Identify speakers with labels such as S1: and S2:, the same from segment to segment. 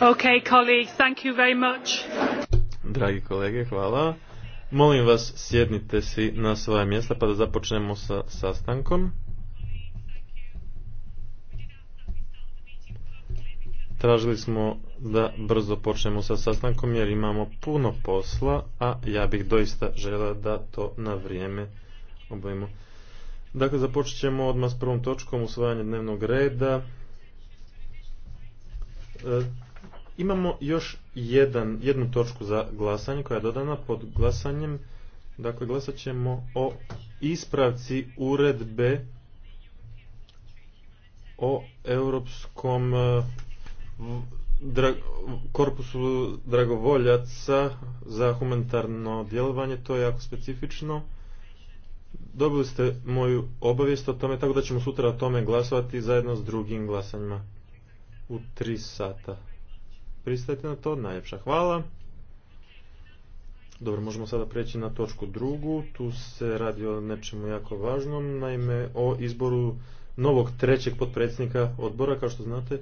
S1: Okay, colleagues, thank you very
S2: Dragi kolege, hvala. Molim vas, sjednite si na svoje mjesta pa da započnemo sa sastankom. Tražili smo da brzo počnemo sa sastankom jer imamo puno posla, a ja bih doista žela da to na vrijeme obavimo. Dakle, započet ćemo odmah s prvom točkom usvajanje dnevnog reda. E, Imamo još jedan, jednu točku za glasanje koja je dodana pod glasanjem. Dakle, glasat ćemo o ispravci uredbe o europskom e, korpusu dragovoljaca za humanitarno djelovanje. To je jako specifično. Dobili ste moju obavijest o tome, tako da ćemo sutra o tome glasovati zajedno s drugim glasanjima u tri sata pristajete na to? Najljepša hvala. Dobro, možemo sada preći na točku drugu. Tu se radi o nečemu jako važnom, naime o izboru novog trećeg potpredsjednika odbora. Kao što znate,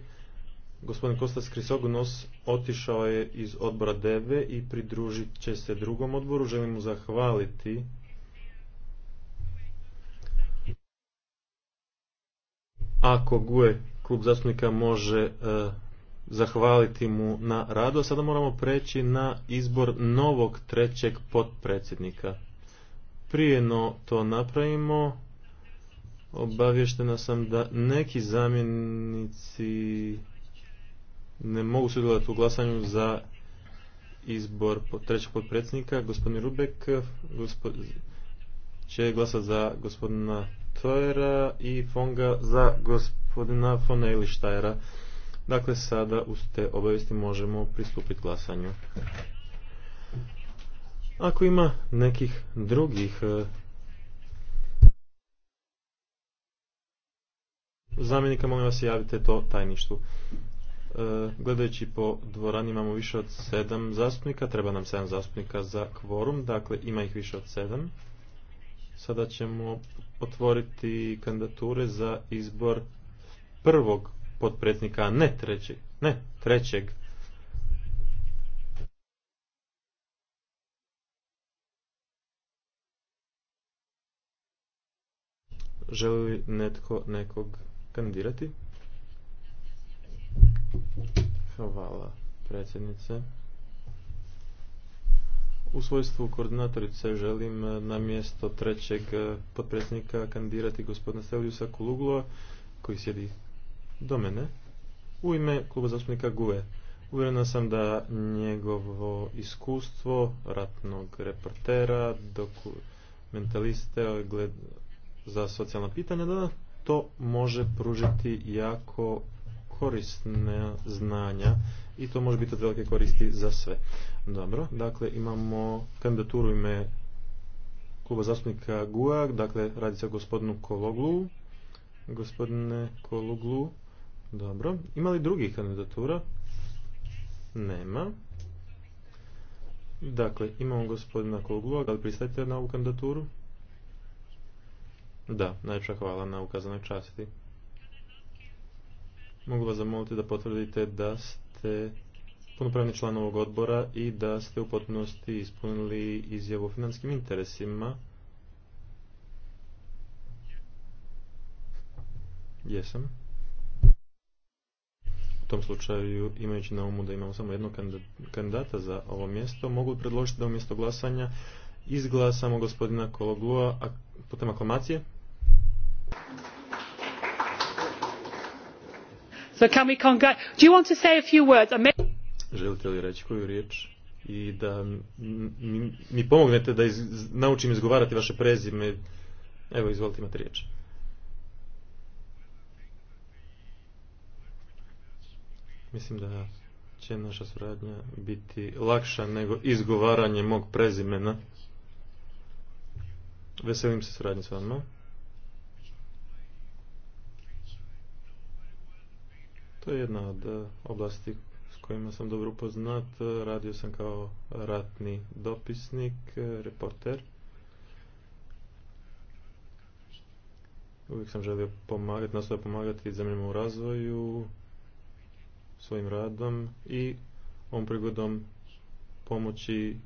S2: gospodin Kostas Krisogonos otišao je iz odbora DEVE i pridružit će se drugom odboru. Želim mu zahvaliti ako GUE klub zastupnika može e, zahvaliti mu na radu, a sada moramo preći na izbor novog trećeg potpredsjednika. Prije no to napravimo, obavještena sam da neki zamjenici ne mogu sudjelovati u glasanju za izbor trećeg potpredsjednika. Gospodin Rubek gospodin će glasati za gospodina Tojera i Fonga za gospodina von Eilištajera. Dakle, sada uz te obavijesti možemo pristupiti glasanju. Ako ima nekih drugih e, zamjenika, molim vas javite to tajništvu. E, gledajući po dvorani imamo više od sedam zastupnika, treba nam sedam zastupnika za kvorum, dakle ima ih više od sedam. Sada ćemo otvoriti kandidature za izbor prvog potpredsjednika, ne trećeg. Ne, trećeg. Želi li netko nekog kandidirati? Hvala predsjednice. U svojstvu koordinatorice želim na mjesto trećeg potpredsjednika kandidirati gospodina Steliusa Kuluglo koji sjedi do mene u ime kluba zastupnika GUE. Uvjerena sam da njegovo iskustvo ratnog reportera, dokumentaliste za socijalna pitanja, da to može pružiti jako korisne znanja i to može biti od velike koristi za sve. Dobro, dakle imamo kandidaturu ime kluba zastupnika GUA, dakle radi se o gospodinu Kologlu. Gospodine Kologlu, dobro. Ima li drugih kandidatura? Nema. Dakle, imamo gospodina Kogluva. Da li pristajete na ovu kandidaturu? Da, najveća hvala na ukazanoj časti. Mogu vas zamoliti da potvrdite da ste punopravni član ovog odbora i da ste u potpunosti ispunili izjavu o financijskim interesima. Jesam tom slučaju, imajući na umu da imamo samo jednog kandidata za ovo mjesto, mogu predložiti da umjesto glasanja izglasamo gospodina Kologua putem aklamacije.
S1: So can we Do you want to say a few words?
S2: Želite li reći koju riječ? I da mi, pomognete da naučim izgovarati vaše prezime. Evo, izvolite imate riječ. Mislim da će naša suradnja biti lakša nego izgovaranje mog prezimena. Veselim se suradnji s vama. To je jedna od oblasti s kojima sam dobro upoznat. Radio sam kao ratni dopisnik, reporter. Uvijek sam želio pomagati, nastavio pomagati zemljama u razvoju, svojim radom i ovom prigodom pomoći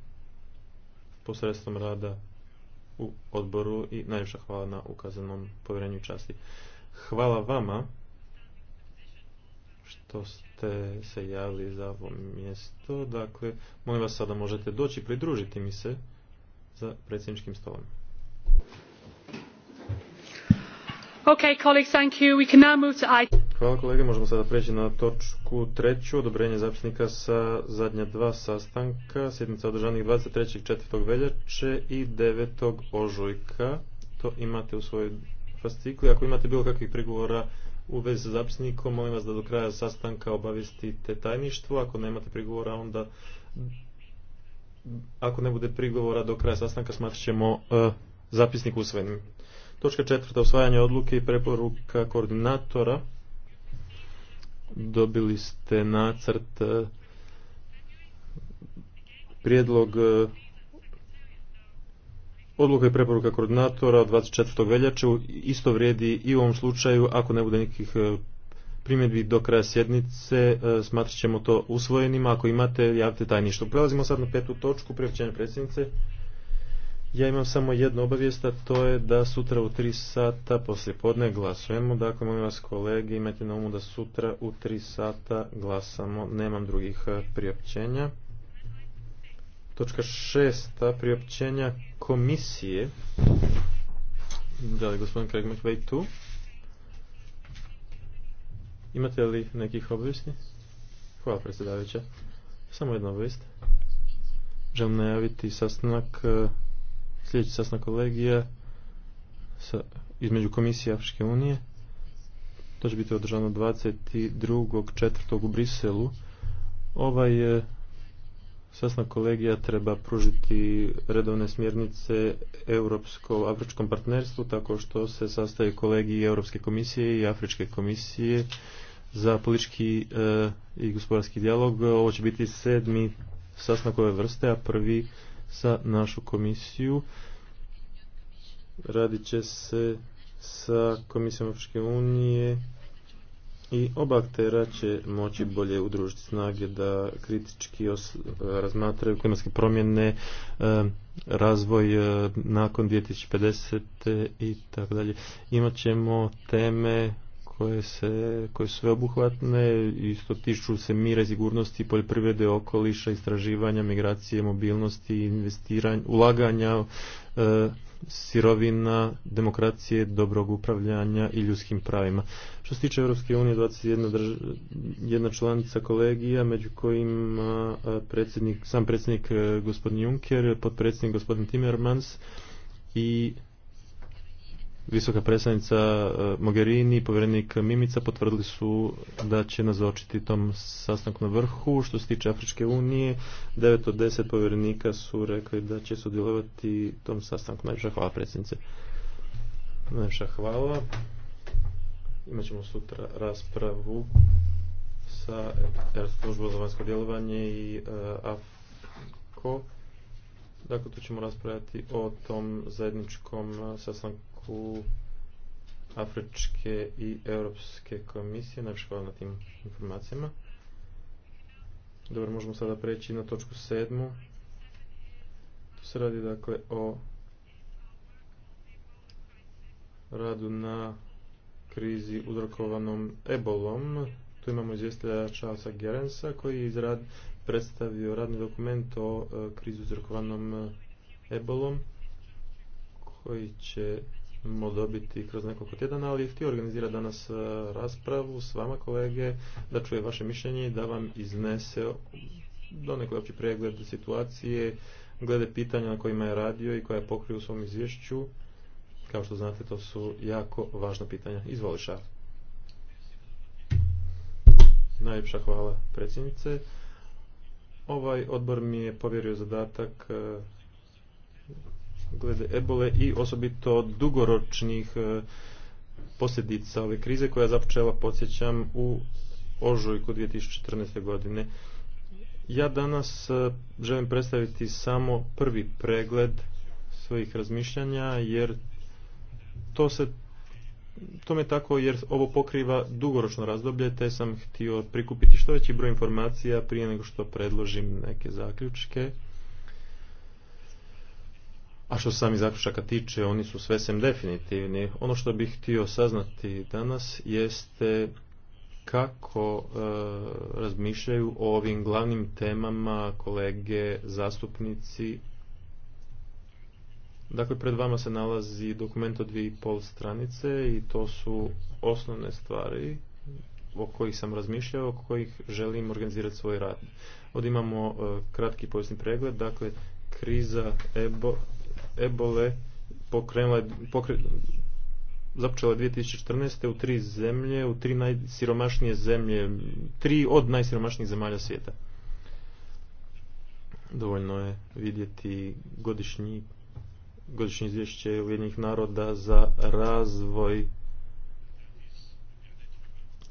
S2: posredstvom rada u odboru i najviše hvala na ukazanom povjerenju časti. Hvala vama što ste se javili za ovo mjesto. Dakle, molim vas sada možete doći pridružiti mi se za predsjedničkim stolom.
S1: Okay, colleagues, thank you. We can now move to
S2: Hvala kolege, možemo sada preći na točku treću, odobrenje zapisnika sa zadnja dva sastanka, sjednica održanih 23. 4. veljače i 9. ožujka. To imate u svojoj fascikli. Ako imate bilo kakvih prigovora u vezi sa zapisnikom, molim vas da do kraja sastanka obavistite tajništvo. Ako nemate prigovora, onda ako ne bude prigovora do kraja sastanka smatrat ćemo e, zapisnik usvojenim. Točka četvrta, osvajanje odluke i preporuka koordinatora dobili ste nacrt e, prijedlog e, odluke i preporuka koordinatora 24. veljače isto vrijedi i u ovom slučaju ako ne bude nekih e, primjedbi do kraja sjednice smatrat ćemo to usvojenima ako imate javite tajništvo prelazimo sad na petu točku priopćenje predsjednice ja imam samo jednu obavijest, a to je da sutra u 3 sata poslije podne glasujemo. Dakle, molim vas kolege, imajte na umu da sutra u 3 sata glasamo. Nemam drugih e, priopćenja. Točka šesta priopćenja komisije. Da li gospodin Craig McVeigh tu? Imate li nekih obavijesti? Hvala predsjedavajuća. Samo jedna obavijest. Želim najaviti sastanak e, sljedeći sasna kolegija između Komisije Afričke unije. To će biti održano 22.4. u Briselu. Ovaj je eh, sasna kolegija treba pružiti redovne smjernice Europsko-Afričkom partnerstvu tako što se sastaje kolegiji Europske komisije i Afričke komisije za politički eh, i gospodarski dijalog. Ovo će biti sedmi sastanak ove vrste, a prvi sa našu komisiju. Radit će se sa Komisijom Evropske unije i oba aktera će moći bolje udružiti snage da kritički razmatraju klimatske promjene, e, razvoj e, nakon 2050. i tako dalje. Imaćemo teme koje, se, koje su sveobuhvatne, isto tiču se mire, sigurnosti, poljoprivrede, okoliša, istraživanja, migracije, mobilnosti, investiranja, ulaganja, e, sirovina, demokracije, dobrog upravljanja i ljudskim pravima. Što se tiče Europske unije, 21 drž... jedna članica kolegija, među kojima e, predsjednik, sam predsjednik e, gospodin Juncker, potpredsjednik gospodin Timmermans i visoka predstavnica eh, Mogherini i povjerenik Mimica potvrdili su da će nazočiti tom sastanku na vrhu. Što se tiče Afričke unije, 9 od 10 povjerenika su rekli da će sudjelovati tom sastanku. Najviša hvala predsjednice. Najviša hvala. Imaćemo sutra raspravu sa službom za vanjsko djelovanje i eh, AFKO. Dakle, tu ćemo raspravljati o tom zajedničkom eh, sastanku u Afričke i Europske komisije. Najviše hvala na tim informacijama. Dobro, možemo sada preći na točku sedmu. To se radi dakle o radu na krizi uzrokovanom ebolom. Tu imamo izvjestelja Charlesa Gerensa koji je predstavio radni dokument o e, krizi uzrokovanom e, ebolom koji će dobiti kroz nekoliko tjedana, ali htio organizirati danas e, raspravu s vama kolege, da čuje vaše mišljenje i da vam iznese nekoj opći pregled situacije, glede pitanja na kojima je radio i koja je pokrio u svom izvješću. Kao što znate, to su jako važna pitanja. Izvoli ša. Najljepša hvala predsjednice. Ovaj odbor mi je povjerio zadatak e, glede ebole i osobito dugoročnih e, posljedica ove krize koja započela, podsjećam, u ožujku 2014. godine. Ja danas e, želim predstaviti samo prvi pregled svojih razmišljanja jer to se me tako jer ovo pokriva dugoročno razdoblje te sam htio prikupiti što veći broj informacija prije nego što predložim neke zaključke. A što sami zaključaka tiče, oni su svesem definitivni. Ono što bih htio saznati danas jeste kako e, razmišljaju o ovim glavnim temama kolege zastupnici. Dakle, pred vama se nalazi dokument od dvije i pol stranice i to su osnovne stvari o kojih sam razmišljao, o kojih želim organizirati svoj rad. Ovdje imamo e, kratki povijesni pregled, dakle, kriza Ebo, ebole pokrenula je, pokre, započela 2014. u tri zemlje, u tri najsiromašnije zemlje, tri od najsiromašnijih zemalja svijeta. Dovoljno je vidjeti godišnji godišnje izvješće Ujedinjenih naroda za razvoj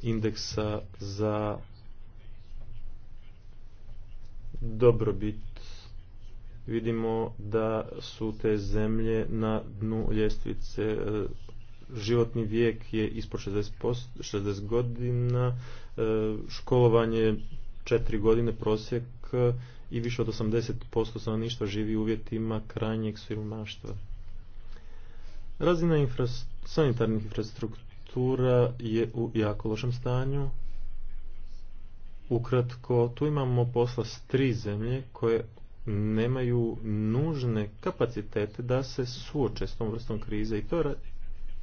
S2: indeksa za dobrobit vidimo da su te zemlje na dnu ljestvice. E, životni vijek je ispod 60, 60 godina, e, školovanje 4 godine prosjek e, i više od 80% stanovništva živi u uvjetima krajnjeg siromaštva. Razina infra, sanitarnih infrastruktura je u jako lošem stanju. Ukratko, tu imamo posla s tri zemlje koje nemaju nužne kapacitete da se suoče s tom vrstom krize i to je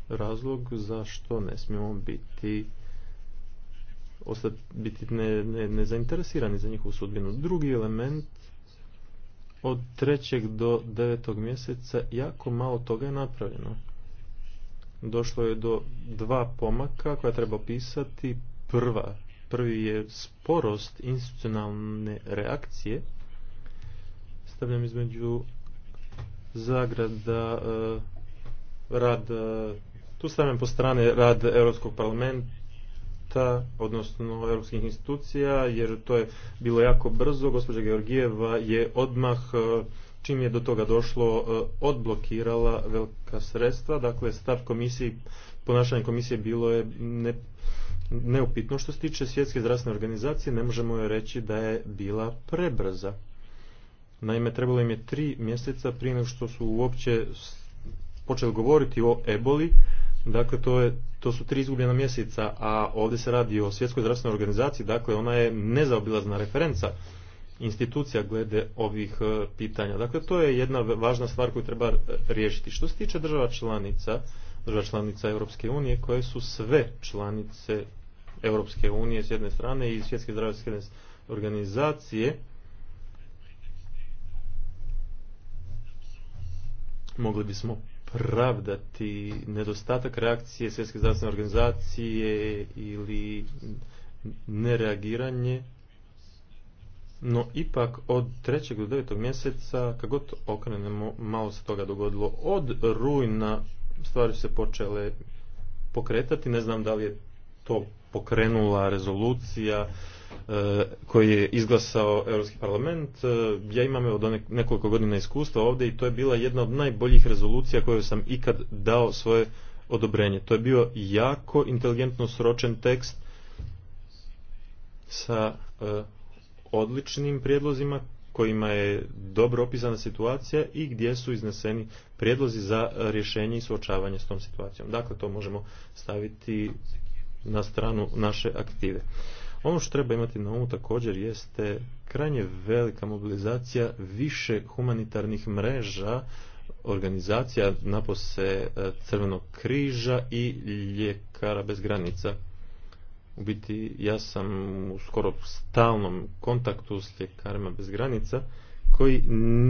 S2: razlog zašto ne smijemo biti biti nezainteresirani ne, ne za njihovu sudbinu. Drugi element od trećeg do devetog mjeseca jako malo toga je napravljeno. Došlo je do dva pomaka koja treba opisati. Prva, prvi je sporost institucionalne reakcije stavljam između zagrada e, rad, e, tu stavljam po strane rad Europskog parlamenta, odnosno europskih institucija, jer to je bilo jako brzo. Gospođa Georgijeva je odmah, e, čim je do toga došlo, odblokirala velika sredstva. Dakle, stav komisiji, ponašanje komisije bilo je ne, neupitno. Što se tiče svjetske zdravstvene organizacije, ne možemo joj reći da je bila prebrza. Naime, trebalo im je tri mjeseca prije nego što su uopće počeli govoriti o eboli. Dakle, to, je, to su tri izgubljena mjeseca, a ovdje se radi o svjetskoj zdravstvenoj organizaciji, dakle ona je nezaobilazna referenca institucija glede ovih e, pitanja. Dakle, to je jedna važna stvar koju treba e, riješiti. Što se tiče država članica, država članica Europske unije, koje su sve članice Europske unije s jedne strane i svjetske zdravstvene organizacije, mogli bismo pravdati nedostatak reakcije svjetske zdravstvene organizacije ili nereagiranje no ipak od 3. do 9. mjeseca kako god okrenemo malo se toga dogodilo od rujna stvari se počele pokretati ne znam da li je to pokrenula rezolucija E, koji je izglasao Europski parlament. E, ja imam od nekoliko godina iskustva ovdje i to je bila jedna od najboljih rezolucija koje sam ikad dao svoje odobrenje. To je bio jako inteligentno sročen tekst sa e, odličnim prijedlozima kojima je dobro opisana situacija i gdje su izneseni prijedlozi za rješenje i suočavanje s tom situacijom. Dakle, to možemo staviti na stranu naše aktive. Ono što treba imati na umu također jeste krajnje velika mobilizacija više humanitarnih mreža, organizacija napose e, Crvenog križa i ljekara bez granica. U biti ja sam u skoro stalnom kontaktu s ljekarima bez granica koji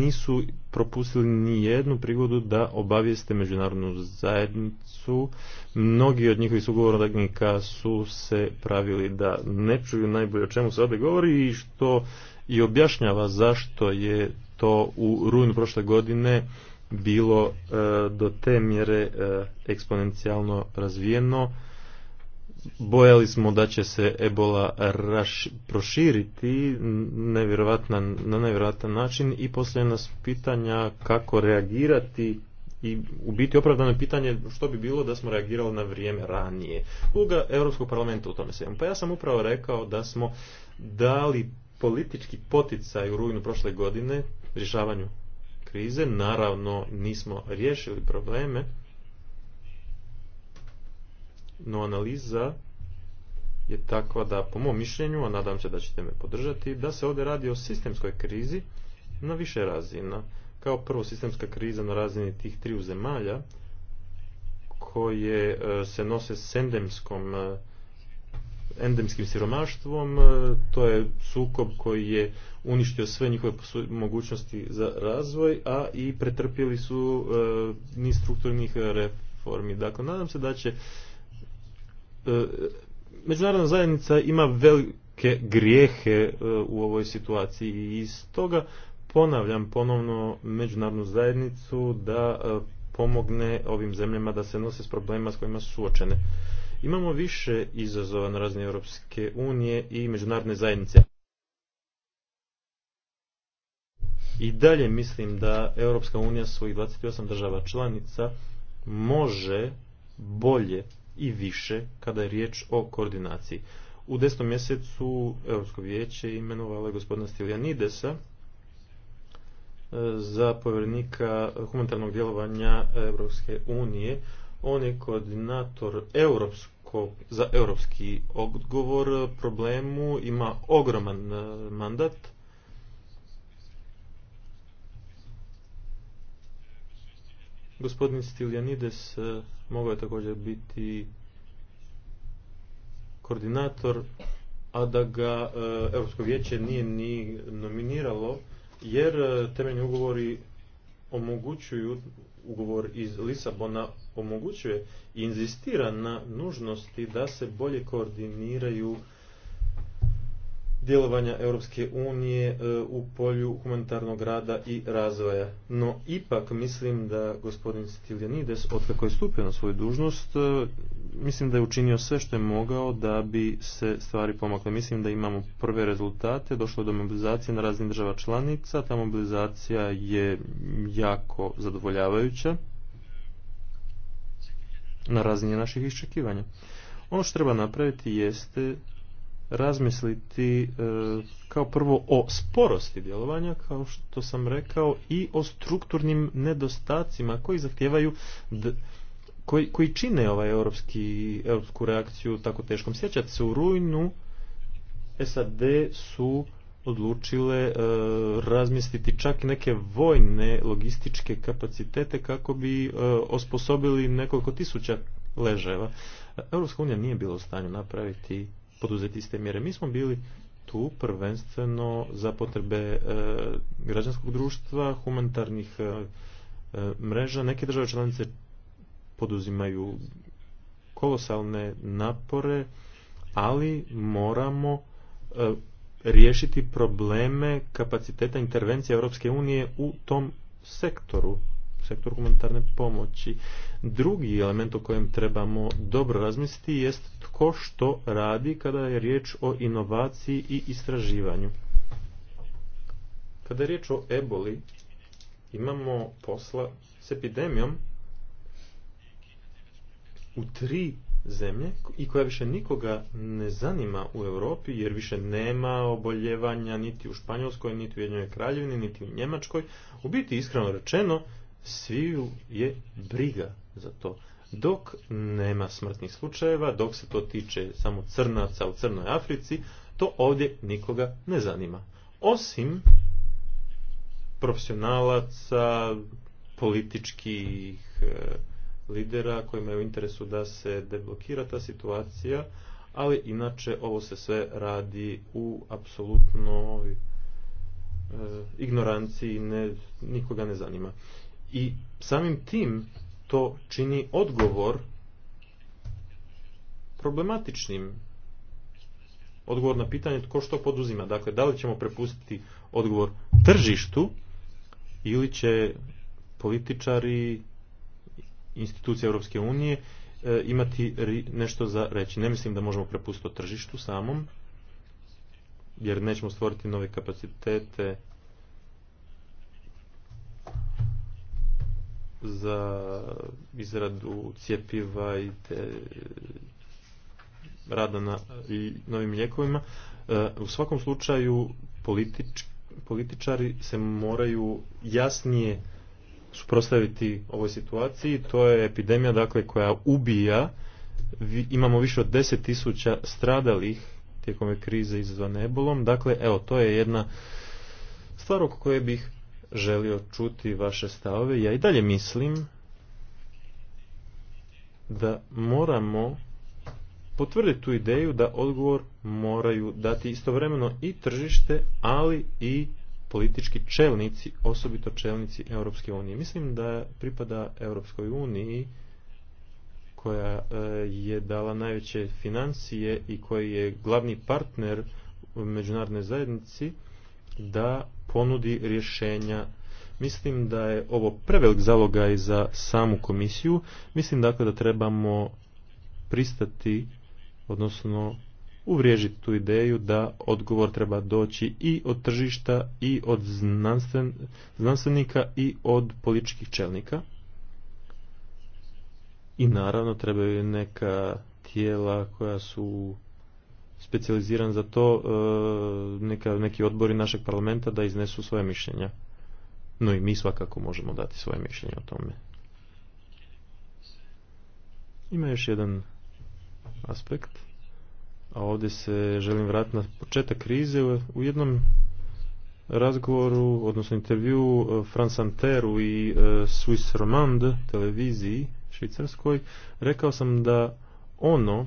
S2: nisu propustili ni jednu prigodu da obavijeste međunarodnu zajednicu. Mnogi od njihovih sugovornika su se pravili da ne čuju najbolje o čemu se ovdje govori i što i objašnjava zašto je to u rujnu prošle godine bilo e, do te mjere e, eksponencijalno razvijeno bojali smo da će se ebola raš, proširiti na nevjerojatan način i poslije nas pitanja kako reagirati i u biti opravdano pitanje što bi bilo da smo reagirali na vrijeme ranije. Uloga Europskog parlamenta u tome se. Pa ja sam upravo rekao da smo dali politički poticaj u rujnu prošle godine rješavanju krize. Naravno nismo riješili probleme, no analiza je takva da po mom mišljenju, a nadam se da ćete me podržati, da se ovdje radi o sistemskoj krizi na više razina. Kao prvo sistemska kriza na razini tih tri zemalja koje e, se nose s endemskom e, endemskim siromaštvom, e, to je sukob koji je uništio sve njihove mogućnosti za razvoj, a i pretrpjeli su niz strukturnih reformi. Dakle, nadam se da će E, međunarodna zajednica ima velike grijehe e, u ovoj situaciji i iz toga ponavljam ponovno međunarodnu zajednicu da e, pomogne ovim zemljama da se nose s problemima s kojima su suočene. Imamo više izazova na razne Europske unije i međunarodne zajednice. I dalje mislim da Europska unija svojih 28 država članica može bolje i više kada je riječ o koordinaciji. U desnom mjesecu Europsko vijeće imenovalo je gospodina Stiljanidesa e, za povjerenika humanitarnog djelovanja Europske unije. On je koordinator za europski odgovor problemu, ima ogroman e, mandat. Gospodin Stiljanides e, mogao je također biti koordinator, a da ga e, Europsko vijeće nije ni nominiralo, jer e, temeljni ugovori omogućuju, ugovor iz Lisabona omogućuje i inzistira na nužnosti da se bolje koordiniraju djelovanja Europske unije e, u polju humanitarnog rada i razvoja. No ipak mislim da gospodin Stiljanides, otkako je stupio na svoju dužnost, e, mislim da je učinio sve što je mogao da bi se stvari pomakle. Mislim da imamo prve rezultate, došlo je do mobilizacije na raznim država članica, ta mobilizacija je jako zadovoljavajuća na razini naših iščekivanja. Ono što treba napraviti jeste razmisliti e, kao prvo o sporosti djelovanja, kao što sam rekao, i o strukturnim nedostacima koji zahtijevaju koji, koji čine ovaj europski, europsku reakciju tako teškom. Sjećate se, u rujnu SAD su odlučile e, razmisliti čak neke vojne logističke kapacitete kako bi e, osposobili nekoliko tisuća leževa. Europska unija nije bila u stanju napraviti poduzeti iste mjere. Mi smo bili tu prvenstveno za potrebe e, građanskog društva, humanitarnih e, e, mreža. Neke države članice poduzimaju kolosalne napore, ali moramo riješiti probleme kapaciteta intervencije Europske unije u tom sektoru sektor humanitarne pomoći. Drugi element o kojem trebamo dobro razmisliti jest tko što radi kada je riječ o inovaciji i istraživanju. Kada je riječ o eboli, imamo posla s epidemijom u tri zemlje i koja više nikoga ne zanima u Europi jer više nema oboljevanja niti u Španjolskoj, niti u Jednoj Kraljevini, niti u Njemačkoj. U biti, iskreno rečeno, sviju je briga za to. Dok nema smrtnih slučajeva, dok se to tiče samo crnaca u Crnoj Africi, to ovdje nikoga ne zanima. Osim profesionalaca, političkih e, lidera kojima je u interesu da se deblokira ta situacija, ali inače ovo se sve radi u apsolutnoj e, ignoranciji, nikoga ne zanima i samim tim to čini odgovor problematičnim. Odgovor na pitanje tko što poduzima. Dakle, da li ćemo prepustiti odgovor tržištu ili će političari institucije Europske unije e, imati nešto za reći. Ne mislim da možemo prepustiti tržištu samom, jer nećemo stvoriti nove kapacitete za izradu cjepiva i te e, rada na novim lijekovima. E, u svakom slučaju političari se moraju jasnije suprotstaviti ovoj situaciji. To je epidemija dakle koja ubija. Imamo više od 10.000 stradalih tijekom krize izazvane ebolom. Dakle, evo, to je jedna stvar oko koje bih želio čuti vaše stavove. Ja i dalje mislim da moramo potvrditi tu ideju da odgovor moraju dati istovremeno i tržište, ali i politički čelnici, osobito čelnici Europske unije. Mislim da pripada Europskoj uniji koja e, je dala najveće financije i koji je glavni partner u međunarodnoj zajednici da ponudi rješenja. Mislim da je ovo prevelik zalogaj za samu komisiju. Mislim dakle da trebamo pristati, odnosno uvriježiti tu ideju da odgovor treba doći i od tržišta i od znanstven, znanstvenika i od političkih čelnika. I naravno trebaju neka tijela koja su specijaliziran za to e, neka, neki odbori našeg parlamenta da iznesu svoje mišljenja. No i mi svakako možemo dati svoje mišljenje o tome. Ima još jedan aspekt, a ovdje se želim vratiti na početak krize u jednom razgovoru, odnosno intervju e, Frans Anteru i e, Swiss Romand televiziji švicarskoj, rekao sam da ono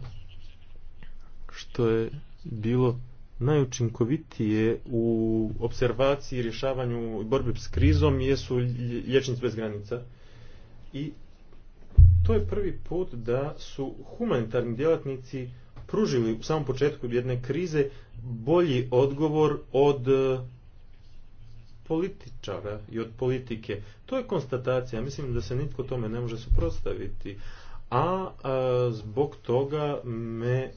S2: što je bilo najučinkovitije u observaciji i rješavanju borbe s krizom jesu liječnici bez granica. I to je prvi put da su humanitarni djelatnici pružili u samom početku jedne krize bolji odgovor od e, političara i od politike. To je konstatacija, mislim da se nitko tome ne može suprotstaviti a e, zbog toga me, e,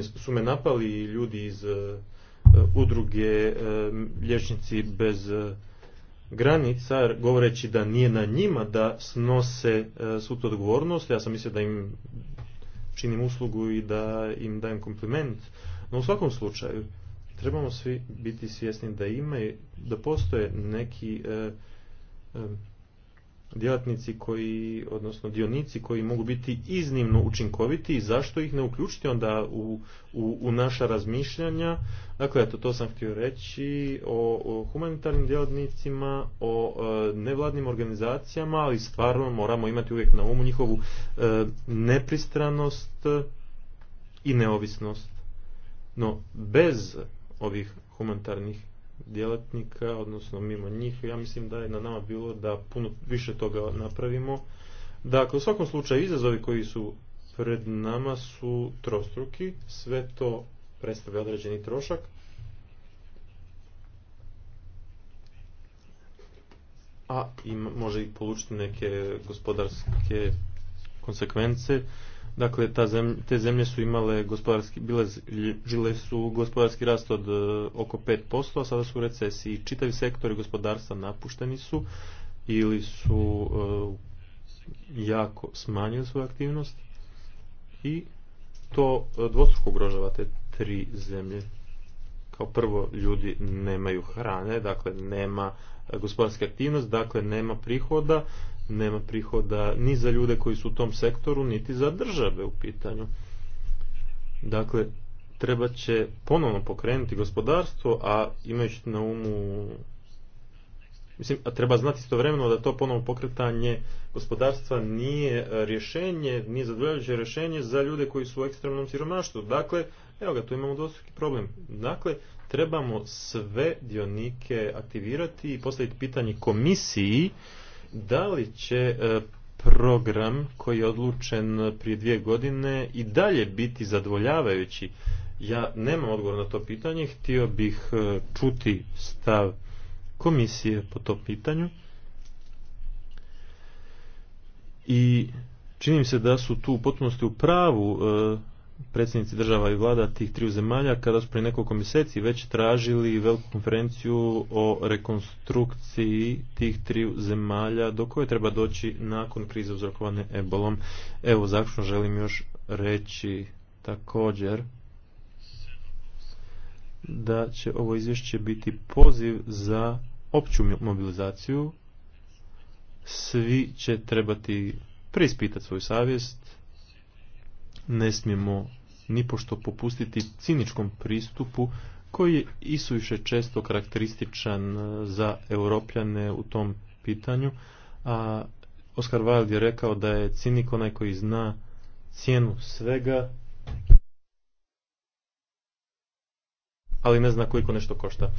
S2: e, su me napali ljudi iz udruge Lječnici bez granica, govoreći da nije na njima da snose svu tu odgovornost. Ja sam mislio da im činim uslugu i da im dajem kompliment. No u svakom slučaju, trebamo svi biti svjesni da ima da postoje neki djelatnici koji, odnosno dionici koji mogu biti iznimno učinkoviti i zašto ih ne uključiti onda u, u, u naša razmišljanja. Dakle, eto, to sam htio reći o, o humanitarnim djelatnicima, o e, nevladnim organizacijama, ali stvarno moramo imati uvijek na umu njihovu e, nepristranost i neovisnost. No, bez ovih humanitarnih djelatnika, odnosno mimo njih. Ja mislim da je na nama bilo da puno više toga napravimo. Dakle, u svakom slučaju izazovi koji su pred nama su trostruki, sve to predstavlja određeni trošak. A i može i polučiti neke gospodarske konsekvence. Dakle, ta te zemlje su imale gospodarski, bile, žile su gospodarski rast od e, oko 5%, a sada su u recesiji. Čitavi sektori gospodarstva napušteni su ili su e, jako smanjili svoju aktivnost i to e, dvostruko ugrožava te tri zemlje. Kao prvo, ljudi nemaju hrane, dakle nema e, gospodarske aktivnost, dakle nema prihoda, nema prihoda ni za ljude koji su u tom sektoru, niti za države u pitanju. Dakle, treba će ponovno pokrenuti gospodarstvo, a imajući na umu Mislim, a treba znati istovremeno da to ponovno pokretanje gospodarstva nije rješenje, nije zadovoljavajuće rješenje za ljude koji su u ekstremnom siromaštvu. Dakle, Evo ga, tu imamo dvostruki problem. Dakle, trebamo sve dionike aktivirati i postaviti pitanje komisiji da li će e, program koji je odlučen prije dvije godine i dalje biti zadovoljavajući. Ja nemam odgovor na to pitanje, htio bih e, čuti stav komisije po tom pitanju. I čini se da su tu u potpunosti u pravu e, predsjednici država i vlada tih triju zemalja kada su prije nekoliko mjeseci već tražili veliku konferenciju o rekonstrukciji tih triju zemalja do koje treba doći nakon krize uzrokovane ebolom. Evo zaključno želim još reći također da će ovo izvješće biti poziv za opću mobilizaciju. Svi će trebati preispitati svoju savjest, ne smijemo nipošto popustiti ciničkom pristupu koji je isuviše često karakterističan e, za europljane u tom pitanju, a Oscar Wilde je rekao da je cinik onaj koji zna cijenu svega, ali ne zna koliko nešto košta.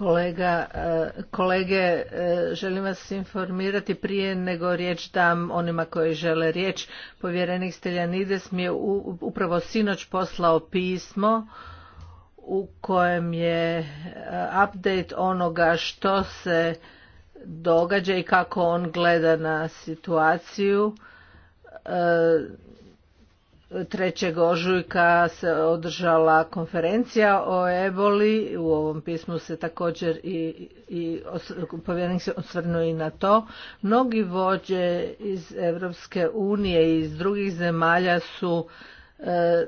S3: Kolega, eh, kolege, eh, želim vas informirati prije nego riječ dam onima koji žele riječ. Povjerenik Steljanides mi je upravo sinoć poslao pismo u kojem je eh, update onoga što se događa i kako on gleda na situaciju. 3. ožujka se održala konferencija o eboli, u ovom pismu se također i, i povjerenik se osvrnuo i na to. Mnogi vođe iz Europske unije i iz drugih zemalja su e,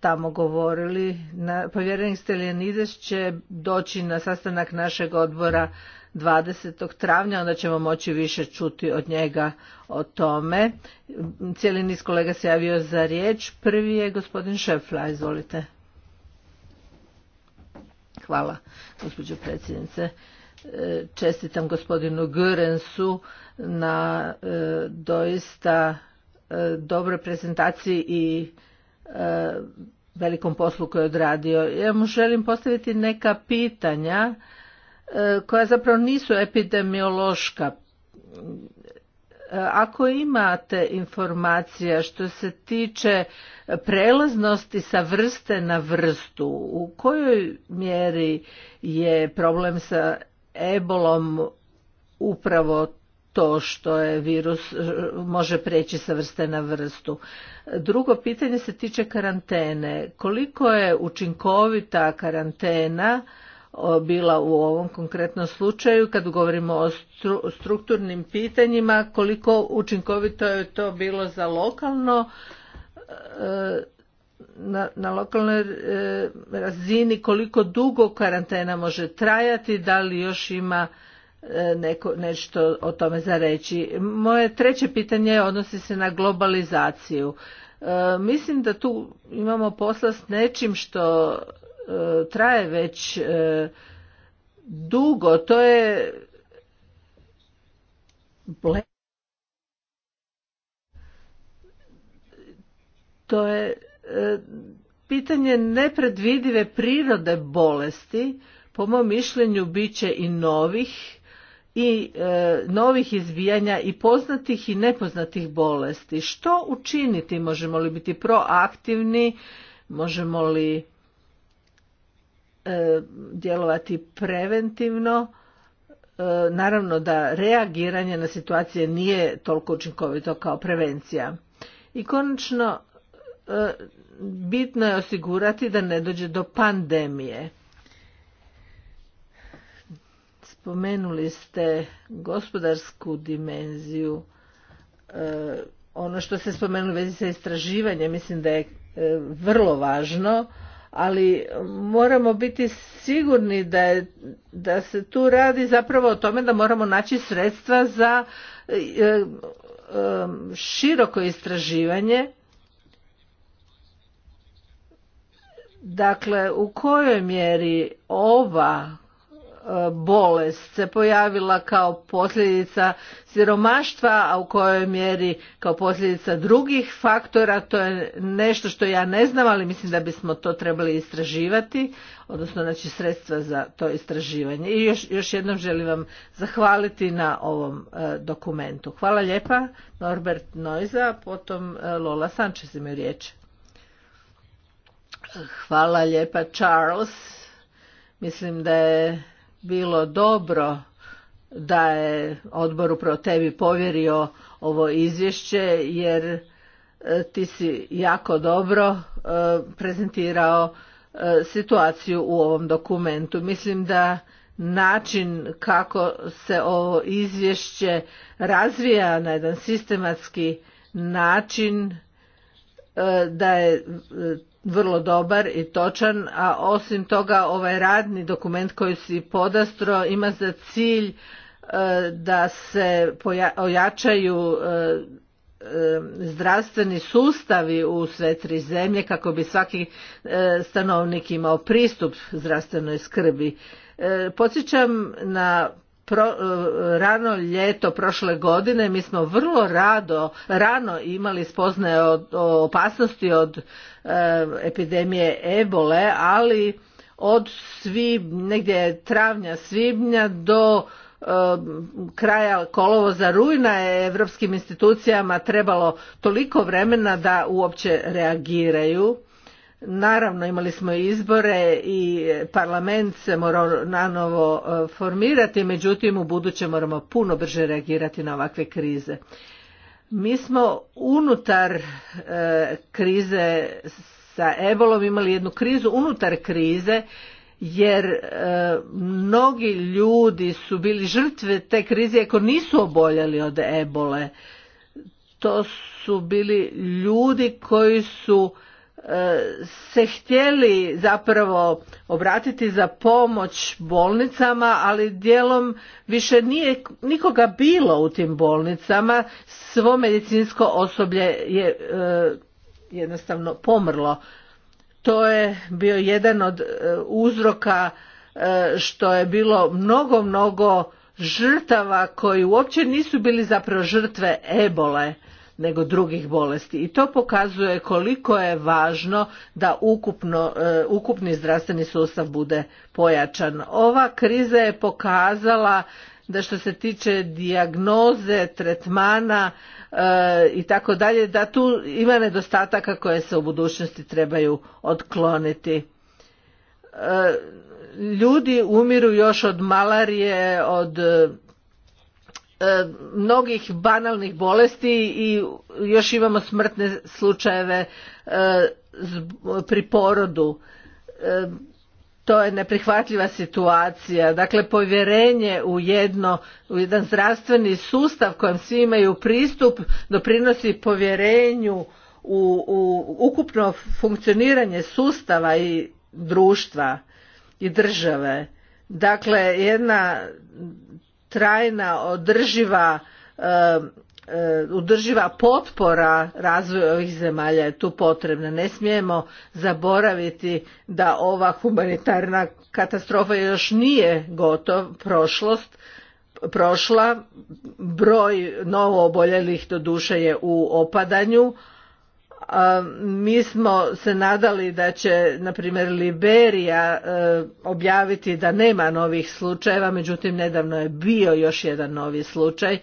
S3: tamo govorili. Na, povjerenik Steljanides će doći na sastanak našeg odbora 20. travnja, onda ćemo moći više čuti od njega o tome. Cijeli niz kolega se javio za riječ. Prvi je gospodin Šefla, izvolite. Hvala, gospođo predsjednice. E, čestitam gospodinu Görensu na e, doista e, dobroj prezentaciji i velikom poslu koju je odradio. Ja mu želim postaviti neka pitanja E, koja zapravo nisu epidemiološka. E, ako imate informacija što se tiče prelaznosti sa vrste na vrstu, u kojoj mjeri je problem sa ebolom upravo to što je virus e, može preći sa vrste na vrstu. Drugo pitanje se tiče karantene. Koliko je učinkovita karantena bila u ovom konkretnom slučaju kad govorimo o strukturnim pitanjima koliko učinkovito je to bilo za lokalno e, na, na lokalnoj e, razini koliko dugo karantena može trajati da li još ima e, neko, nešto o tome za reći moje treće pitanje odnosi se na globalizaciju mislim da tu imamo posla s nečim što E, traje već e, dugo, to je to je e, pitanje nepredvidive prirode bolesti, po mom mišljenju bit će i novih i novih izbijanja i poznatih i nepoznatih bolesti. Što učiniti? Možemo li biti proaktivni? Možemo li E, djelovati preventivno e, naravno da reagiranje na situacije nije toliko učinkovito kao prevencija i konačno e, bitno je osigurati da ne dođe do pandemije spomenuli ste gospodarsku dimenziju ono što ste spomenuli vezi sa istraživanjem mislim da je vrlo važno ali moramo biti sigurni da, da se tu radi zapravo o tome da moramo naći sredstva za e, e, široko istraživanje dakle u kojoj mjeri ova bolest se pojavila kao posljedica siromaštva, a u kojoj mjeri kao posljedica drugih faktora, to je nešto što ja ne znam, ali mislim da bismo to trebali istraživati, odnosno znači sredstva za to istraživanje. I još, još jednom želim vam zahvaliti na ovom e, dokumentu. Hvala lijepa Norbert Noiza, potom e, Lola Sanchez imaju riječ. Hvala lijepa Charles. Mislim da je bilo dobro da je odbor upravo tebi povjerio ovo izvješće jer e, ti si jako dobro e, prezentirao e, situaciju u ovom dokumentu. Mislim da način kako se ovo izvješće razvija na jedan sistematski način da je vrlo dobar i točan, a osim toga ovaj radni dokument koji si podastro ima za cilj e, da se ojačaju e, e, zdravstveni sustavi u sve tri zemlje kako bi svaki stanovnik imao pristup zdravstvenoj skrbi. Podsjećam na Pro, e, rano ljeto prošle godine mi smo vrlo rado, rano imali spoznaje o, opasnosti od e, epidemije ebole, ali od svib, negdje travnja, svibnja do e, kraja kolovoza rujna je europskim institucijama trebalo toliko vremena da uopće reagiraju Naravno imali smo izbore i parlament se morao nanovo e, formirati, međutim u buduće moramo puno brže reagirati na ovakve krize. Mi smo unutar e, krize sa ebolom imali jednu krizu unutar krize jer e, mnogi ljudi su bili žrtve te krize ako nisu oboljeli od ebole to su bili ljudi koji su se htjeli zapravo obratiti za pomoć bolnicama, ali dijelom više nije nikoga bilo u tim bolnicama, svo medicinsko osoblje je e, jednostavno pomrlo. To je bio jedan od e, uzroka e, što je bilo mnogo, mnogo žrtava koji uopće nisu bili zapravo žrtve ebole nego drugih bolesti i to pokazuje koliko je važno da ukupno, e, ukupni zdravstveni sustav bude pojačan. Ova kriza je pokazala da što se tiče dijagnoze, tretmana e, i tako dalje, da tu ima nedostataka koje se u budućnosti trebaju otkloniti. E, ljudi umiru još od malarije, od E, mnogih banalnih bolesti i još imamo smrtne slučajeve e, pri porodu. E, to je neprihvatljiva situacija. Dakle, povjerenje u, jedno, u jedan zdravstveni sustav kojem svi imaju pristup doprinosi povjerenju u, u ukupno funkcioniranje sustava i društva i države. Dakle, jedna trajna održiva udrživa e, e, potpora razvoju ovih zemalja je tu potrebna. Ne smijemo zaboraviti da ova humanitarna katastrofa još nije gotov prošlost, prošla. Broj novo oboljelih doduše je u opadanju, mi smo se nadali da će na primjer Liberija e, objaviti da nema novih slučajeva međutim nedavno je bio još jedan novi slučaj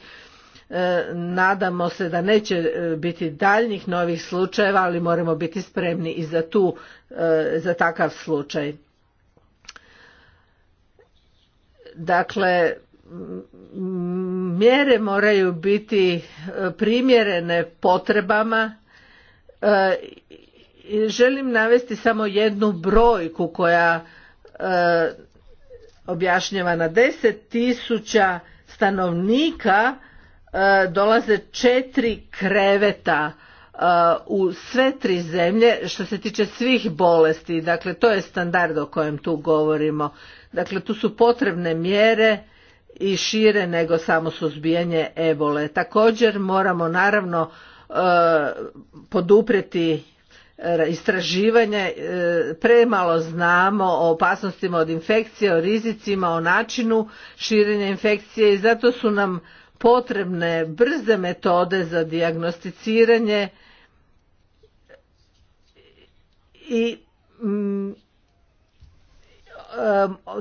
S3: e, nadamo se da neće e, biti daljnjih novih slučajeva ali moramo biti spremni i za tu za takav slučaj dakle mjere moraju biti primjerene potrebama E, želim navesti samo jednu brojku koja e, objašnjava na deset tisuća stanovnika e, dolaze četiri kreveta u sve tri zemlje što se tiče svih bolesti dakle to je standard o kojem tu govorimo dakle tu su potrebne mjere i šire nego samo suzbijanje ebole također moramo naravno E, poduprijeti e, istraživanje e, premalo znamo o opasnostima od infekcije, o rizicima, o načinu širenja infekcije i zato su nam potrebne brze metode za dijagnosticiranje i mm,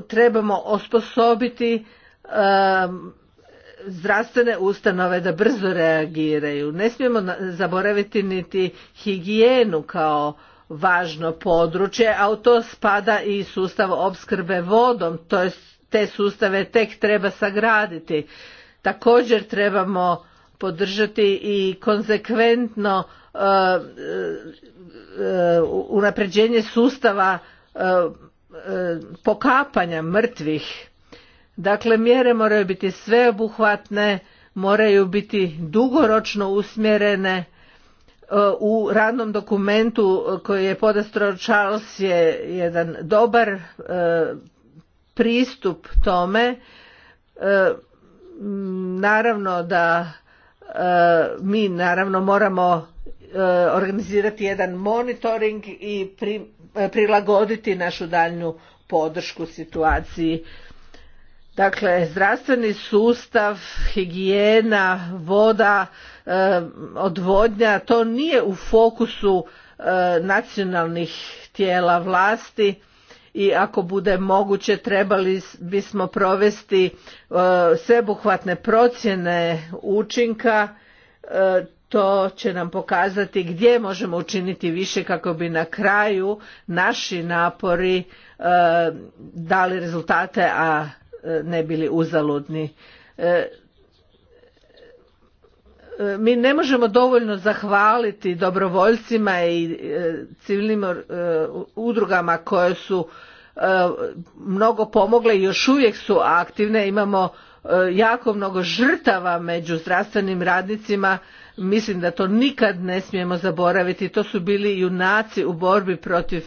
S3: trebamo osposobiti zdravstvene ustanove da brzo reagiraju. Ne smijemo zaboraviti niti higijenu kao važno područje, a u to spada i sustav opskrbe vodom, to te sustave tek treba sagraditi. Također trebamo podržati i konzekventno e, e, unapređenje sustava e, pokapanja mrtvih Dakle, mjere moraju biti sveobuhvatne, moraju biti dugoročno usmjerene. E, u radnom dokumentu koji je podastro Charles je jedan dobar e, pristup tome. E, naravno da mi naravno moramo organizirati jedan monitoring i prilagoditi našu daljnju podršku situaciji Dakle, zdravstveni sustav, higijena, voda, e, odvodnja, to nije u fokusu e, nacionalnih tijela vlasti i ako bude moguće trebali bismo provesti e, sveobuhvatne procjene učinka to će nam pokazati gdje možemo učiniti više kako bi na kraju naši napori dali rezultate a ne bili uzaludni. E, e, mi ne možemo dovoljno zahvaliti dobrovoljcima i e, civilnim udrugama koje su mnogo pomogle i još uvijek su aktivne. Imamo jako mnogo žrtava među zdravstvenim radnicima. Mislim da to nikad ne smijemo zaboraviti. To su bili junaci u borbi protiv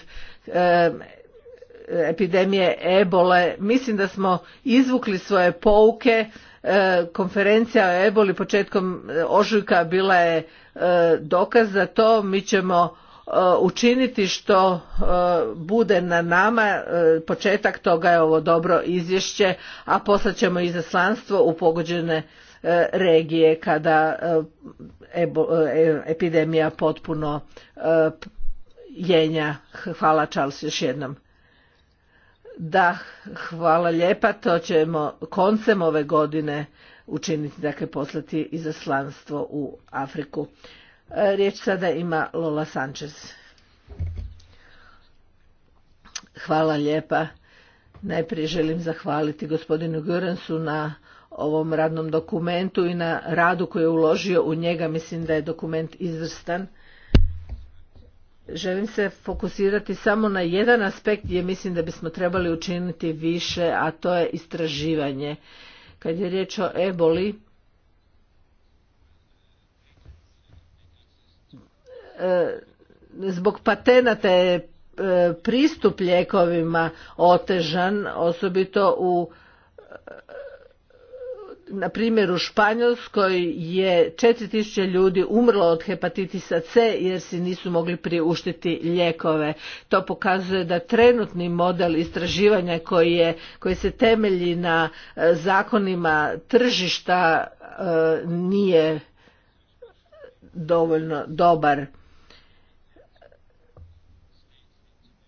S3: epidemije ebole. Mislim da smo izvukli svoje pouke. E, konferencija o eboli početkom e, ožujka bila je e, dokaz za to. Mi ćemo učiniti što bude na nama. Početak toga je ovo dobro izvješće, a poslat ćemo izaslanstvo u pogođene regije kada epidemija potpuno jenja. Hvala Charles još jednom. Da, hvala lijepa, to ćemo koncem ove godine učiniti, dakle poslati izaslanstvo u Afriku. E, riječ sada ima Lola Sanchez. Hvala lijepa. Najprije želim zahvaliti gospodinu Gurensu na ovom radnom dokumentu i na radu koji je uložio u njega. Mislim da je dokument izvrstan želim se fokusirati samo na jedan aspekt gdje mislim da bismo trebali učiniti više, a to je istraživanje. Kad je riječ o eboli, e, zbog patenata je e, pristup ljekovima otežan, osobito u na primjer u Španjolskoj je 4000 ljudi umrlo od hepatitisa C jer si nisu mogli priuštiti lijekove. To pokazuje da trenutni model istraživanja koji, je, koji se temelji na e, zakonima tržišta e, nije dovoljno dobar.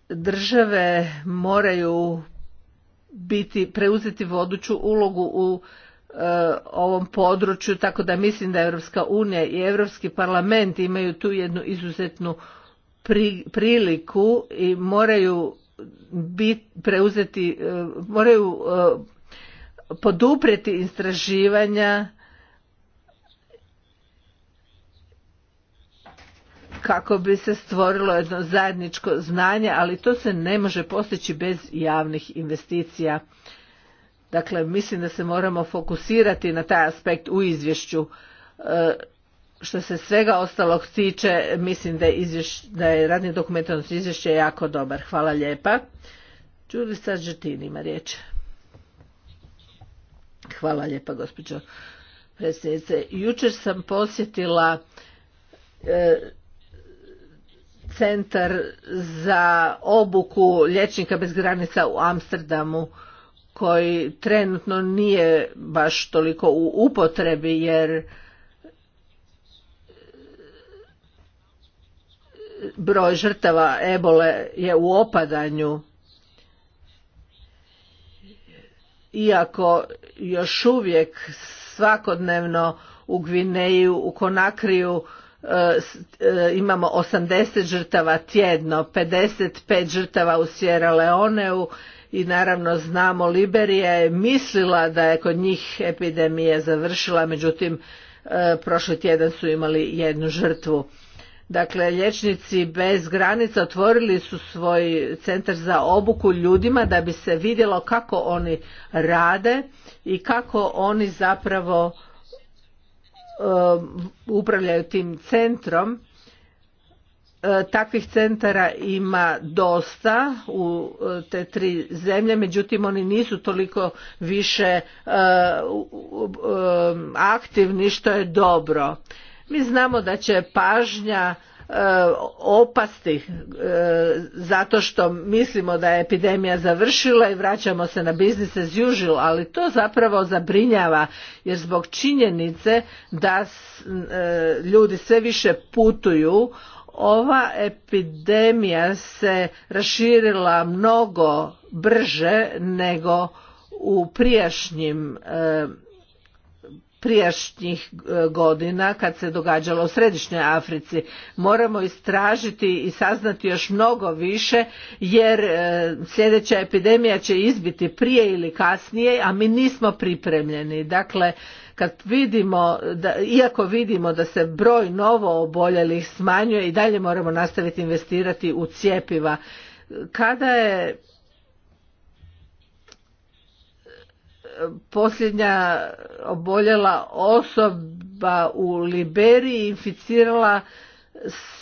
S3: Države moraju biti preuzeti voduću ulogu u Eh, ovom području, tako da mislim da Europska unija i Europski parlament imaju tu jednu izuzetnu priliku i moraju preuzeti, eh, moraju eh, poduprijeti istraživanja kako bi se stvorilo jedno zajedničko znanje, ali to se ne može postići bez javnih investicija. Dakle, mislim da se moramo fokusirati na taj aspekt u izvješću. E, što se svega ostalog tiče, mislim da je, da je radni dokument, odnosno izvješće jako dobar. Hvala lijepa. Đuri Žetin ima riječ. Hvala lijepa, gospođo predsjednice. Jučer sam posjetila e, centar za obuku liječnika bez granica u Amsterdamu koji trenutno nije baš toliko u upotrebi jer broj žrtava ebole je u opadanju iako još uvijek svakodnevno u Gvineju, u Konakriju e, e, imamo 80 žrtava tjedno, 55 žrtava u Sierra Leoneu i naravno znamo Liberija je mislila da je kod njih epidemija završila, međutim e, prošli tjedan su imali jednu žrtvu. Dakle, liječnici bez granica otvorili su svoj centar za obuku ljudima da bi se vidjelo kako oni rade i kako oni zapravo e, upravljaju tim centrom E, takvih centara ima dosta u e, te tri zemlje, međutim oni nisu toliko više e, aktivni što je dobro. Mi znamo da će pažnja opasti zato što mislimo da je epidemija završila i vraćamo se na business as usual, ali to zapravo zabrinjava jer zbog činjenice da ljudi sve više putuju, ova epidemija se raširila mnogo brže nego u prijašnjim e, prijašnjih e, godina kad se događalo u središnjoj Africi moramo istražiti i saznati još mnogo više jer e, sljedeća epidemija će izbiti prije ili kasnije a mi nismo pripremljeni dakle kad vidimo da, iako vidimo da se broj novo oboljelih smanjuje i dalje moramo nastaviti investirati u cjepiva kada je e, posljednja oboljela osoba u Liberiji inficirala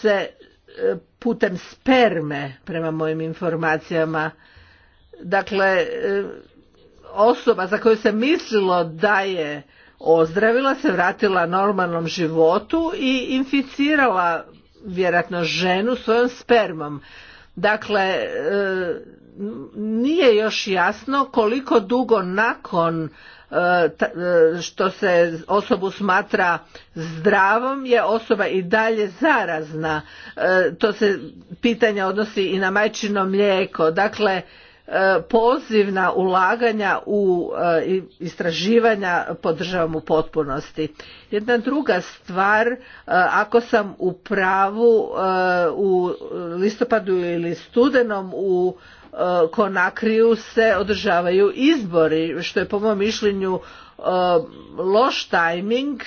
S3: se e, putem sperme prema mojim informacijama dakle e, osoba za koju se mislilo da je ozdravila, se vratila normalnom životu i inficirala vjerojatno ženu svojom spermom. Dakle, e, nije još jasno koliko dugo nakon e, e, što se osobu smatra zdravom je osoba i dalje zarazna. To se pitanje odnosi i na majčino mlijeko. Dakle, E, poziv na ulaganja u e, istraživanja podržavam u potpunosti. Jedna druga stvar, e, ako sam u pravu u listopadu ili studenom u Konakriju se održavaju izbori, što je po mom mišljenju loš tajming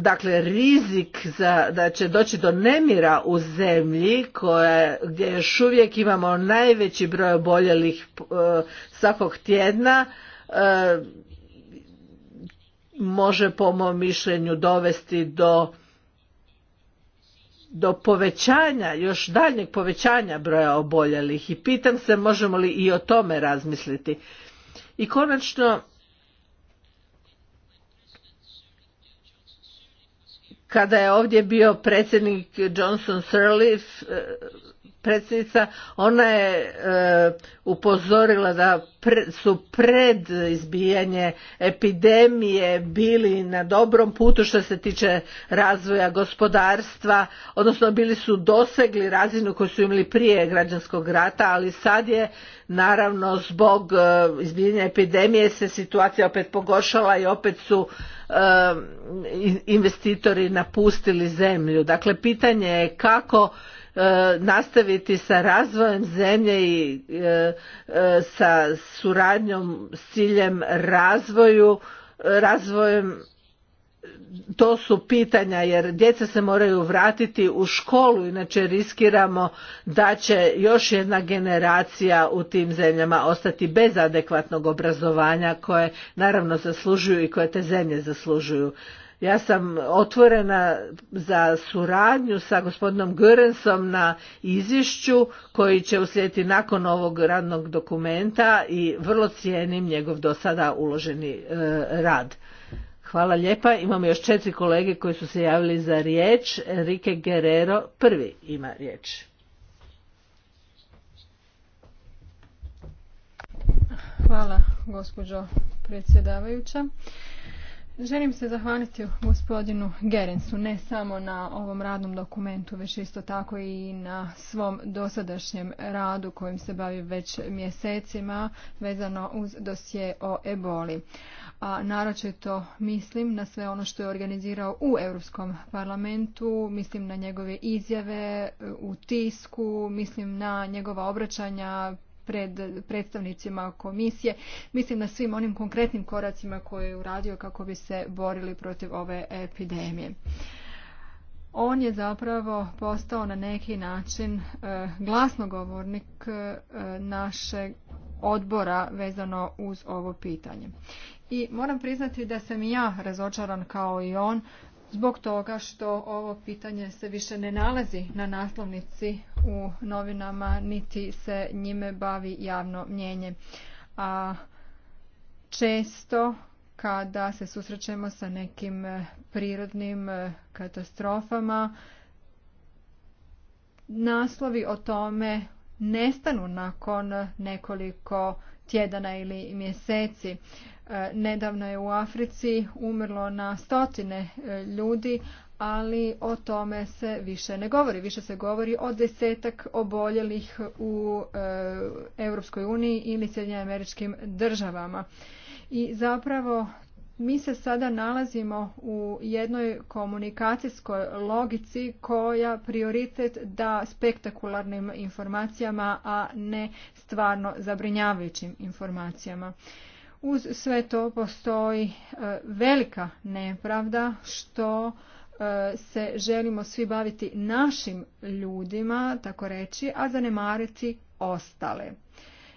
S3: dakle rizik za, da će doći do nemira u zemlji koja, gdje još uvijek imamo najveći broj oboljelih e, svakog tjedna e, može po mom mišljenju dovesti do do povećanja, još daljnjeg povećanja broja oboljelih i pitam se možemo li i o tome razmisliti. I konačno kada je ovdje bio predsjednik Johnson Sirleaf, e, predsjednica, ona je e, upozorila da su pred izbijanje epidemije bili na dobrom putu što se tiče razvoja gospodarstva, odnosno bili su dosegli razinu koju su imali prije građanskog rata, ali sad je naravno zbog e, izbijanja epidemije se situacija opet pogoršala i opet su E, investitori napustili zemlju. Dakle, pitanje je kako e, nastaviti sa razvojem zemlje i e, sa suradnjom s ciljem razvoju razvojem to su pitanja jer djeca se moraju vratiti u školu inače riskiramo da će još jedna generacija u tim zemljama ostati bez adekvatnog obrazovanja koje naravno zaslužuju i koje te zemlje zaslužuju. Ja sam otvorena za suradnju sa gospodinom Görensom na izvješću koji će uslijediti nakon ovog radnog dokumenta i vrlo cijenim njegov do sada uloženi e, rad. Hvala lijepa. Imamo još četiri kolege koji su se javili za riječ. Rike Guerrero prvi ima riječ.
S1: Hvala gospođo predsjedavajuća. Želim se zahvaliti gospodinu Gerensu ne samo na ovom radnom dokumentu, već isto tako i na svom dosadašnjem radu kojim se bavi već mjesecima vezano uz dosje o eboli a naročito mislim na sve ono što je organizirao u Europskom parlamentu, mislim na njegove izjave e, u tisku, mislim na njegova obraćanja pred predstavnicima komisije, mislim na svim onim konkretnim koracima koje je uradio kako bi se borili protiv ove epidemije. On je zapravo postao na neki način e, glasnogovornik e, našeg odbora vezano uz ovo pitanje i moram priznati da sam i ja razočaran kao i on zbog toga što ovo pitanje se više ne nalazi na naslovnici u novinama niti se njime bavi javno mnjenje. A često kada se susrećemo sa nekim e, prirodnim e, katastrofama naslovi o tome nestanu nakon nekoliko tjedana ili mjeseci E, nedavno je u Africi umrlo na stotine e, ljudi, ali o tome se više ne govori. Više se govori o desetak oboljelih u e, Europskoj uniji ili Sjedinjim američkim državama. I zapravo mi se sada nalazimo u jednoj komunikacijskoj logici koja prioritet da spektakularnim informacijama, a ne stvarno zabrinjavajućim informacijama. Uz sve to postoji e, velika nepravda što e, se želimo svi baviti našim ljudima, tako reći, a zanemariti ostale.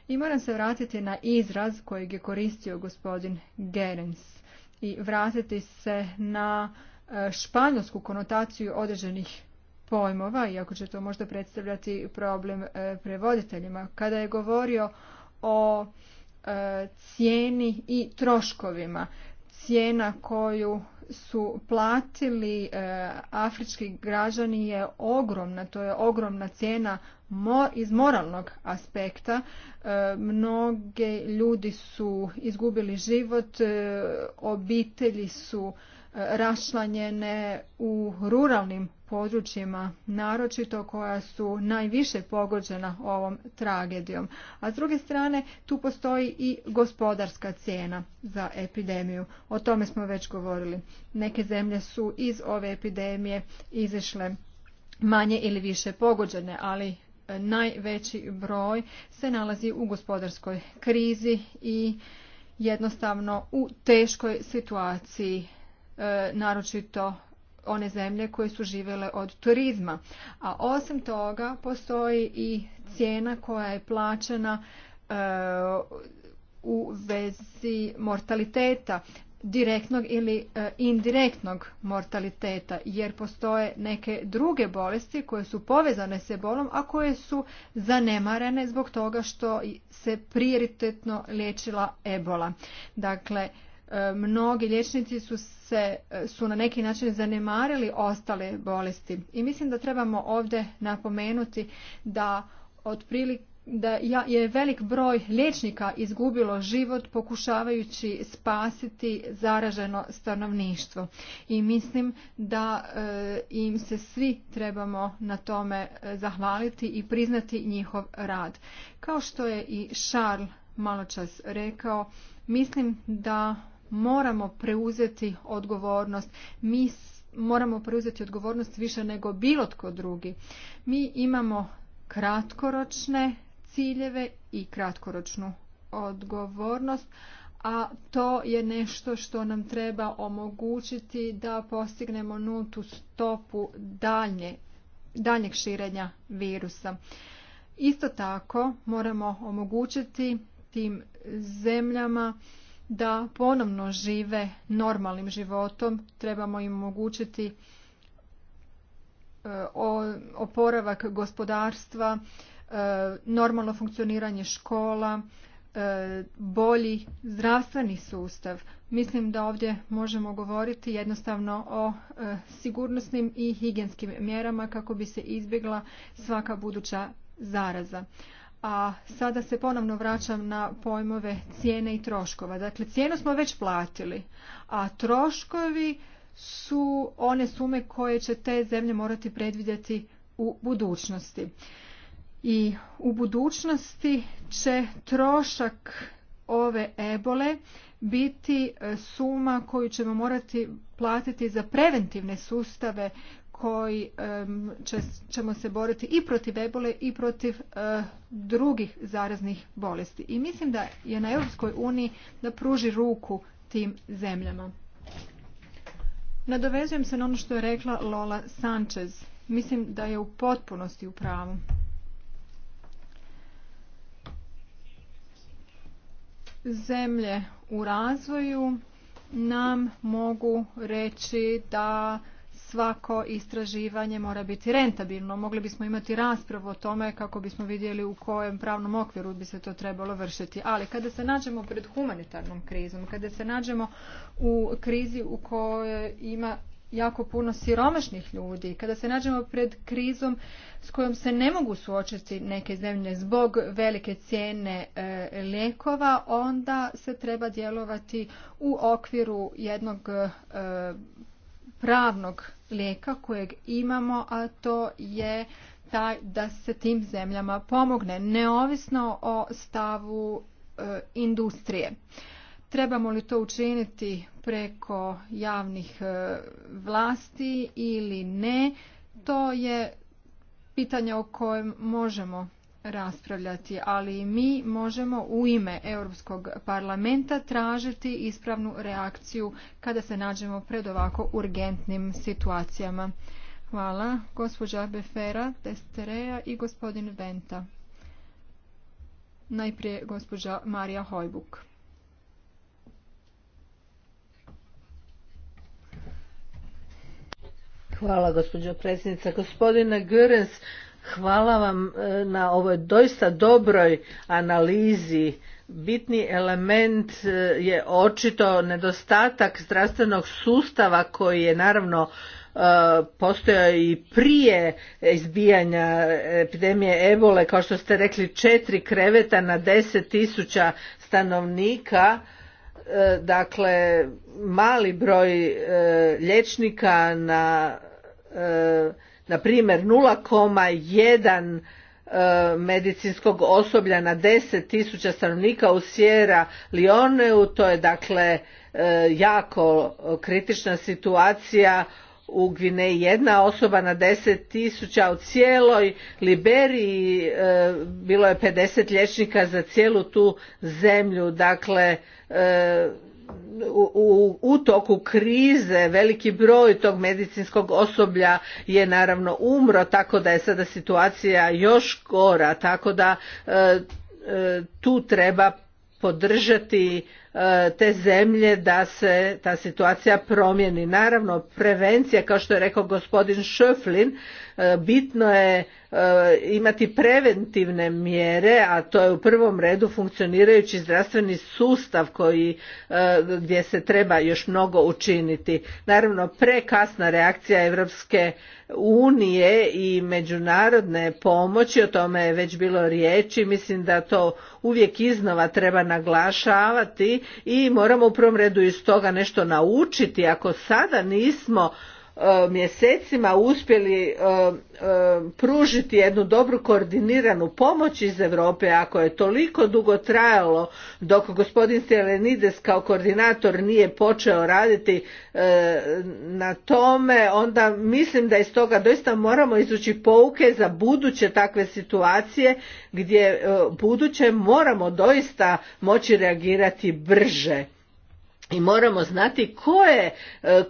S1: I moram se vratiti na izraz kojeg je koristio gospodin Gerens i vratiti se na e, španjolsku konotaciju određenih pojmova, iako će to možda predstavljati problem prevoditeljima. Kada je govorio o E, cijeni i troškovima. Cijena koju su platili e, afrički građani je ogromna, to je ogromna cijena iz moralnog aspekta. E, mnoge ljudi su izgubili život, obitelji su rašlanjene u ruralnim područjima, naročito koja su najviše pogođena ovom tragedijom. A s druge strane, tu postoji i gospodarska cijena za epidemiju. O tome smo već govorili. Neke zemlje su iz ove epidemije izišle manje ili više pogođene, ali e, najveći broj se nalazi u gospodarskoj krizi i jednostavno u teškoj situaciji e, naročito one zemlje koje su živele od turizma. A osim toga postoji i cijena koja je plaćena e, u vezi mortaliteta direktnog ili e, indirektnog mortaliteta jer postoje neke druge bolesti koje su povezane s ebolom a koje su zanemarene zbog toga što se prioritetno liječila ebola. Dakle E, mnogi liječnici su se e, su na neki način zanemarili ostale bolesti i mislim da trebamo ovdje napomenuti da otprilike da je velik broj liječnika izgubilo život pokušavajući spasiti zaraženo stanovništvo i mislim da e, im se svi trebamo na tome zahvaliti i priznati njihov rad kao što je i Charles maločas rekao mislim da moramo preuzeti odgovornost. Mi moramo preuzeti odgovornost više nego bilo tko drugi. Mi imamo kratkoročne ciljeve i kratkoročnu odgovornost, a to je nešto što nam treba omogućiti da postignemo nultu stopu daljnjeg širenja virusa. Isto tako moramo omogućiti tim zemljama da ponovno žive normalnim životom, trebamo im omogućiti e, oporavak gospodarstva, e, normalno funkcioniranje škola, e, bolji zdravstveni sustav. Mislim da ovdje možemo govoriti jednostavno o sigurnosnim i higijenskim mjerama kako bi se izbjegla svaka buduća zaraza a sada se ponovno vraćam na pojmove cijene i troškova. Dakle, cijenu smo već platili, a troškovi su one sume koje će te zemlje morati predvidjeti u budućnosti. I u budućnosti će trošak ove ebole biti suma koju ćemo morati platiti za preventivne sustave koji ćemo se boriti i protiv ebole i protiv e, drugih zaraznih bolesti. I mislim da je na Europskoj uniji da pruži ruku tim zemljama. Nadovezujem se na ono što je rekla Lola Sanchez. Mislim da je u potpunosti u pravu. Zemlje u razvoju nam mogu reći da svako istraživanje mora biti rentabilno. Mogli bismo imati raspravu o tome kako bismo vidjeli u kojem pravnom okviru bi se to trebalo vršiti. Ali kada se nađemo pred humanitarnom krizom, kada se nađemo u krizi u kojoj ima jako puno siromašnih ljudi, kada se nađemo pred krizom s kojom se ne mogu suočiti neke zemlje zbog velike cijene e, lijekova, onda se treba djelovati u okviru jednog e, pravnog lijeka kojeg imamo, a to je taj da se tim zemljama pomogne, neovisno o stavu e, industrije. Trebamo li to učiniti preko javnih e, vlasti ili ne, to je pitanje o kojem možemo raspravljati, ali mi možemo u ime Europskog parlamenta tražiti ispravnu reakciju kada se nađemo pred ovako urgentnim situacijama. Hvala, gospođa Befera, Testereja i gospodin Venta. Najprije gospođa Marija Hojbuk.
S3: Hvala gospođo predsjednica. Gospodine Görens, Hvala vam e, na ovoj doista dobroj analizi. Bitni element e, je očito nedostatak zdravstvenog sustava koji je naravno e, postojao i prije izbijanja epidemije ebole, kao što ste rekli, četiri kreveta na deset tisuća stanovnika, dakle mali broj liječnika na na primjer 0,1 e, medicinskog osoblja na 10.000 stanovnika u Sjera Lioneu, to je dakle e, jako kritična situacija u Gvineji jedna osoba na 10.000 u cijeloj Liberiji e, bilo je 50 liječnika za cijelu tu zemlju dakle u, toku krize veliki broj tog medicinskog osoblja je naravno umro tako da je sada situacija još gora tako da e, e, tu treba podržati e, te zemlje da se ta situacija promijeni. Naravno, prevencija, kao što je rekao gospodin Šöflin, E, bitno je e, imati preventivne mjere a to je u prvom redu funkcionirajući zdravstveni sustav koji e, gdje se treba još mnogo učiniti naravno prekasna reakcija europske unije i međunarodne pomoći o tome je već bilo riječi mislim da to uvijek iznova treba naglašavati i moramo u prvom redu iz toga nešto naučiti ako sada nismo E, mjesecima uspjeli e, e, pružiti jednu dobru koordiniranu pomoć iz Europe ako je toliko dugo trajalo dok gospodin Selenides kao koordinator nije počeo raditi na tome onda mislim da iz toga doista moramo izući pouke za buduće takve situacije gdje buduće moramo doista moći reagirati brže i moramo znati ko je e, e,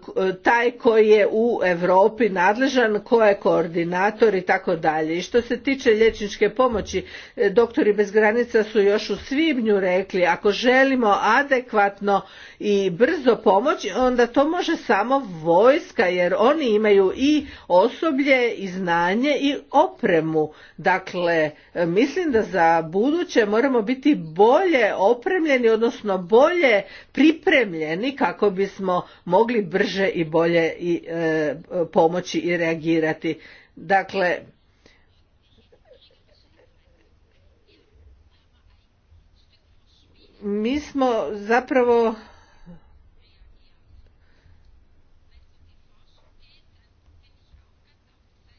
S3: taj koji je u Europi nadležan, ko je koordinator i tako dalje. I što se tiče liječničke pomoći, e, doktori bez granica su još u svibnju rekli ako želimo adekvatno i brzo pomoći, onda to može samo vojska jer oni imaju i osoblje i znanje i opremu. Dakle, mislim da za buduće moramo biti bolje opremljeni, odnosno bolje pripremljeni pripremljeni kako bismo mogli brže i bolje e, pomoći i reagirati dakle mi smo zapravo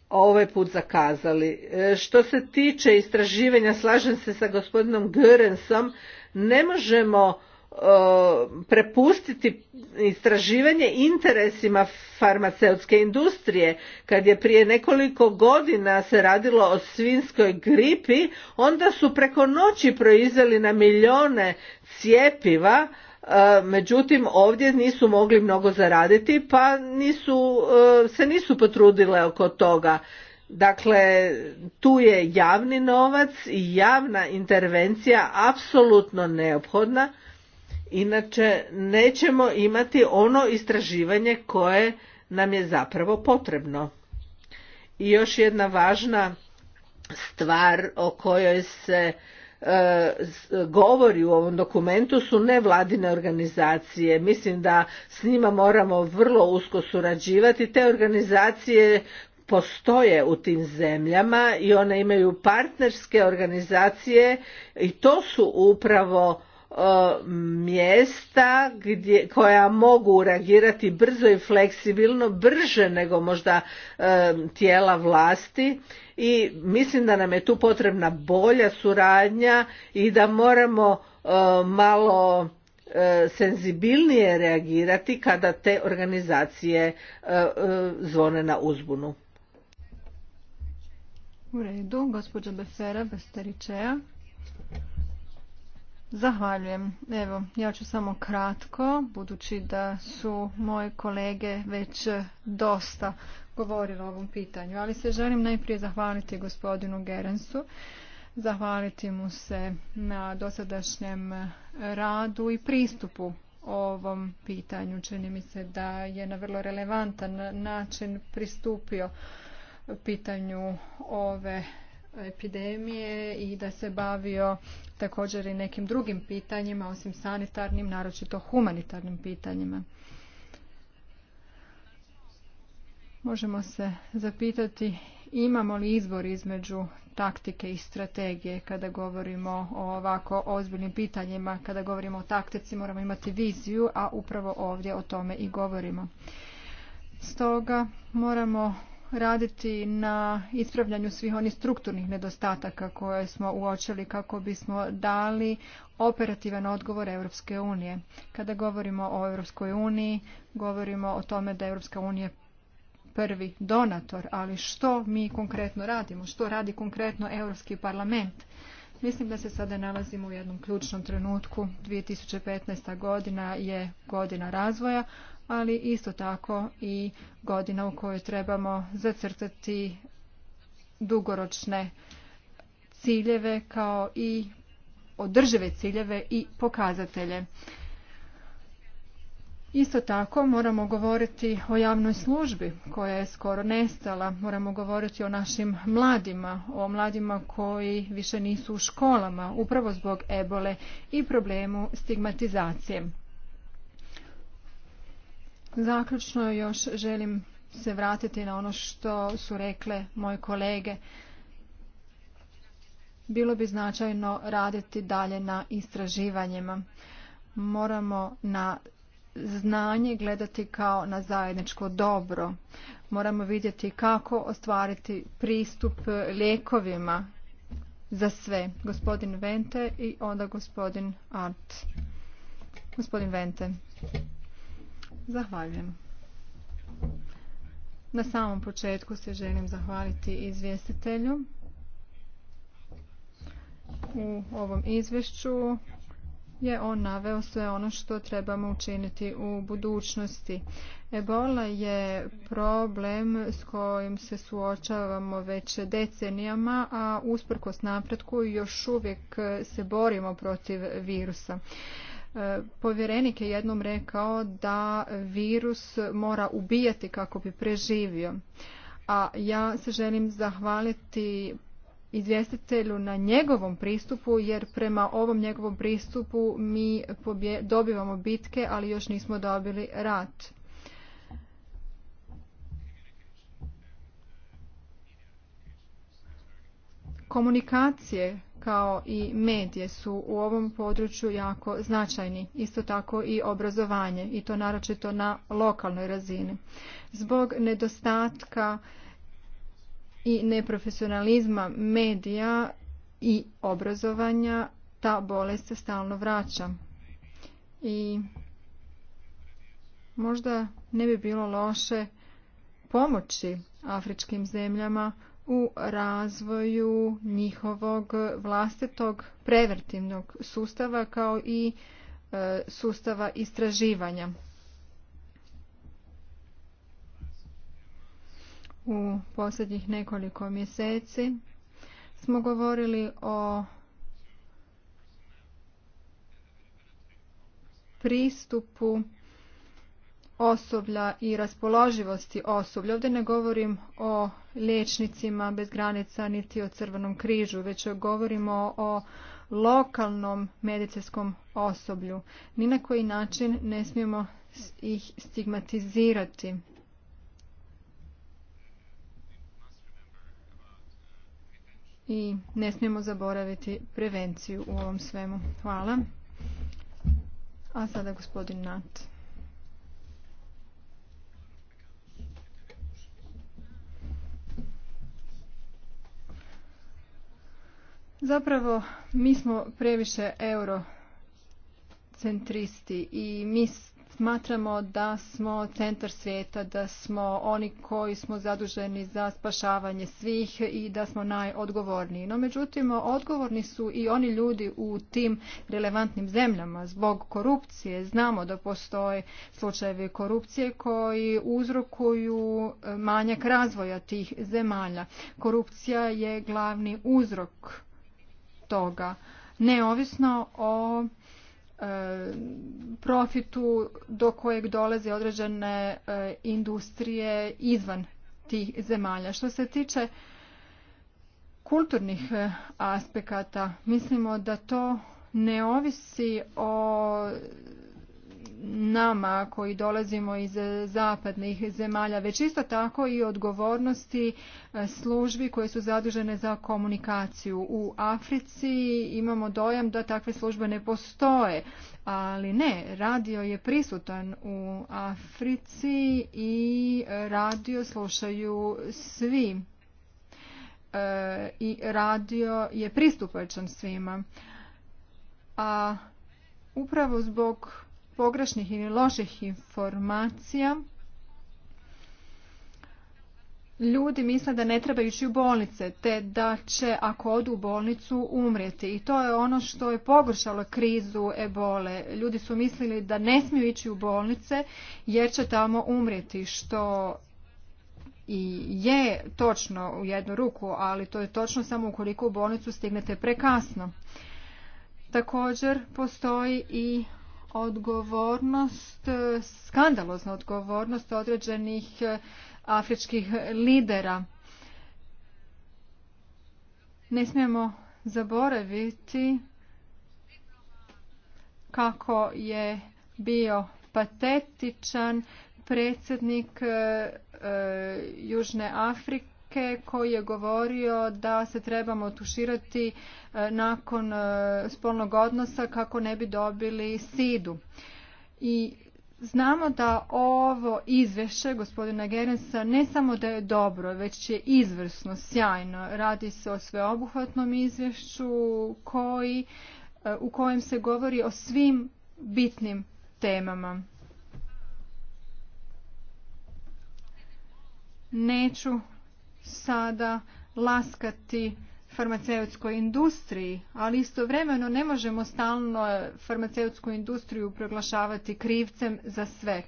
S3: ovaj put zakazali. E, što se tiče istraživanja, slažem se sa gospodinom Görensom, ne možemo prepustiti istraživanje interesima farmaceutske industrije. Kad je prije nekoliko godina se radilo o svinskoj gripi, onda su preko noći proizveli na milijone cijepiva, e, međutim ovdje nisu mogli mnogo zaraditi pa nisu, e, se nisu potrudile oko toga. Dakle, tu je javni novac i javna intervencija apsolutno neophodna inače nećemo imati ono istraživanje koje nam je zapravo potrebno. I još jedna važna stvar o kojoj se e, govori u ovom dokumentu su nevladine organizacije. Mislim da s njima moramo vrlo usko surađivati. Te organizacije postoje u tim zemljama i one imaju partnerske organizacije i to su upravo E, mjesta gdje, koja mogu reagirati brzo i fleksibilno, brže nego možda e, tijela vlasti i mislim da nam je tu potrebna bolja suradnja i da moramo e, malo senzibilnije reagirati kada te organizacije zvone na uzbunu.
S1: U redu, gospođa Befera Besteričeja. Zahvaljujem. Evo, ja ću samo kratko, budući da su moje kolege već dosta govorili o ovom pitanju, ali se želim najprije zahvaliti gospodinu Gerensu, zahvaliti mu se na dosadašnjem radu i pristupu ovom pitanju. Čini mi se da je na vrlo relevantan način pristupio pitanju ove epidemije i da se bavio također i nekim drugim pitanjima osim sanitarnim, naročito humanitarnim pitanjima. Možemo se zapitati imamo li izbor između taktike i strategije kada govorimo o ovako ozbiljnim pitanjima, kada govorimo o taktici moramo imati viziju, a upravo ovdje o tome i govorimo. Stoga moramo raditi na ispravljanju svih onih strukturnih nedostataka koje smo uočili kako bismo dali operativan odgovor Europske unije. Kada govorimo o Europskoj uniji, govorimo o tome da Europska unija prvi donator, ali što mi konkretno radimo, što radi konkretno Europski parlament. Mislim da se sada nalazimo u jednom ključnom trenutku. 2015. godina je godina razvoja, ali isto tako i godina u kojoj trebamo zacrtati dugoročne ciljeve kao i održive ciljeve i pokazatelje. Isto tako moramo govoriti o javnoj službi koja je skoro nestala, moramo govoriti o našim mladima, o mladima koji više nisu u školama upravo zbog ebole i problemu stigmatizacije. Zaključno još želim se vratiti na ono što su rekle moje kolege. Bilo bi značajno raditi dalje na istraživanjima. Moramo na znanje gledati kao na zajedničko dobro. Moramo vidjeti kako ostvariti pristup lijekovima za sve. Gospodin Vente i onda gospodin Art. Gospodin Vente. Zahvaljujem. Na samom početku se želim zahvaliti izvjestitelju. U ovom izvješću je on naveo sve ono što trebamo učiniti u budućnosti. Ebola je problem s kojim se suočavamo već decenijama, a usprkos napretku još uvijek se borimo protiv virusa. E, povjerenik je jednom rekao da virus mora ubijati kako bi preživio. A ja se želim zahvaliti izvjestitelju na njegovom pristupu jer prema ovom njegovom pristupu mi dobivamo bitke ali još nismo dobili rat. Komunikacije kao i medije su u ovom području jako značajni, isto tako i obrazovanje i to naročito na lokalnoj razini. Zbog nedostatka i neprofesionalizma medija i obrazovanja ta bolest se stalno vraća. I možda ne bi bilo loše pomoći afričkim zemljama u razvoju njihovog vlastitog prevertivnog sustava kao i e, sustava istraživanja. U posljednjih nekoliko mjeseci smo govorili o pristupu osoblja i raspoloživosti osoblja. Ovdje ne govorim o liječnicima bez granica niti o crvenom križu, već govorimo o lokalnom medicinskom osoblju. Ni na koji način ne smijemo ih stigmatizirati. I ne smijemo zaboraviti prevenciju u ovom svemu. Hvala. A sada gospodin Nat. Zapravo, mi smo previše eurocentristi i mi smatramo da smo centar svijeta, da smo oni koji smo zaduženi za spašavanje svih i da smo najodgovorniji. No međutim, odgovorni su i oni ljudi u tim relevantnim zemljama. Zbog korupcije znamo da postoje slučajevi korupcije koji uzrokuju eh, manjak razvoja tih zemalja. Korupcija je glavni uzrok toga neovisno o e, profitu do kojeg dolaze određene e, industrije izvan tih zemalja. Što se tiče kulturnih e, aspekata, mislimo da to ne ovisi o nama koji dolazimo iz zapadnih zemalja, već isto tako i odgovornosti e, službi koje su zadužene za komunikaciju. U Africi imamo dojam da takve službe ne postoje, ali ne, radio je prisutan u Africi i radio slušaju svi e, i radio je pristupačan svima. A upravo zbog pogrešnih ili loših informacija ljudi misle da ne treba ići u bolnice te da će ako odu u bolnicu umrijeti i to je ono što je pogoršalo krizu ebole ljudi su mislili da ne smiju ići u bolnice jer će tamo umrijeti što i je točno u jednu ruku ali to je točno samo ukoliko u bolnicu stignete prekasno također postoji i odgovornost, e, skandalozna odgovornost određenih e, afričkih lidera. Ne smijemo zaboraviti kako je bio patetičan predsjednik e, Južne Afrike koji je govorio da se trebamo tuširati e, nakon e, spolnog odnosa kako ne bi dobili sidu. I Znamo da ovo izvješće gospodina Gerensa ne samo da je dobro, već je izvrsno, sjajno. Radi se o sveobuhvatnom izvješću koji, e, u kojem se govori o svim bitnim temama. Neću sada laskati farmaceutskoj industriji, ali istovremeno ne možemo stalno farmaceutsku industriju proglašavati krivcem za sve.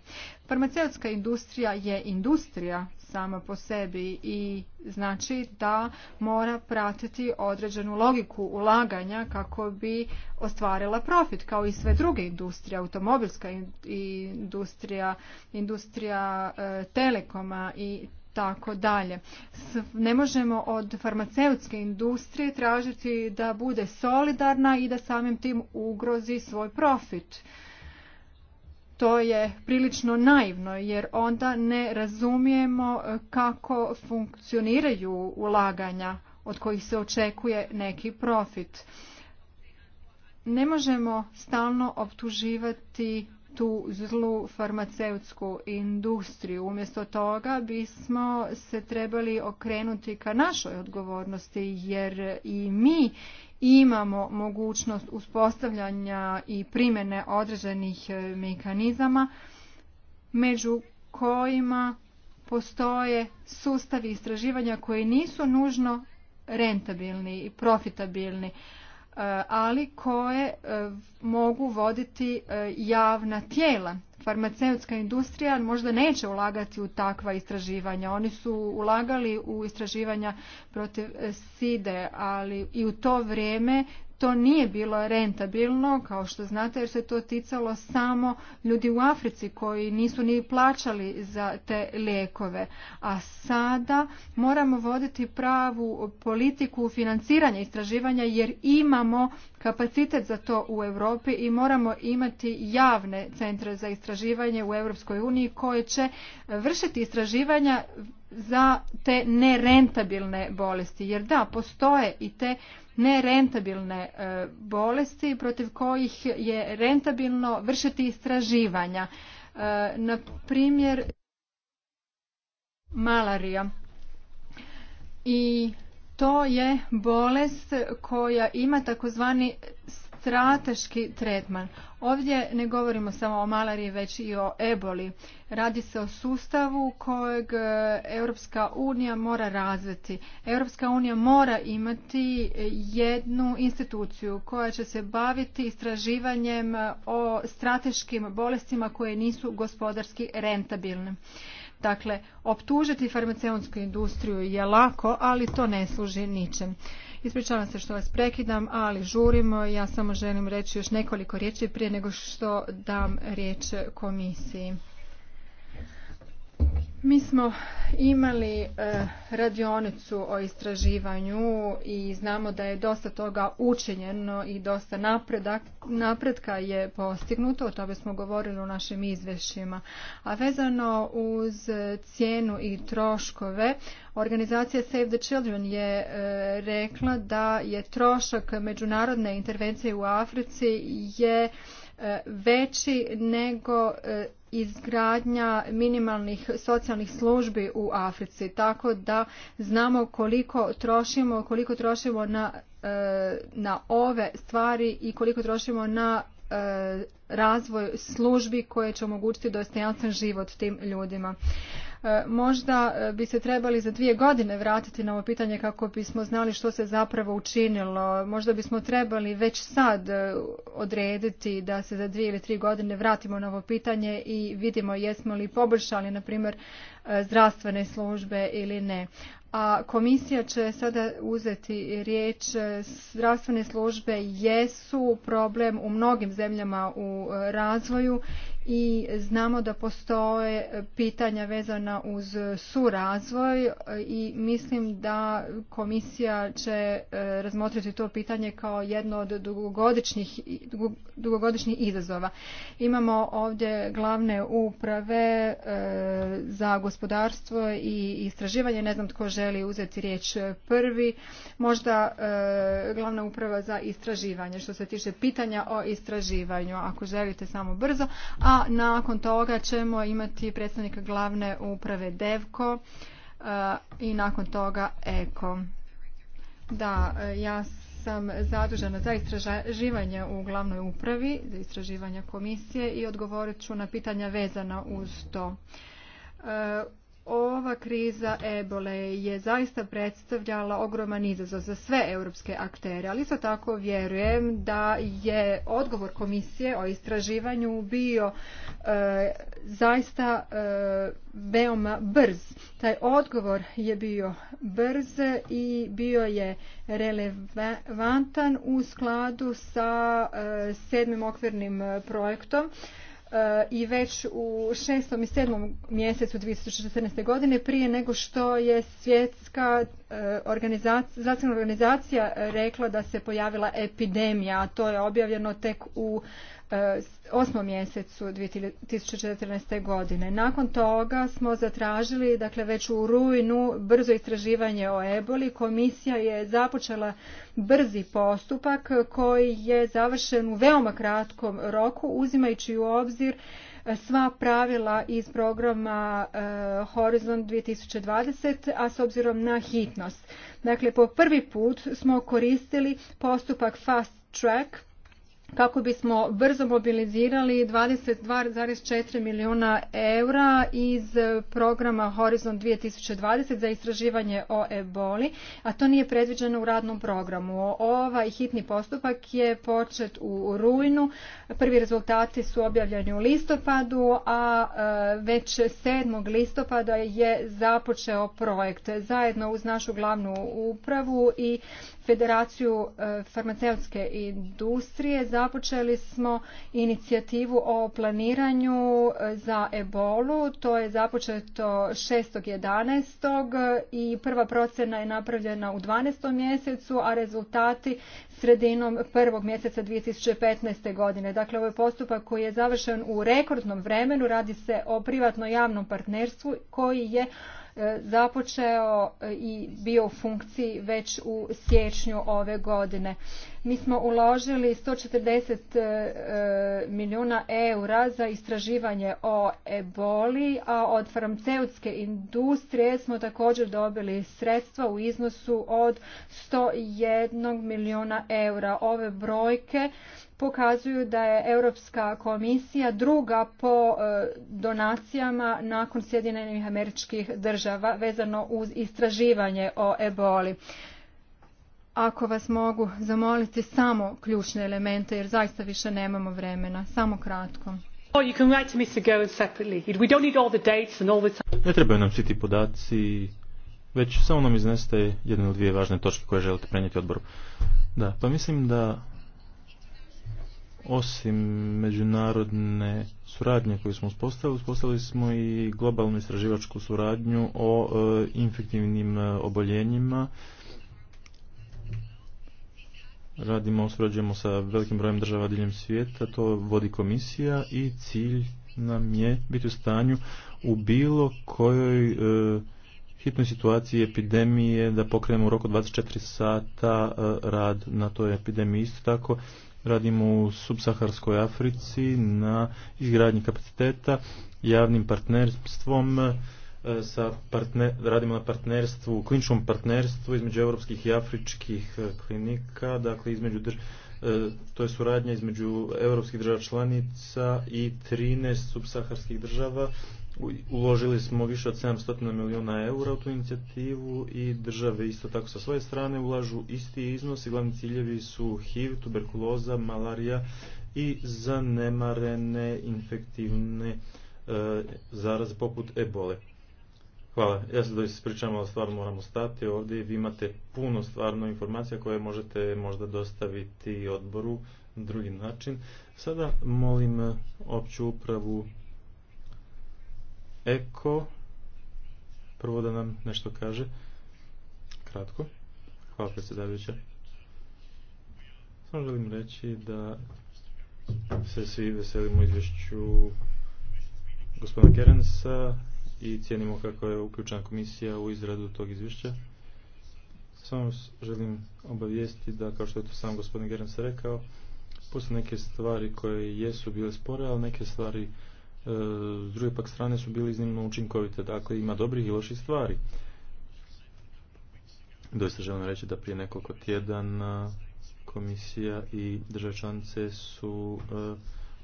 S1: Farmaceutska industrija je industrija sama po sebi i znači da mora pratiti određenu logiku ulaganja kako bi ostvarila profit kao i sve druge industrije, automobilska industrija, industrija e, telekoma i tako dalje. Ne možemo od farmaceutske industrije tražiti da bude solidarna i da samim tim ugrozi svoj profit. To je prilično naivno jer onda ne razumijemo e, kako funkcioniraju ulaganja od kojih se očekuje neki profit. Ne možemo stalno optuživati tu zlu farmaceutsku industriju. Umjesto toga bismo se trebali okrenuti ka našoj odgovornosti jer i mi imamo mogućnost uspostavljanja i primjene određenih e, mehanizama među kojima postoje sustavi istraživanja koji nisu nužno rentabilni i profitabilni E, ali koje e, mogu voditi e, javna tijela. Farmaceutska industrija možda neće ulagati u takva istraživanja. Oni su ulagali u istraživanja protiv side, ali i u to vrijeme to nije bilo rentabilno, kao što znate, jer se to ticalo samo ljudi u Africi koji nisu ni plaćali za te lijekove. A sada moramo voditi pravu politiku financiranja istraživanja jer imamo kapacitet za to u Europi i moramo imati javne centre za istraživanje u Europskoj uniji koje će vršiti istraživanja za te nerentabilne bolesti. Jer da, postoje i te nerentabilne e, bolesti protiv kojih je rentabilno vršiti istraživanja. E, na primjer, malarija. I to je bolest koja ima takozvani strateški tretman. Ovdje ne govorimo samo o malariji, već i o eboli. Radi se o sustavu kojeg e, Europska unija mora razviti. Europska unija mora imati e, jednu instituciju koja će se baviti istraživanjem e, o strateškim bolestima koje nisu gospodarski rentabilne. Dakle, optužiti farmaceutsku industriju je lako, ali to ne služi ničem. Ispričavam se što vas prekidam, ali žurimo. Ja samo želim reći još nekoliko riječi prije nego što dam riječ komisiji. Mi smo imali e, radionicu o istraživanju i znamo da je dosta toga učinjeno i dosta napredak, napredka je postignuto, o tome smo govorili u našim izvješćima. A vezano uz cijenu i troškove, organizacija Save the Children je e, rekla da je trošak međunarodne intervencije u Africi je E, veći nego e, izgradnja minimalnih socijalnih službi u Africi tako da znamo koliko trošimo koliko trošimo na e, na ove stvari i koliko trošimo na razvoj službi koje će omogućiti dostojanstven život tim ljudima. E, možda e, bi se trebali za dvije godine vratiti na ovo pitanje kako bismo znali što se zapravo učinilo. Možda bismo trebali već sad e, odrediti da se za dvije ili tri godine vratimo na ovo pitanje i vidimo jesmo li poboljšali, na primjer, zdravstvene službe ili ne. A komisija će sada uzeti riječ. Zdravstvene službe jesu problem u mnogim zemljama u razvoju i znamo da postoje pitanja vezana uz surazvoj e, i mislim da komisija će e, razmotriti to pitanje kao jedno od dugogodišnjih, dugogodišnjih izazova. Imamo ovdje glavne uprave e, za gospodarstvo i istraživanje. Ne znam tko želi uzeti riječ prvi. Možda glavna uprava za istraživanje što se tiče pitanja o istraživanju. Ako želite samo brzo. A nakon toga ćemo imati predstavnika glavne uprave DEVKO e, i nakon toga EKO. Da, e, ja sam zadužena za istraživanje u glavnoj upravi, za istraživanje komisije i odgovorit ću na pitanja vezana uz to. E, ova kriza ebole je zaista predstavljala ogroman izazov za sve europske aktere, ali isto tako vjerujem da je odgovor komisije o istraživanju bio e, zaista e, veoma brz. Taj odgovor je bio brz i bio je relevantan u skladu sa e, sedmim okvirnim projektom E, i već u šestom i sedmom mjesecu 2014. godine prije nego što je svjetska e, organizacija, zdravstvena organizacija rekla da se pojavila epidemija, a to je objavljeno tek u E, osmom mjesecu 2014. godine. Nakon toga smo zatražili, dakle već u rujnu, brzo istraživanje o eboli. Komisija je započela brzi postupak koji je završen u veoma kratkom roku, uzimajući u obzir sva pravila iz programa e, Horizon 2020, a s obzirom na hitnost. Dakle, po prvi put smo koristili postupak Fast Track kako bismo brzo mobilizirali 22,4 milijuna eura iz programa Horizon 2020 za istraživanje o eboli, a to nije predviđeno u radnom programu. Ovaj hitni postupak je počet u rujnu, Prvi rezultati su objavljeni u listopadu, a e, već 7. listopada je započeo projekt zajedno uz našu glavnu upravu i Federaciju e, farmaceutske industrije započeli smo inicijativu o planiranju e, za ebolu. To je započeto 6.11. i prva procjena je napravljena u 12. mjesecu, a rezultati sredinom prvog mjeseca 2015. godine. Dakle, ovo je postupak koji je završen u rekordnom vremenu. Radi se o privatno-javnom partnerstvu koji je e, započeo i bio u funkciji već u siječnju ove godine. Mi smo uložili 140 e, milijuna eura za istraživanje o eboli, a od farmaceutske industrije smo također dobili sredstva u iznosu od 101 milijuna eura. Ove brojke pokazuju da je Europska komisija druga po e, donacijama nakon Sjedinjenih američkih država vezano uz istraživanje o eboli ako vas mogu zamoliti samo ključne elemente jer zaista više nemamo vremena samo kratko oh,
S2: ne trebaju nam svi ti podaci već samo nam izneste jedne ili dvije važne točke koje želite prenijeti odboru da pa mislim da osim međunarodne suradnje koju smo uspostavili, uspostavili smo i globalnu istraživačku suradnju o e, infektivnim e, oboljenjima radimo, surađujemo sa velikim brojem država diljem svijeta, to vodi komisija i cilj nam je biti u stanju u bilo kojoj e, hitnoj situaciji epidemije da pokrenemo u roku 24 sata e, rad na toj epidemiji. Isto tako radimo u subsaharskoj Africi na izgradnji kapaciteta javnim partnerstvom E, sa partner, radimo na partnerstvu, kliničkom partnerstvu između europskih i afričkih e, klinika, dakle između e, to je suradnja između europskih država članica i 13 subsaharskih država. Uložili smo više od 700 milijuna eura u tu inicijativu i države isto tako sa svoje strane ulažu isti iznos i glavni ciljevi su HIV, tuberkuloza, malarija i zanemarene infektivne zaraze poput ebole. Hvala. Ja se doista ispričavam, ali stvarno moramo stati ovdje. Vi imate puno stvarno informacija koje možete možda dostaviti odboru na drugi način. Sada molim e, opću upravu Eko. Prvo da nam nešto kaže. Kratko. Hvala predsjedavajuća. Samo želim reći da se svi veselimo izvješću gospodina Kerensa i cijenimo kako je uključena komisija u izradu tog izvješća. Samo želim obavijestiti da, kao što je to sam gospodin Gerens rekao, postoje neke stvari koje jesu bile spore, ali neke stvari e, s druge pak strane su bile iznimno učinkovite. Dakle, ima dobrih i loših stvari. Doista želim reći da prije nekoliko tjedana komisija i države članice su e,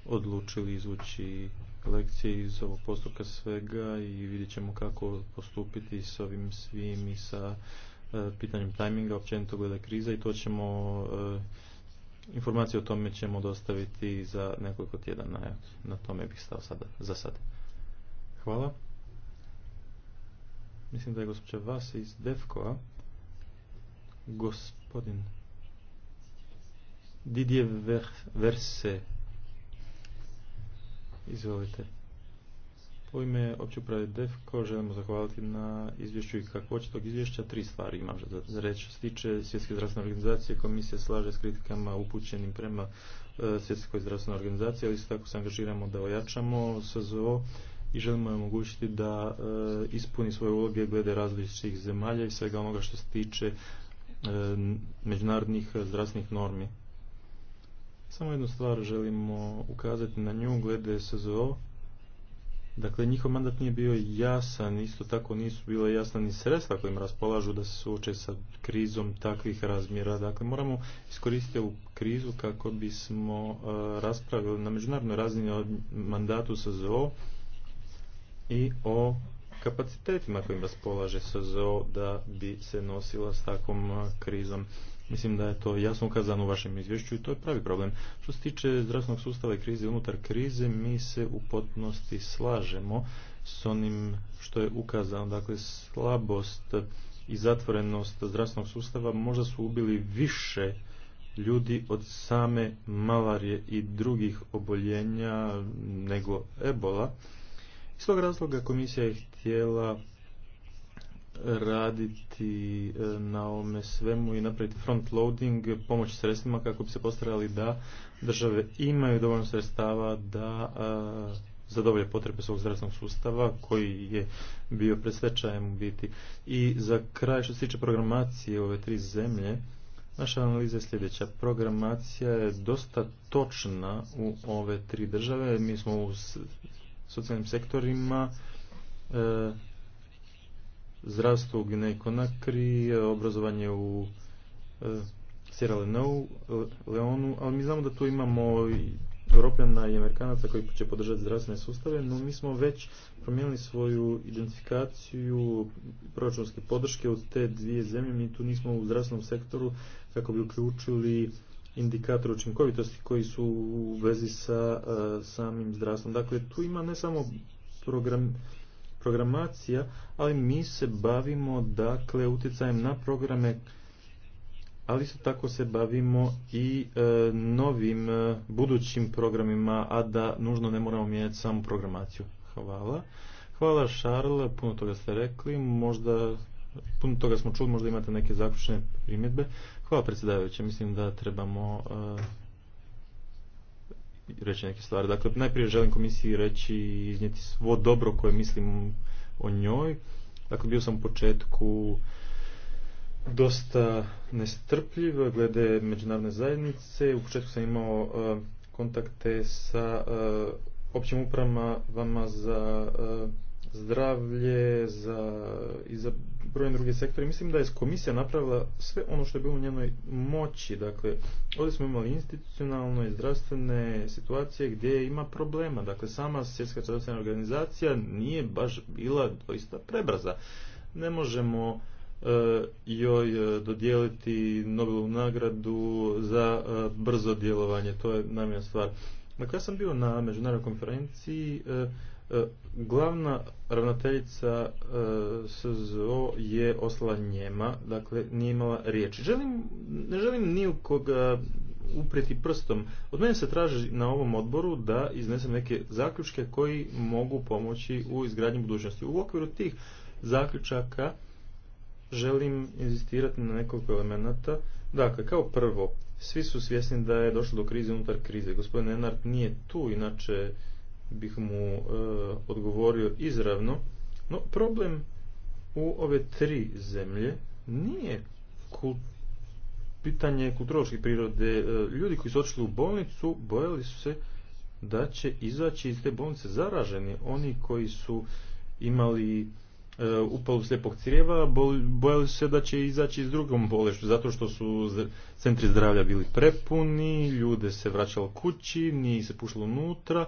S2: odlučili izvući lekcije iz ovog postupka svega i vidjet ćemo kako postupiti s ovim svim i sa e, pitanjem tajminga, općenito gleda kriza i to ćemo e, informacije o tome ćemo dostaviti za nekoliko tjedana. Na tome bih stao sada, za sad. Hvala. Mislim da je gospođa Vas iz Defkova. Gospodin Didier Verse Izvolite. U ime opće uprave DEFCO želimo zahvaliti na izvješću i kakvoći tog izvješća. Tri stvari imam za reći. Što se tiče Svjetske zdravstvene organizacije, komisija slaže s kritikama upućenim prema e, Svjetskoj zdravstvenoj organizaciji, ali isto tako se angažiramo da ojačamo SZO i želimo je omogućiti da e, ispuni svoje uloge glede različitih zemalja i svega onoga što se tiče e, međunarodnih zdravstvenih normi. Samo jednu stvar želimo ukazati na nju glede SZO. Dakle, njihov mandat nije bio jasan, isto tako nisu bila jasna ni sredstva kojim raspolažu da se suoče sa krizom takvih razmjera. Dakle, moramo iskoristiti ovu krizu kako bismo e, raspravili na međunarodnoj razini o mandatu SZO i o kapacitetima kojim raspolaže SZO da bi se nosila s takvom e, krizom. Mislim da je to jasno ukazano u vašem izvješću i to je pravi problem. Što se tiče zdravstvenog sustava i krize unutar krize, mi se u potpunosti slažemo s onim što je ukazano. Dakle, slabost i zatvorenost zdravstvenog sustava možda su ubili više ljudi od same malarije i drugih oboljenja nego ebola. Iz tog razloga komisija je htjela raditi e, na ovome svemu i napraviti front loading, pomoć sredstvima kako bi se postarali da države imaju dovoljno sredstava da e, zadovolje potrebe svog zdravstvenog sustava koji je bio pred svečajem u biti. I za kraj što se tiče programacije ove tri zemlje, naša analiza je sljedeća. Programacija je dosta točna u ove tri države. Mi smo u socijalnim sektorima e, zdravstvo u Nakri, e, obrazovanje u e, Sierra e, Leonu, ali mi znamo da tu imamo Europljana i Amerikanaca koji će podržati zdravstvene sustave, no mi smo već promijenili svoju identifikaciju proračunske podrške od te dvije zemlje. Mi tu nismo u zdravstvenom sektoru kako bi uključili indikator učinkovitosti koji su u vezi sa samim zdravstvom. Dakle, tu ima ne samo program, programacija, ali mi se bavimo dakle utjecajem na programe, ali isto tako se bavimo i e, novim e, budućim programima, a da nužno ne moramo mijenjati samu programaciju. Hvala. Hvala Šarl, puno toga ste rekli, možda puno toga smo čuli, možda imate neke zaključne primjedbe. Hvala predsjedavajuće, mislim da trebamo e, reći neke stvari. Dakle, najprije želim komisiji reći i iznijeti svo dobro koje mislim o njoj. Dakle, bio sam u početku dosta nestrpljiv glede međunarodne zajednice. U početku sam imao e, kontakte sa e, općim upravama vama za e, zdravlje za, i za brojne druge sektore. Mislim da je komisija napravila sve ono što je bilo u njenoj moći. Dakle, ovdje smo imali institucionalne i zdravstvene situacije gdje ima problema. Dakle, sama svjetska zdravstvena organizacija nije baš bila doista prebrza. Ne možemo eh, joj eh, dodijeliti Nobelovu nagradu za eh, brzo djelovanje. To je namjerna stvar. Dakle, ja sam bio na međunarodnoj konferenciji E, glavna ravnateljica e, SZO je ostala njema, dakle nije imala riječi. ne želim ni koga uprijeti prstom. Od mene se traži na ovom odboru da iznesem neke zaključke koji mogu pomoći u izgradnji budućnosti. U okviru tih zaključaka želim inzistirati na nekoliko elemenata. Dakle, kao prvo, svi su svjesni da je došlo do krize unutar krize. Gospodin Enart nije tu, inače bih mu e, odgovorio izravno, no problem u ove tri zemlje nije pitanje kulturološke prirode. E, ljudi koji su otišli u bolnicu bojali su se da će izaći iz te bolnice zaraženi. Oni koji su imali e, upalu slijepog crijeva bojali su se da će izaći iz drugom bolešću zato što su centri zdravlja bili prepuni, ljude se vraćalo kući, nije se pušlo unutra,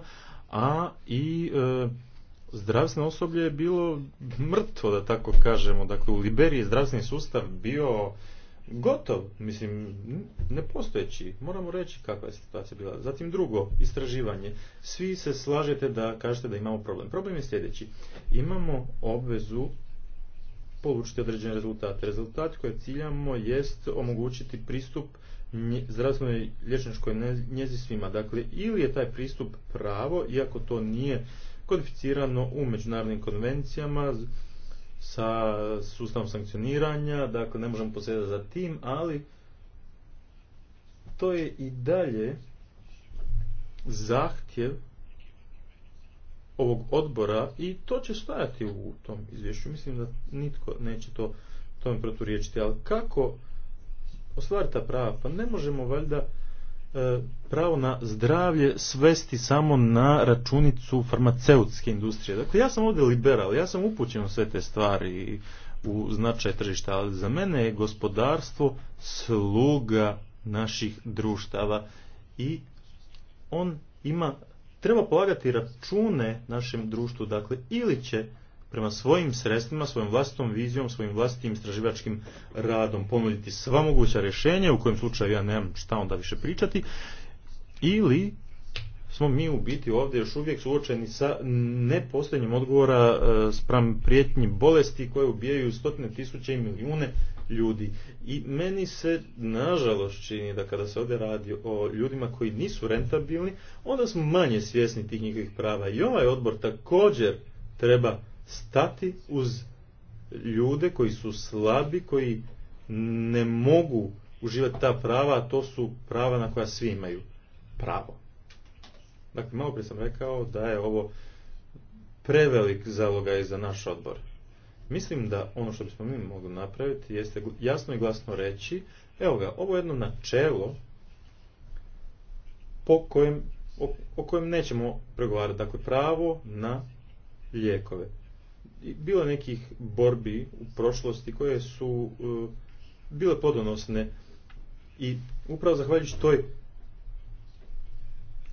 S2: a i e, zdravstveno osoblje je bilo mrtvo, da tako kažemo. Dakle, u Liberiji je zdravstveni sustav bio gotov, mislim, nepostojeći. Moramo reći kakva je situacija bila. Zatim drugo, istraživanje. Svi se slažete da kažete da imamo problem. Problem je sljedeći. Imamo obvezu polučiti određene rezultate. Rezultat koje ciljamo jest omogućiti pristup zdravstvenoj liječničkoj njezi svima. Dakle, ili je taj pristup pravo, iako to nije kodificirano u međunarodnim konvencijama sa sustavom sankcioniranja, dakle ne možemo posjedati za tim, ali to je i dalje zahtjev ovog odbora i to će stajati u tom izvješću. Mislim da nitko neće to tome proturiječiti, ali kako ostvari ta prava. Pa ne možemo valjda e, pravo na zdravlje svesti samo na računicu farmaceutske industrije. Dakle, ja sam ovdje liberal, ja sam upućen u sve te stvari u značaj tržišta, ali za mene je gospodarstvo sluga naših društava i on ima, treba polagati račune našem društvu, dakle, ili će prema svojim sredstvima, svojom vlastitom vizijom, svojim vlastitim istraživačkim radom ponuditi sva moguća rješenja, u kojem slučaju ja nemam šta onda više pričati, ili smo mi u biti ovdje još uvijek suočeni sa neposljednjim odgovora e, spram prijetnji bolesti koje ubijaju stotine tisuća i milijune ljudi. I meni se nažalost čini da kada se ovdje radi o ljudima koji nisu rentabilni, onda smo manje svjesni tih njihovih prava. I ovaj odbor također treba stati uz ljude koji su slabi, koji ne mogu uživati ta prava, a to su prava na koja svi imaju pravo. Dakle, malo prije sam rekao da je ovo prevelik zalogaj za naš odbor. Mislim da ono što bismo mi mogli napraviti jeste jasno i glasno reći, evo ga, ovo je jedno načelo po kojem, o, o kojem nećemo pregovarati. Dakle, pravo na lijekove bilo je nekih borbi u prošlosti koje su e, bile podonosne i upravo zahvaljujući toj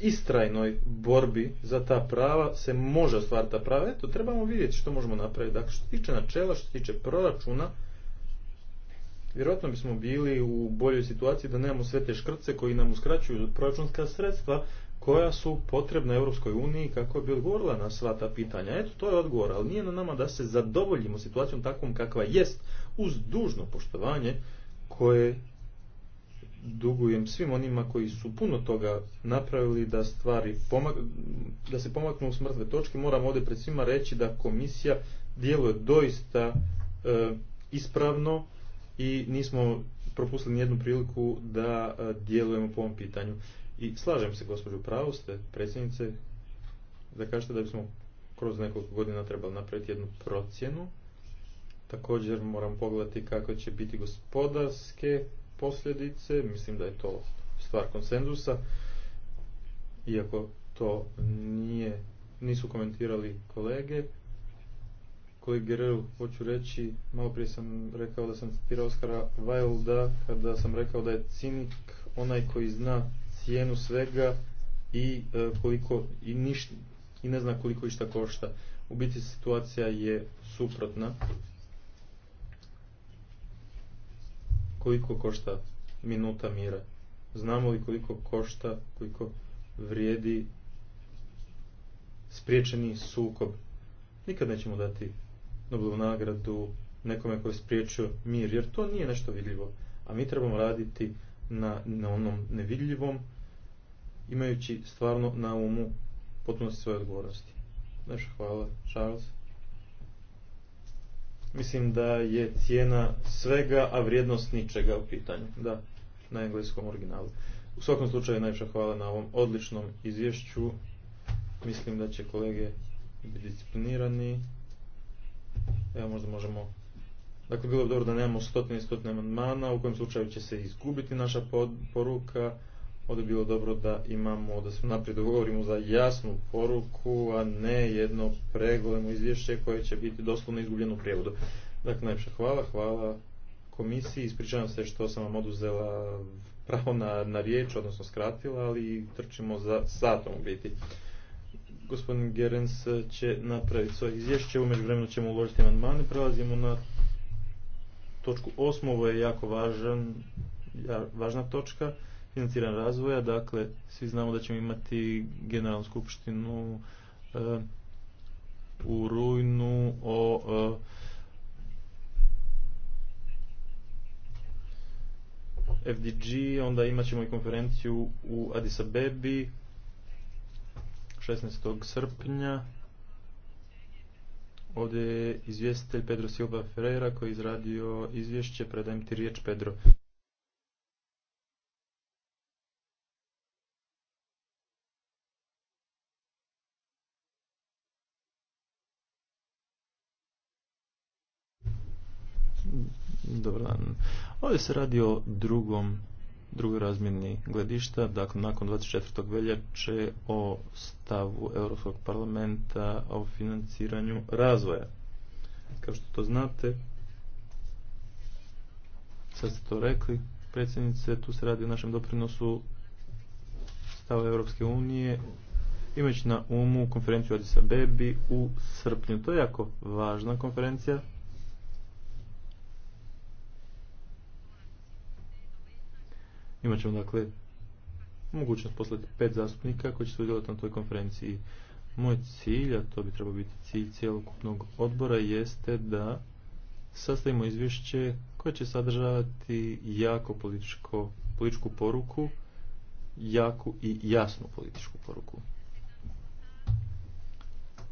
S2: istrajnoj borbi za ta prava se može ostvariti ta prava. Eto, trebamo vidjeti što možemo napraviti. Dakle, što se tiče načela, što se tiče proračuna, vjerojatno bismo bili u boljoj situaciji da nemamo sve te škrce koji nam uskraćuju proračunska sredstva, koja su potrebna Europskoj uniji kako bi odgovorila na sva ta pitanja. Eto, to je odgovor, ali nije na nama da se zadovoljimo situacijom takvom kakva jest, uz dužno poštovanje koje dugujem svim onima koji su puno toga napravili da stvari da se pomaknu u smrtve točke. Moram ovdje pred svima reći da komisija djeluje doista e, ispravno i nismo propustili nijednu priliku da e, djelujemo po ovom pitanju. I slažem se, gospođo, pravo ste, predsjednice, da kažete da bismo kroz nekoliko godina trebali napraviti jednu procjenu. Također moram pogledati kako će biti gospodarske posljedice. Mislim da je to stvar konsenzusa. Iako to nije, nisu komentirali kolege, kolegi Gerelu hoću reći, malo prije sam rekao da sam citirao skara Wilda kada sam rekao da je cinik onaj koji zna cijenu svega i e, koliko i, niš, i ne zna koliko išta košta. U biti situacija je suprotna. Koliko košta minuta mira? Znamo li koliko košta, koliko vrijedi spriječeni sukob? Nikad nećemo dati Nobelovu nagradu nekome koji je spriječio mir, jer to nije nešto vidljivo. A mi trebamo raditi na, na onom nevidljivom, imajući stvarno na umu potpunosti svoje odgovornosti. Znači, hvala, Charles. Mislim da je cijena svega, a vrijednost ničega u pitanju. Da, na engleskom originalu. U svakom slučaju najviše hvala na ovom odličnom izvješću. Mislim da će kolege biti disciplinirani. Evo možda možemo... Dakle, bilo bi dobro da nemamo stotine i stotine amandmana, u kojem slučaju će se izgubiti naša poruka. Ovdje bi bilo dobro da imamo, da se naprijed dogovorimo za jasnu poruku, a ne jedno pregolemo izvješće koje će biti doslovno izgubljeno u prijevodu. Dakle, najpša hvala, hvala komisiji. Ispričavam se što sam vam oduzela pravo na, na riječ, odnosno skratila, ali trčimo za satom u biti. Gospodin Gerens će napraviti svoje izvješće, u međuvremenu ćemo uložiti amandmane. Prelazimo na točku osmu, ovo je jako važan, važna točka. Financiran razvoja. Dakle, svi znamo da ćemo imati generalnu skupštinu e, u rujnu o e, FDG, onda imat ćemo i konferenciju u Addis Abebi 16. srpnja. Ovdje je izvjestitelj Pedro Silva Ferreira koji je izradio izvješće, predajem ti riječ Pedro. Ovdje se radi o drugom drugoj razmjeni gledišta, dakle nakon 24. veljače o stavu Europskog parlamenta o financiranju razvoja. Kao što to znate, sad ste to rekli, predsjednice, tu se radi o našem doprinosu stava Europske unije, imajući na umu konferenciju Adisa Bebi u srpnju. To je jako važna konferencija, Imat ćemo dakle mogućnost poslati pet zastupnika koji će sudjelovati na toj konferenciji. Moj cilj, a to bi trebao biti cilj cijelokupnog odbora, jeste da sastavimo izvješće koje će sadržavati jako političko, političku poruku, jaku i jasnu političku poruku.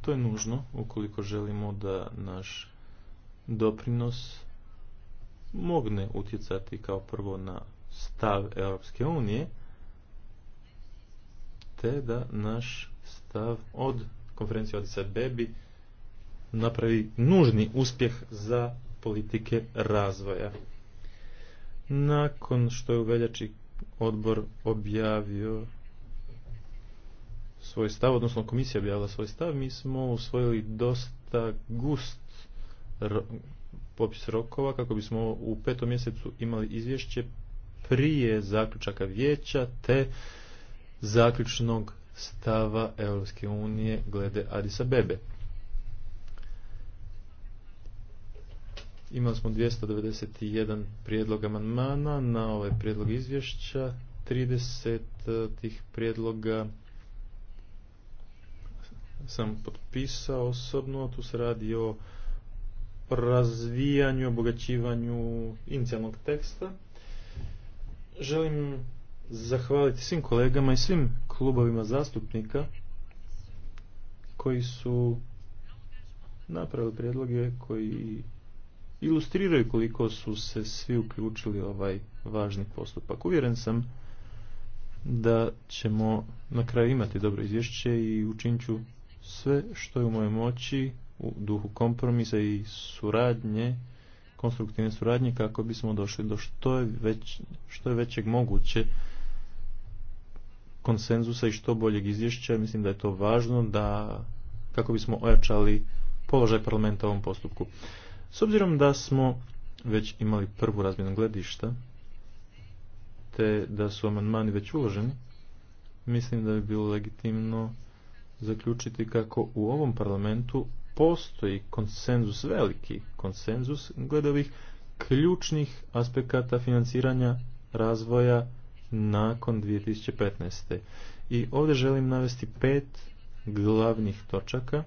S2: To je nužno ukoliko želimo da naš doprinos mogne utjecati kao prvo na stav Europske unije, te da naš stav od konferencije Odisa Bebi napravi nužni uspjeh za politike razvoja. Nakon što je u veljači odbor objavio svoj stav, odnosno komisija objavila svoj stav, mi smo usvojili dosta gust popis rokova kako bismo u petom mjesecu imali izvješće prije zaključaka vijeća te zaključnog stava Europske unije glede Adisa Abebe. Imali smo 291 prijedlog amandmana na ovaj prijedlog izvješća, 30 tih prijedloga sam potpisao osobno, tu se radi o razvijanju, obogaćivanju inicijalnog teksta. Želim zahvaliti svim kolegama i svim klubovima zastupnika koji su napravili prijedloge koji ilustriraju koliko su se svi uključili ovaj važni postupak. Uvjeren sam da ćemo na kraju imati dobro izvješće i učinit ću sve što je u mojoj moći u duhu kompromisa i suradnje konstruktivne suradnje kako bismo došli do što je, već, što je većeg moguće konsenzusa i što boljeg izvješća. Mislim da je to važno da kako bismo ojačali položaj parlamenta u ovom postupku. S obzirom da smo već imali prvu razmjenu gledišta, te da su amandmani već uloženi, mislim da bi bilo legitimno zaključiti kako u ovom parlamentu postoji konsenzus, veliki konsenzus gledovih ovih ključnih aspekata financiranja razvoja nakon 2015. I ovdje želim navesti pet glavnih točaka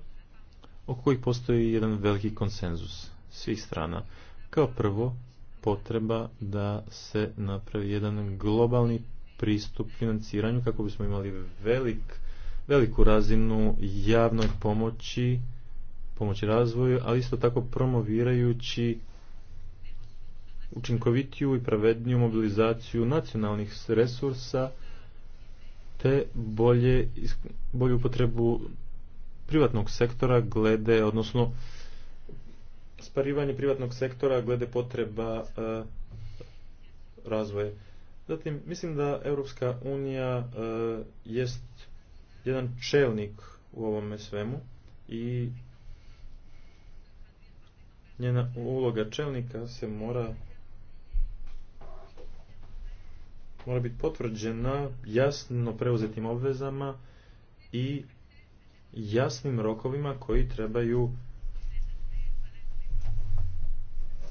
S2: o kojih postoji jedan veliki konsenzus svih strana. Kao prvo, potreba da se napravi jedan globalni pristup financiranju kako bismo imali velik, veliku razinu javnoj pomoći pomoći razvoju, ali isto tako promovirajući učinkovitiju i pravedniju mobilizaciju nacionalnih resursa te bolje, bolju potrebu privatnog sektora glede, odnosno sparivanje privatnog sektora glede potreba e, razvoja. Zatim, mislim da Europska unija e, jest jedan čelnik u ovome svemu i njena uloga čelnika se mora mora biti potvrđena jasno preuzetim obvezama i jasnim rokovima koji trebaju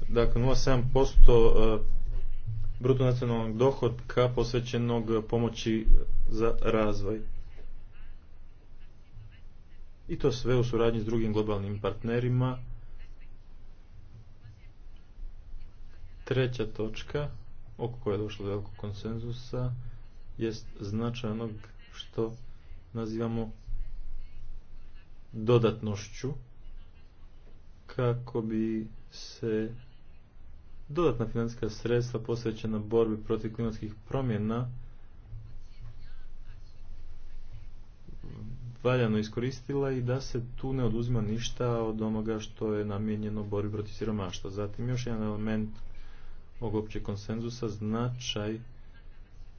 S2: dakle 0,7% e, bruto nacionalnog dohodka posvećenog pomoći za razvoj. I to sve u suradnji s drugim globalnim partnerima Treća točka oko koje je došla do velikog konsenzusa jest značajnog što nazivamo dodatnošću kako bi se dodatna financijska sredstva posvećena borbi protiv klimatskih promjena valjano iskoristila i da se tu ne oduzima ništa od onoga što je namijenjeno borbi protiv siromaštva. Zatim još jedan element ovog općeg konsenzusa značaj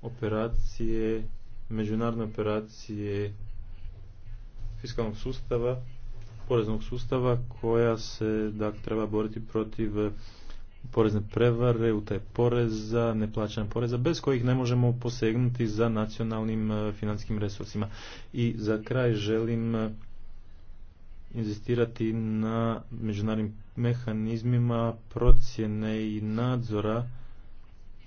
S2: operacije, međunarodne operacije fiskalnog sustava, poreznog sustava koja se da treba boriti protiv porezne prevare, utaje poreza, neplaćanja poreza, bez kojih ne možemo posegnuti za nacionalnim eh, financijskim resursima. I za kraj želim eh, inzistirati na međunarodnim mehanizmima procjene i nadzora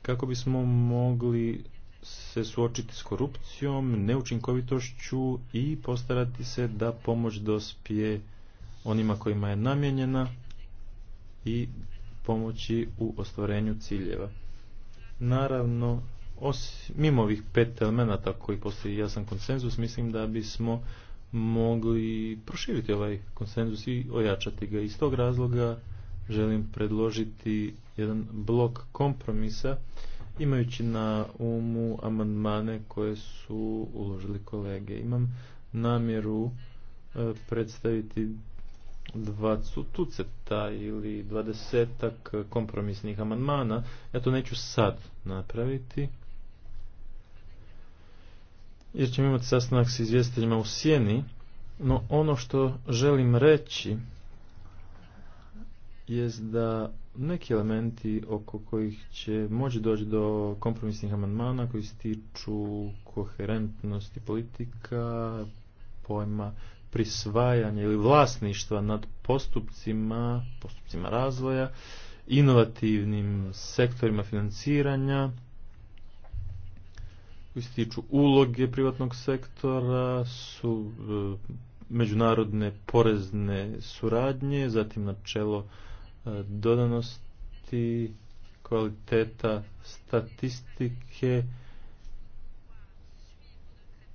S2: kako bismo mogli se suočiti s korupcijom, neučinkovitošću i postarati se da pomoć dospije onima kojima je namjenjena i pomoći u ostvarenju ciljeva. Naravno, osim, mimo ovih pet elemenata koji postoji jasan konsenzus, mislim da bismo mogli proširiti ovaj konsenzus i ojačati ga. Iz tog razloga želim predložiti jedan blok kompromisa imajući na umu amandmane koje su uložili kolege. Imam namjeru e, predstaviti dva tuceta ili dvadesetak kompromisnih amandmana. Ja to neću sad napraviti jer ćemo imati sastanak s izvjestiteljima u Sjeni, no ono što želim reći jest da neki elementi oko kojih će moći doći do kompromisnih amandmana koji se tiču koherentnosti politika, pojma prisvajanja ili vlasništva nad postupcima, postupcima razvoja, inovativnim sektorima financiranja, koji se tiču uloge privatnog sektora, su e, međunarodne porezne suradnje, zatim načelo e, dodanosti, kvaliteta statistike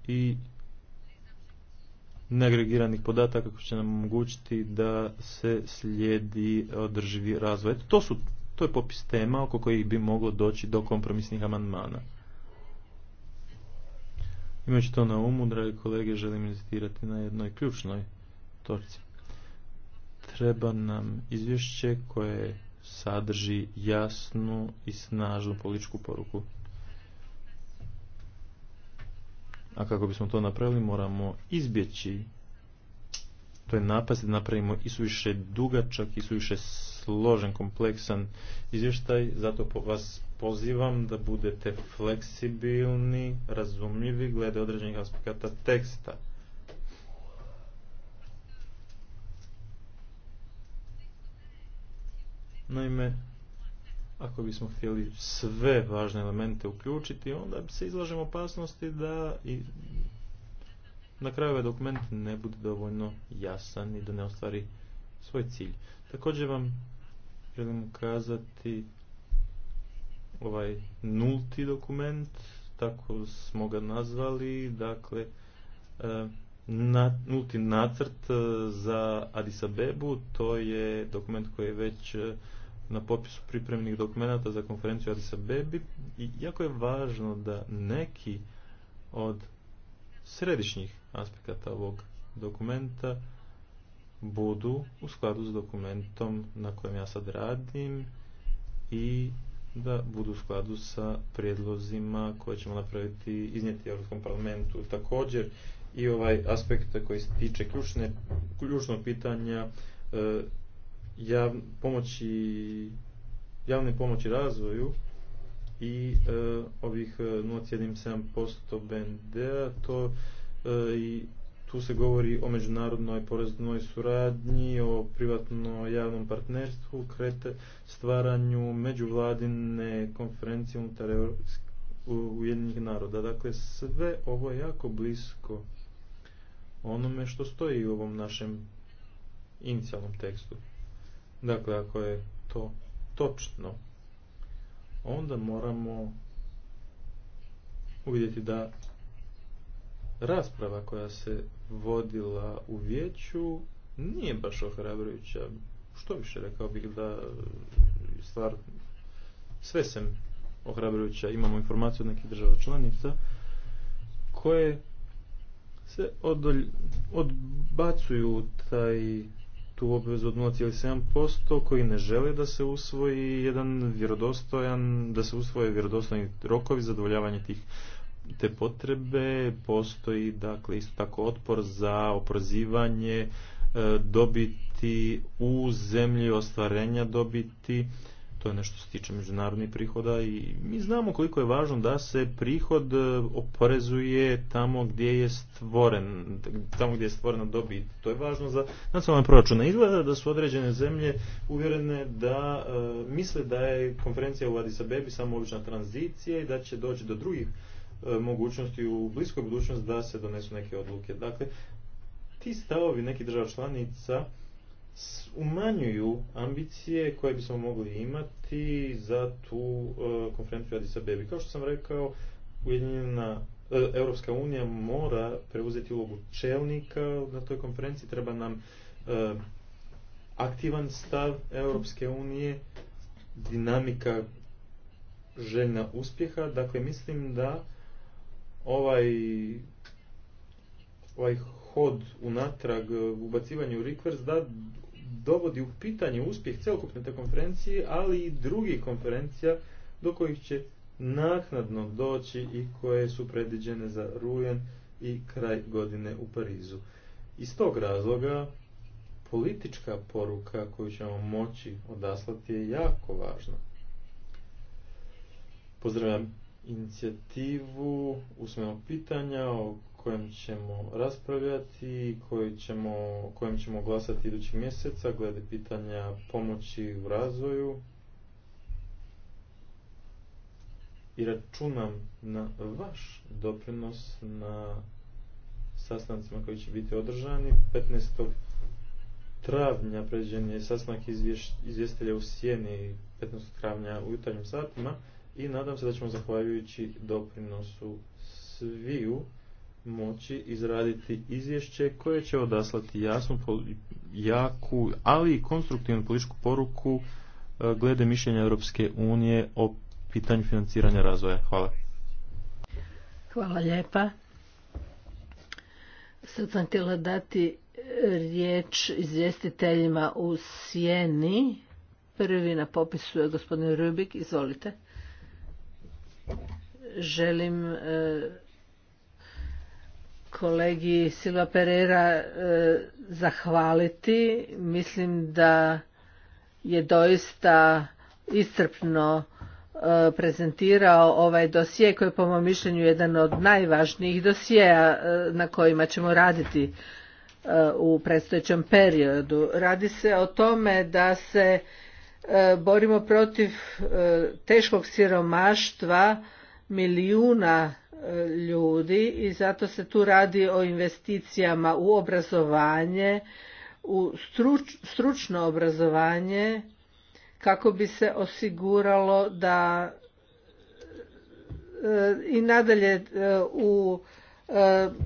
S2: i neagregiranih podataka koji će nam omogućiti da se slijedi održivi razvoj. to, su, to je popis tema oko kojih bi moglo doći do kompromisnih amandmana. Imajući to na umu, dragi kolege, želim inzistirati na jednoj ključnoj torci. Treba nam izvješće koje sadrži jasnu i snažnu političku poruku. A kako bismo to napravili, moramo izbjeći to je napast da napravimo i suviše dugačak i suviše složen, kompleksan izvještaj. Zato po vas pozivam da budete fleksibilni, razumljivi glede određenih aspekata teksta. Naime, ako bismo htjeli sve važne elemente uključiti, onda se izlažemo opasnosti da i na kraju ovaj dokument ne bude dovoljno jasan i da ne ostvari svoj cilj. Također vam želim ukazati ovaj nulti dokument, tako smo ga nazvali, dakle, e, na, nulti nacrt e, za Addis Abebu, to je dokument koji je već e, na popisu pripremnih dokumenata za konferenciju Addis Abebi i jako je važno da neki od središnjih aspekata ovog dokumenta budu u skladu s dokumentom na kojem ja sad radim i da budu u skladu sa prijedlozima koje ćemo napraviti, iznijeti Europskom parlamentu. Također i ovaj aspekt koji se tiče ključne, ključnog pitanja e, pomoći, javne pomoći razvoju i e, ovih 0,7% e, BND-a, to i tu se govori o međunarodnoj poreznoj suradnji, o privatno-javnom partnerstvu, krete, stvaranju međuvladine konferencije unutar Ujedinjenih naroda. Dakle, sve ovo je jako blisko onome što stoji u ovom našem inicijalnom tekstu. Dakle, ako je to točno, onda moramo uvidjeti da rasprava koja se vodila u vijeću nije baš ohrabrujuća. Što više rekao bih da e, stvar sve sem ohrabrujuća. Imamo informaciju od nekih država članica koje se odbacuju taj tu obvezu od 0,7% koji ne žele da se usvoji jedan vjerodostojan, da se usvoje vjerodostojni rokovi zadovoljavanja tih te potrebe postoji dakle isto tako otpor za oprozivanje e, dobiti u zemlji ostvarenja dobiti to je nešto se tiče međunarodnih prihoda i mi znamo koliko je važno da se prihod e, oporezuje tamo gdje je stvoren, tamo gdje je stvorena dobit. To je važno za nacionalne proračune. Izgleda da su određene zemlje uvjerene da e, misle da je konferencija u Addis Abebi samo obična tranzicija i da će doći do drugih E, mogućnosti u bliskoj budućnosti da se donesu neke odluke. Dakle, ti stavovi nekih država članica umanjuju ambicije koje bismo mogli imati za tu e, konferenciju Addis Bebi. Kao što sam rekao, Ujedinjena e, Europska unija mora preuzeti ulogu čelnika na toj konferenciji, treba nam aktivan stav Europske unije, dinamika željna uspjeha, dakle mislim da ovaj ovaj hod unatrag ubacivanje eh, u request da dovodi u pitanje uspjeh cjelokupne te konferencije, ali i drugih konferencija do kojih će naknadno doći i koje su predviđene za rujan i kraj godine u Parizu. Iz tog razloga politička poruka koju ćemo moći odaslati je jako važna. Pozdravljam inicijativu usmenog pitanja o kojem ćemo raspravljati i ćemo, o kojem ćemo glasati idućeg mjeseca glede pitanja pomoći u razvoju i računam na vaš doprinos na sastancima koji će biti održani 15. travnja pređen je sastanak izvještelja u Sjeni 15. travnja u jutarnjim satima i nadam se da ćemo zahvaljujući doprinosu sviju moći izraditi izvješće koje će odaslati jasnu, jaku, ali i konstruktivnu političku poruku e, glede mišljenja Europske unije o pitanju financiranja razvoja. Hvala.
S3: Hvala lijepa. Sad sam htjela dati e, riječ izvjestiteljima u Sjeni. Prvi na popisu je gospodin Rubik. Izvolite želim e, kolegi Silva Pereira e, zahvaliti. Mislim da je doista iscrpno e, prezentirao ovaj dosije koji je po mom mišljenju jedan od najvažnijih dosijeja na kojima ćemo raditi u predstojećem periodu. Radi se o tome da se borimo protiv teškog siromaštva milijuna e, ljudi i zato se tu radi o investicijama u obrazovanje, u stručno obrazovanje kako bi se osiguralo da e, i nadalje e, u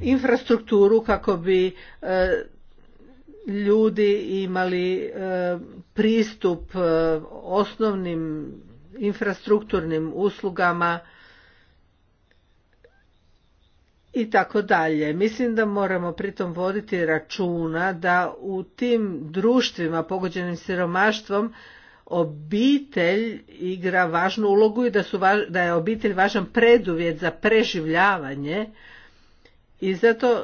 S3: infrastrukturu kako bi ljudi imali pristup osnovnim infrastrukturnim uslugama i tako dalje. Mislim da moramo pritom voditi računa da u tim društvima pogođenim siromaštvom obitelj igra važnu ulogu i da, su, da je obitelj važan preduvjet za preživljavanje i zato e,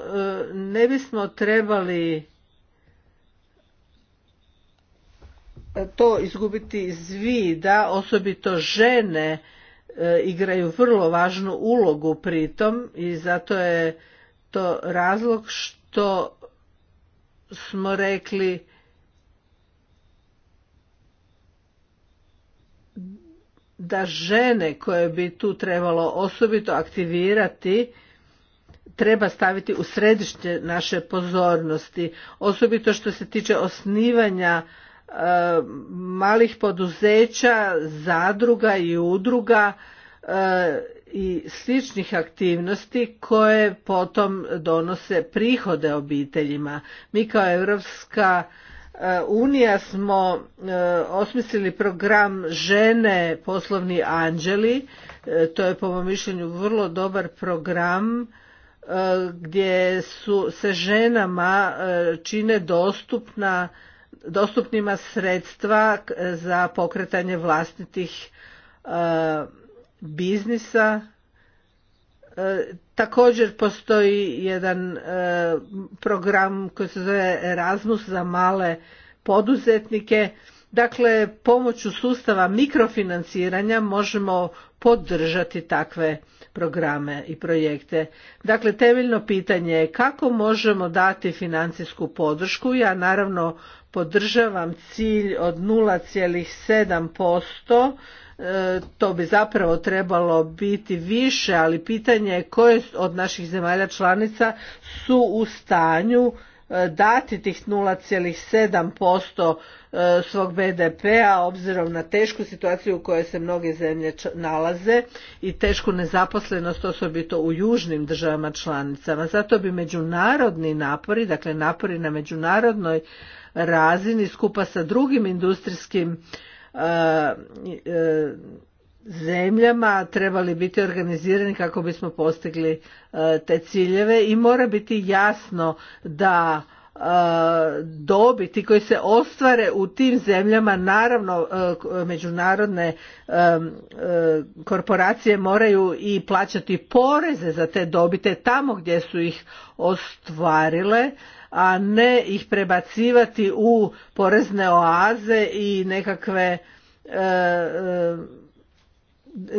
S3: ne bismo trebali e, to izgubiti iz vida, osobito žene E, igraju vrlo važnu ulogu pritom i zato je to razlog što smo rekli da žene koje bi tu trebalo osobito aktivirati treba staviti u središte naše pozornosti osobito što se tiče osnivanja E, malih poduzeća, zadruga i udruga e, i sličnih aktivnosti koje potom donose prihode obiteljima. Mi kao Europska e, unija smo osmislili program žene poslovni anđeli, to je po mom mišljenju vrlo dobar program gdje su se ženama čine dostupna dostupnima sredstva za pokretanje vlastitih e, biznisa e, također postoji jedan e, program koji se zove Erasmus za male poduzetnike dakle pomoću sustava mikrofinanciranja možemo podržati takve programe i projekte. Dakle, temeljno pitanje je kako možemo dati financijsku podršku. Ja naravno podržavam cilj od 0,7%, e, to bi zapravo trebalo biti više, ali pitanje je koje od naših zemalja članica su u stanju e, dati tih 0,7% e, svog BDP-a obzirom na tešku situaciju u kojoj se mnoge zemlje nalaze i tešku nezaposlenost osobito u južnim državama članicama. Zato bi međunarodni napori, dakle napori na međunarodnoj razini skupa sa drugim industrijskim e, e, zemljama trebali biti organizirani kako bismo postigli e, te ciljeve i mora biti jasno da dobiti koji se ostvare u tim zemljama naravno međunarodne korporacije moraju i plaćati poreze za te dobite tamo gdje su ih ostvarile a ne ih prebacivati u porezne oaze i nekakve e, e,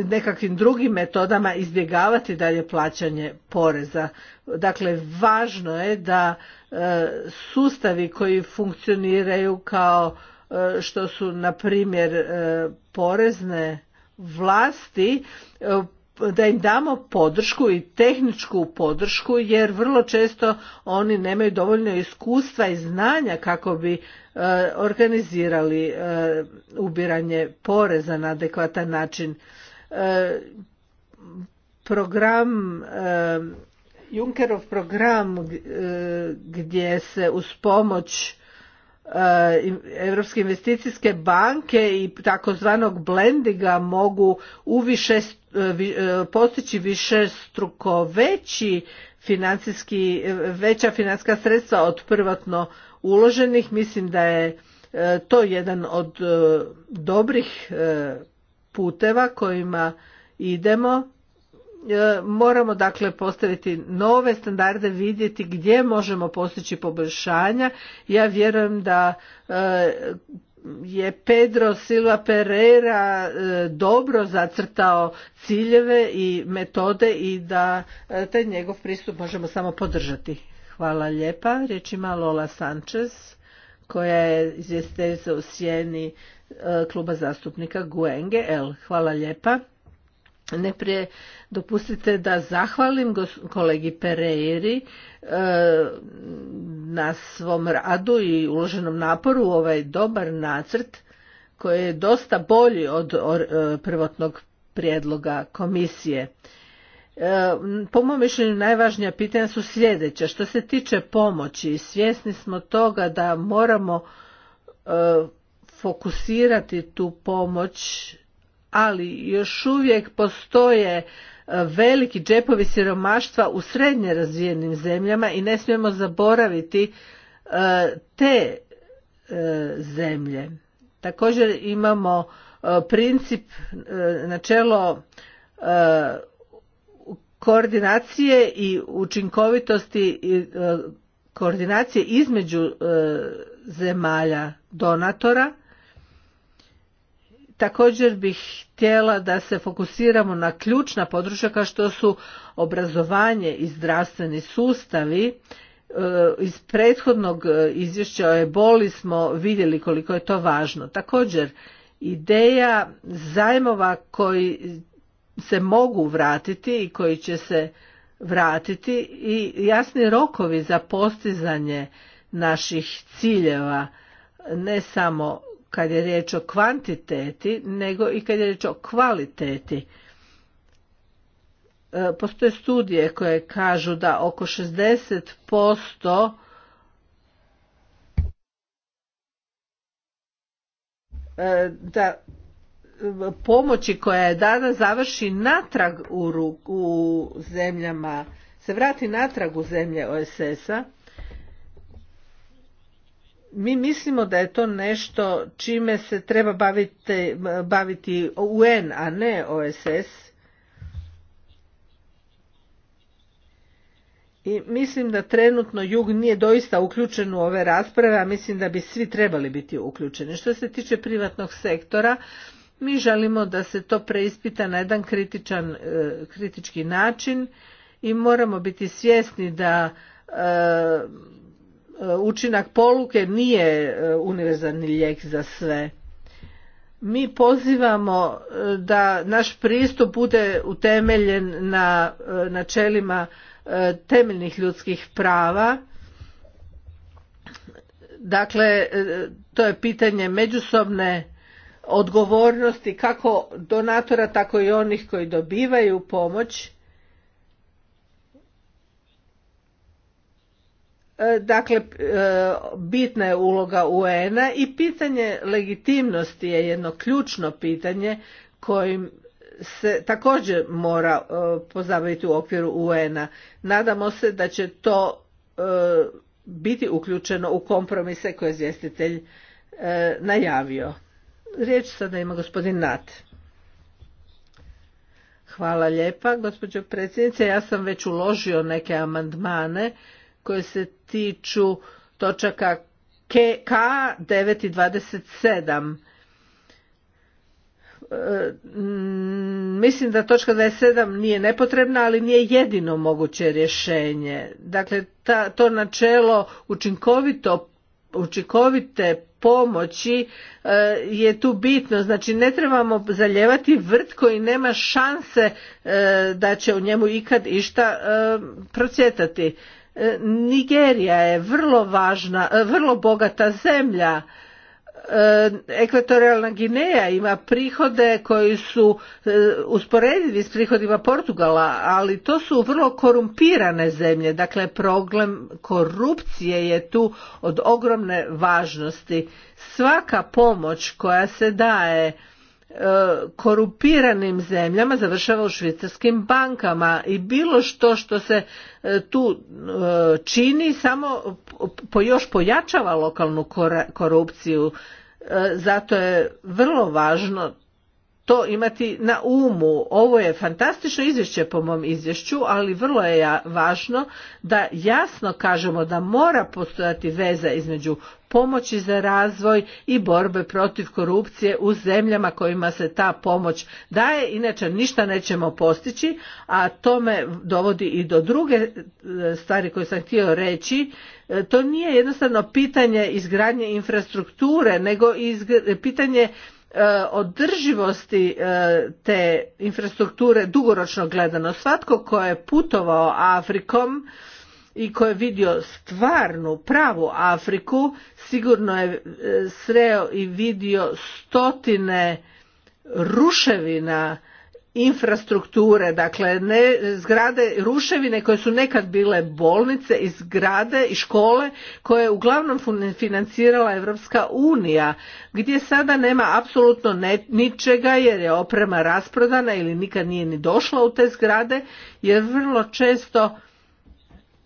S3: nekakvim drugim metodama izbjegavati dalje plaćanje poreza. Dakle, važno je da e, sustavi koji funkcioniraju kao što su na primjer porezne vlasti da im damo podršku i tehničku podršku jer vrlo često oni nemaju dovoljno iskustva i znanja kako bi e, organizirali e, ubiranje poreza na adekvatan način e, program Junkerov program gdje se uz pomoć Europske investicijske banke i takozvanog blendinga mogu uviše e, e, postići više struko veći financijski, e, veća financijska sredstva od prvotno uloženih. Mislim da je to jedan od dobrih puteva kojima idemo E, moramo dakle postaviti nove standarde, vidjeti gdje možemo postići poboljšanja. Ja vjerujem da e, je Pedro Silva Pereira e, dobro zacrtao ciljeve i metode i da taj njegov pristup možemo samo podržati. Hvala lijepa. Riječ ima Lola Sanchez koja je izvjestiteljica u sjeni kluba zastupnika Guenge L. Hvala lijepa. Najprije dopustite da zahvalim kolegi Pereiri e, na svom radu i uloženom naporu u ovaj dobar nacrt koji je dosta bolji od e, prvotnog prijedloga komisije. E, po mom mišljenju najvažnija pitanja su sljedeća. Što se tiče pomoći, svjesni smo toga da moramo fokusirati tu pomoć ali još uvijek postoje e, veliki džepovi siromaštva u srednje razvijenim zemljama i ne smijemo zaboraviti e, te e, zemlje. Također imamo princip načelo koordinacije i učinkovitosti koordinacije između zemalja donatora Također bih htjela da se fokusiramo na ključna područja kao što su obrazovanje i zdravstveni sustavi. E, iz prethodnog izvješća o eboli smo vidjeli koliko je to važno. Također, ideja zajmova koji se mogu vratiti i koji će se vratiti i jasni rokovi za postizanje naših ciljeva ne samo kad je riječ o kvantiteti, nego i kad je riječ o kvaliteti. E, postoje studije koje kažu da oko 60% e, da pomoći koja je dana završi natrag u, u zemljama, se vrati natrag u zemlje OSS-a mi mislimo da je to nešto čime se treba baviti, baviti UN, a ne OSS. I mislim da trenutno jug nije doista uključen u ove rasprave, a mislim da bi svi trebali biti uključeni. Što se tiče privatnog sektora, mi želimo da se to preispita na jedan kritičan, e, kritički način i moramo biti svjesni da e, E, učinak poluke nije e, univerzalni lijek za sve. Mi pozivamo e, da naš pristup bude utemeljen na načelima temeljnih ljudskih prava. Dakle, to je pitanje međusobne odgovornosti kako donatora, tako i onih koji dobivaju pomoć E, dakle, e, bitna je uloga UN-a i pitanje legitimnosti je jedno ključno pitanje kojim se također mora e, pozabaviti u okviru UN-a. Nadamo se da će to biti uključeno u kompromise koje je izvjestitelj najavio. Riječ sada ima gospodin Nat. Hvala lijepa, gospođo predsjednice. Ja sam već uložio neke amandmane koje se tiču točaka K9 i 27. E, mislim da točka 27 nije nepotrebna, ali nije jedino moguće rješenje. Dakle, to načelo učinkovito, učinkovite pomoći e, je tu bitno. Znači, ne trebamo zaljevati vrt koji nema šanse e, da će u njemu ikad išta procjetati. E, Nigerija je vrlo važna, e, vrlo bogata zemlja. E, Ekvatorijalna Gineja ima prihode koji su usporedivi s prihodima Portugala, ali to su vrlo korumpirane zemlje. Dakle, problem korupcije je tu od ogromne važnosti. Svaka pomoć koja se daje E, korupiranim zemljama završava u švicarskim bankama i bilo što što se e, tu e, čini samo još pojačava lokalnu korupciju zato je vrlo važno to imati na umu. Ovo je fantastično izvješće po mom izvješću, ali vrlo je važno da jasno kažemo da mora postojati veza između pomoći za razvoj i borbe protiv korupcije u zemljama kojima se ta pomoć daje, inače ništa nećemo postići, a to me dovodi i do druge e, stvari koje sam htio reći. E, to nije jednostavno pitanje izgradnje infrastrukture, nego pitanje E, održivosti e, te infrastrukture dugoročno gledano. Svatko ko je putovao Afrikom i ko je vidio stvarnu, pravu Afriku, sigurno je e, sreo i vidio stotine ruševina infrastrukture, dakle ne zgrade, ruševine koje su nekad bile bolnice i zgrade i škole koje je uglavnom financirala Europska unija, gdje sada nema apsolutno ničega jer je oprema rasprodana ili nikad nije ni došla u te zgrade, jer vrlo često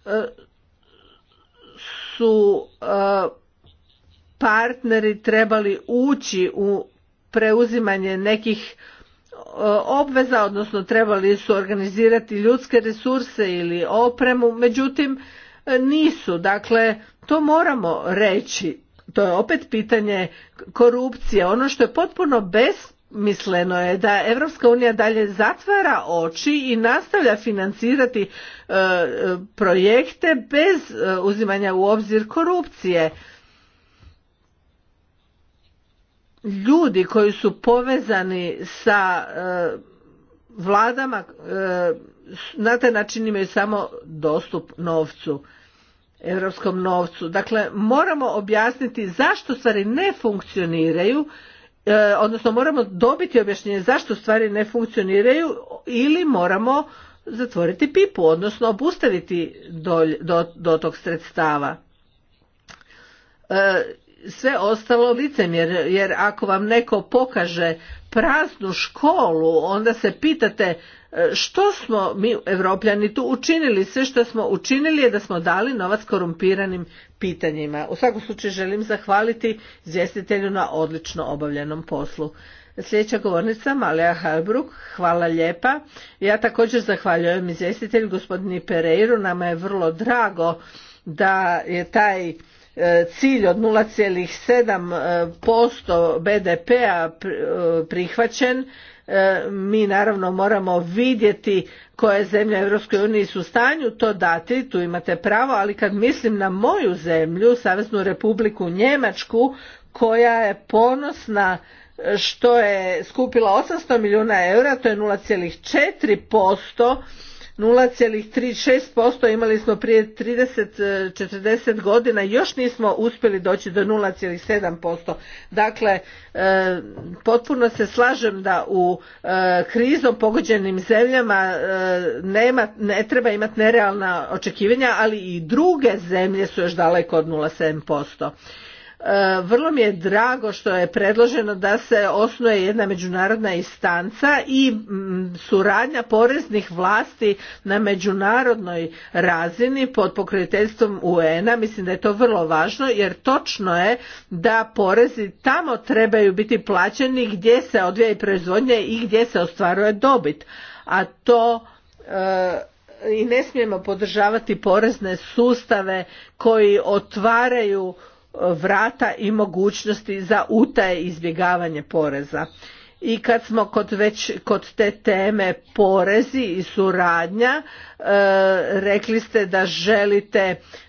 S3: e, su e, partneri trebali ući u preuzimanje nekih obveza, odnosno trebali su organizirati ljudske resurse ili opremu, međutim nisu. Dakle, to moramo reći. To je opet pitanje korupcije. Ono što je potpuno besmisleno je da Europska unija dalje zatvara oči i nastavlja financirati e, e, projekte bez e, uzimanja u obzir korupcije ljudi koji su povezani sa e, vladama e, na taj način imaju samo dostup novcu europskom novcu dakle moramo objasniti zašto stvari ne funkcioniraju e, odnosno moramo dobiti objašnjenje zašto stvari ne funkcioniraju ili moramo zatvoriti pipu odnosno obustaviti do, tog sredstava sve ostalo licemjer, jer ako vam neko pokaže praznu školu, onda se pitate e, što smo mi evropljani tu učinili, sve što smo učinili je da smo dali novac korumpiranim pitanjima. U svakom slučaju želim zahvaliti zvjestitelju na odlično obavljenom poslu. Sljedeća govornica Malija Halbruk, hvala lijepa. Ja također zahvaljujem izvjestitelju gospodini Pereiru, nama je vrlo drago da je taj E, cilj od 0,7% e, BDP-a e, prihvaćen. Mi naravno moramo vidjeti koje zemlje u EU su u stanju to dati, tu imate pravo, ali kad mislim na moju zemlju, Saveznu republiku Njemačku, koja je ponosna što je skupila 800 milijuna eura, to je 0,4%, 0,36% imali smo prije 30-40 e, godina još nismo uspjeli doći do 0,7%. Dakle, e, potpuno se slažem da u e, krizom pogođenim zemljama ne treba imati nerealna očekivanja, ali i druge zemlje su još daleko od 0,7%. E, vrlo mi je drago što je predloženo da se osnuje jedna međunarodna istanca i mm, suradnja poreznih vlasti na međunarodnoj razini pod pokroviteljstvom UN-a mislim da je to vrlo važno jer točno je da porezi tamo trebaju biti plaćeni gdje se odvija proizvodnje i gdje se ostvaruje dobit a to e, i ne smijemo podržavati porezne sustave koji otvaraju vrata i mogućnosti za utaje izbjegavanje poreza. I kad smo kod već kod te teme porezi i suradnja, e, rekli ste da želite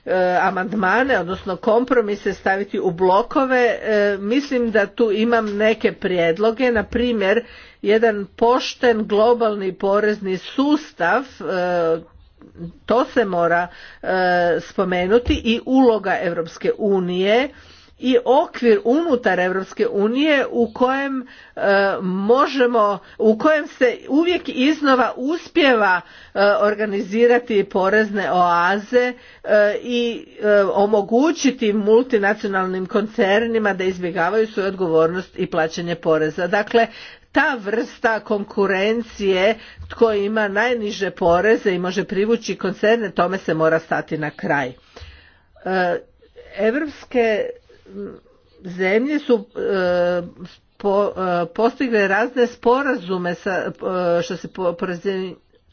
S3: e, amandmane, odnosno kompromise staviti u blokove. E, mislim da tu imam neke prijedloge, na primjer jedan pošten globalni porezni sustav to se mora e, spomenuti i uloga Europske unije i okvir unutar Europske unije u kojem e, možemo u kojem se uvijek iznova uspjeva e, organizirati porezne oaze i omogućiti multinacionalnim koncernima da izbjegavaju svoju odgovornost i plaćanje poreza. Dakle, ta vrsta konkurencije tko ima najniže poreze i može privući koncerne, tome se mora stati na kraj. E, evropske zemlje su e, e, postigle razne sporazume sa, što se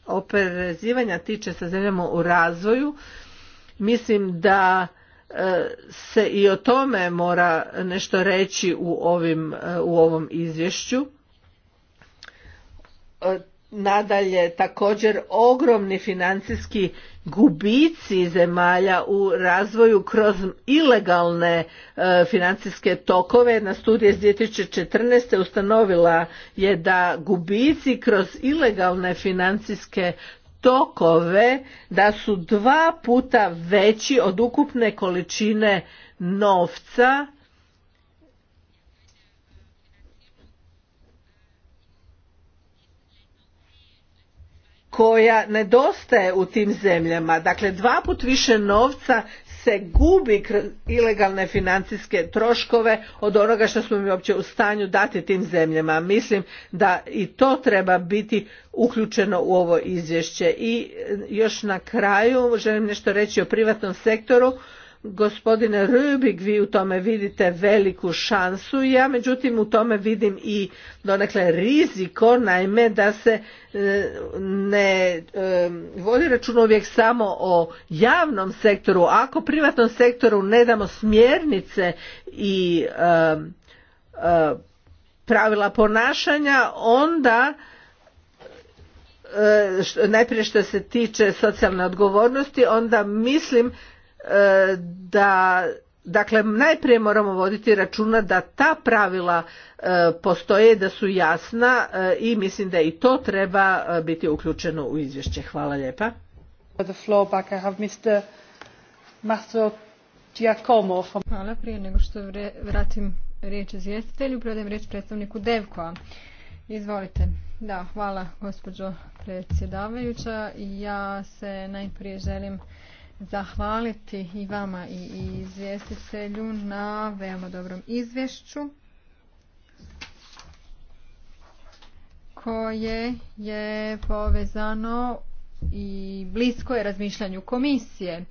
S3: oporezivanja tiče sa zemljama u razvoju. Mislim da se i o tome mora nešto reći u, ovim, u ovom izvješću. E, nadalje također ogromni financijski gubici zemalja u razvoju kroz ilegalne e, financijske tokove. Jedna studija iz 2014. ustanovila je da gubici kroz ilegalne financijske tokove da su dva puta veći od ukupne količine novca koja nedostaje u tim zemljama. Dakle, dva put više novca se gubi kroz ilegalne financijske troškove od onoga što smo mi uopće u stanju dati tim zemljama. Mislim da i to treba biti uključeno u ovo izvješće. I e, još na kraju želim nešto reći o privatnom sektoru Gospodine Rubik, vi u tome vidite veliku šansu, ja međutim u tome vidim i donekle riziko, naime da se e, ne e, vodi račun uvijek samo o javnom sektoru. Ako privatnom sektoru ne damo smjernice i e, pravila ponašanja, onda najprije što se tiče socijalne odgovornosti, onda mislim E, da dakle najprije moramo voditi računa da ta pravila e, postoje da su jasna e, i mislim da i to treba biti uključeno u izvješće
S1: hvala lijepa Hvala. Prije nego što vratim riječ izvjestitelju, predajem riječ predstavniku Devkoa. Izvolite. Da, hvala gospođo predsjedavajuća. Ja se najprije želim zahvaliti i vama i izvjestitelju na veoma dobrom izvješću koje je povezano i blisko je razmišljanju komisije.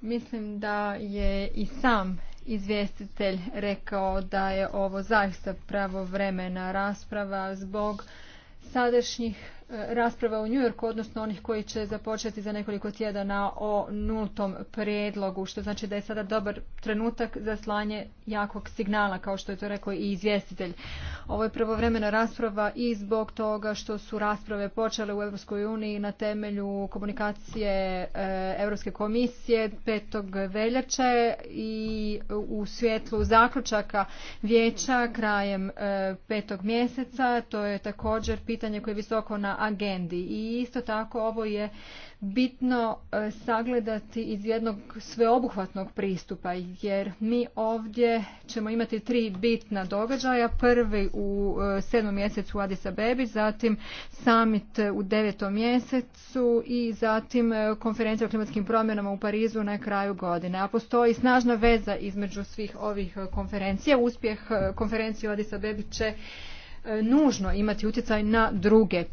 S1: Mislim da je i sam izvjestitelj rekao da je ovo zaista pravovremena rasprava zbog sadašnjih rasprava u New Yorku, odnosno onih koji će započeti za nekoliko tjedana o nultom prijedlogu, što znači da je sada dobar trenutak za slanje jakog signala, kao što je to rekao i izvjestitelj. Ovo je prvovremena rasprava i zbog toga što su rasprave počele u Europskoj uniji na temelju komunikacije e, Europske komisije 5. veljače i u svjetlu zaključaka vijeća krajem 5. E, mjeseca. To je također pitanje koje je visoko na agendi. I isto tako ovo je bitno e, sagledati iz jednog sveobuhvatnog pristupa jer mi ovdje ćemo imati tri bitna događaja. Prvi u e, sedmom mjesecu u Addis Abebi, zatim summit u devetom mjesecu i zatim e, konferencija o klimatskim promjenama u Parizu na kraju godine. A postoji snažna veza između svih ovih konferencija. Uspjeh konferencije u Addis Abebi će nužno imati utjecaj na druge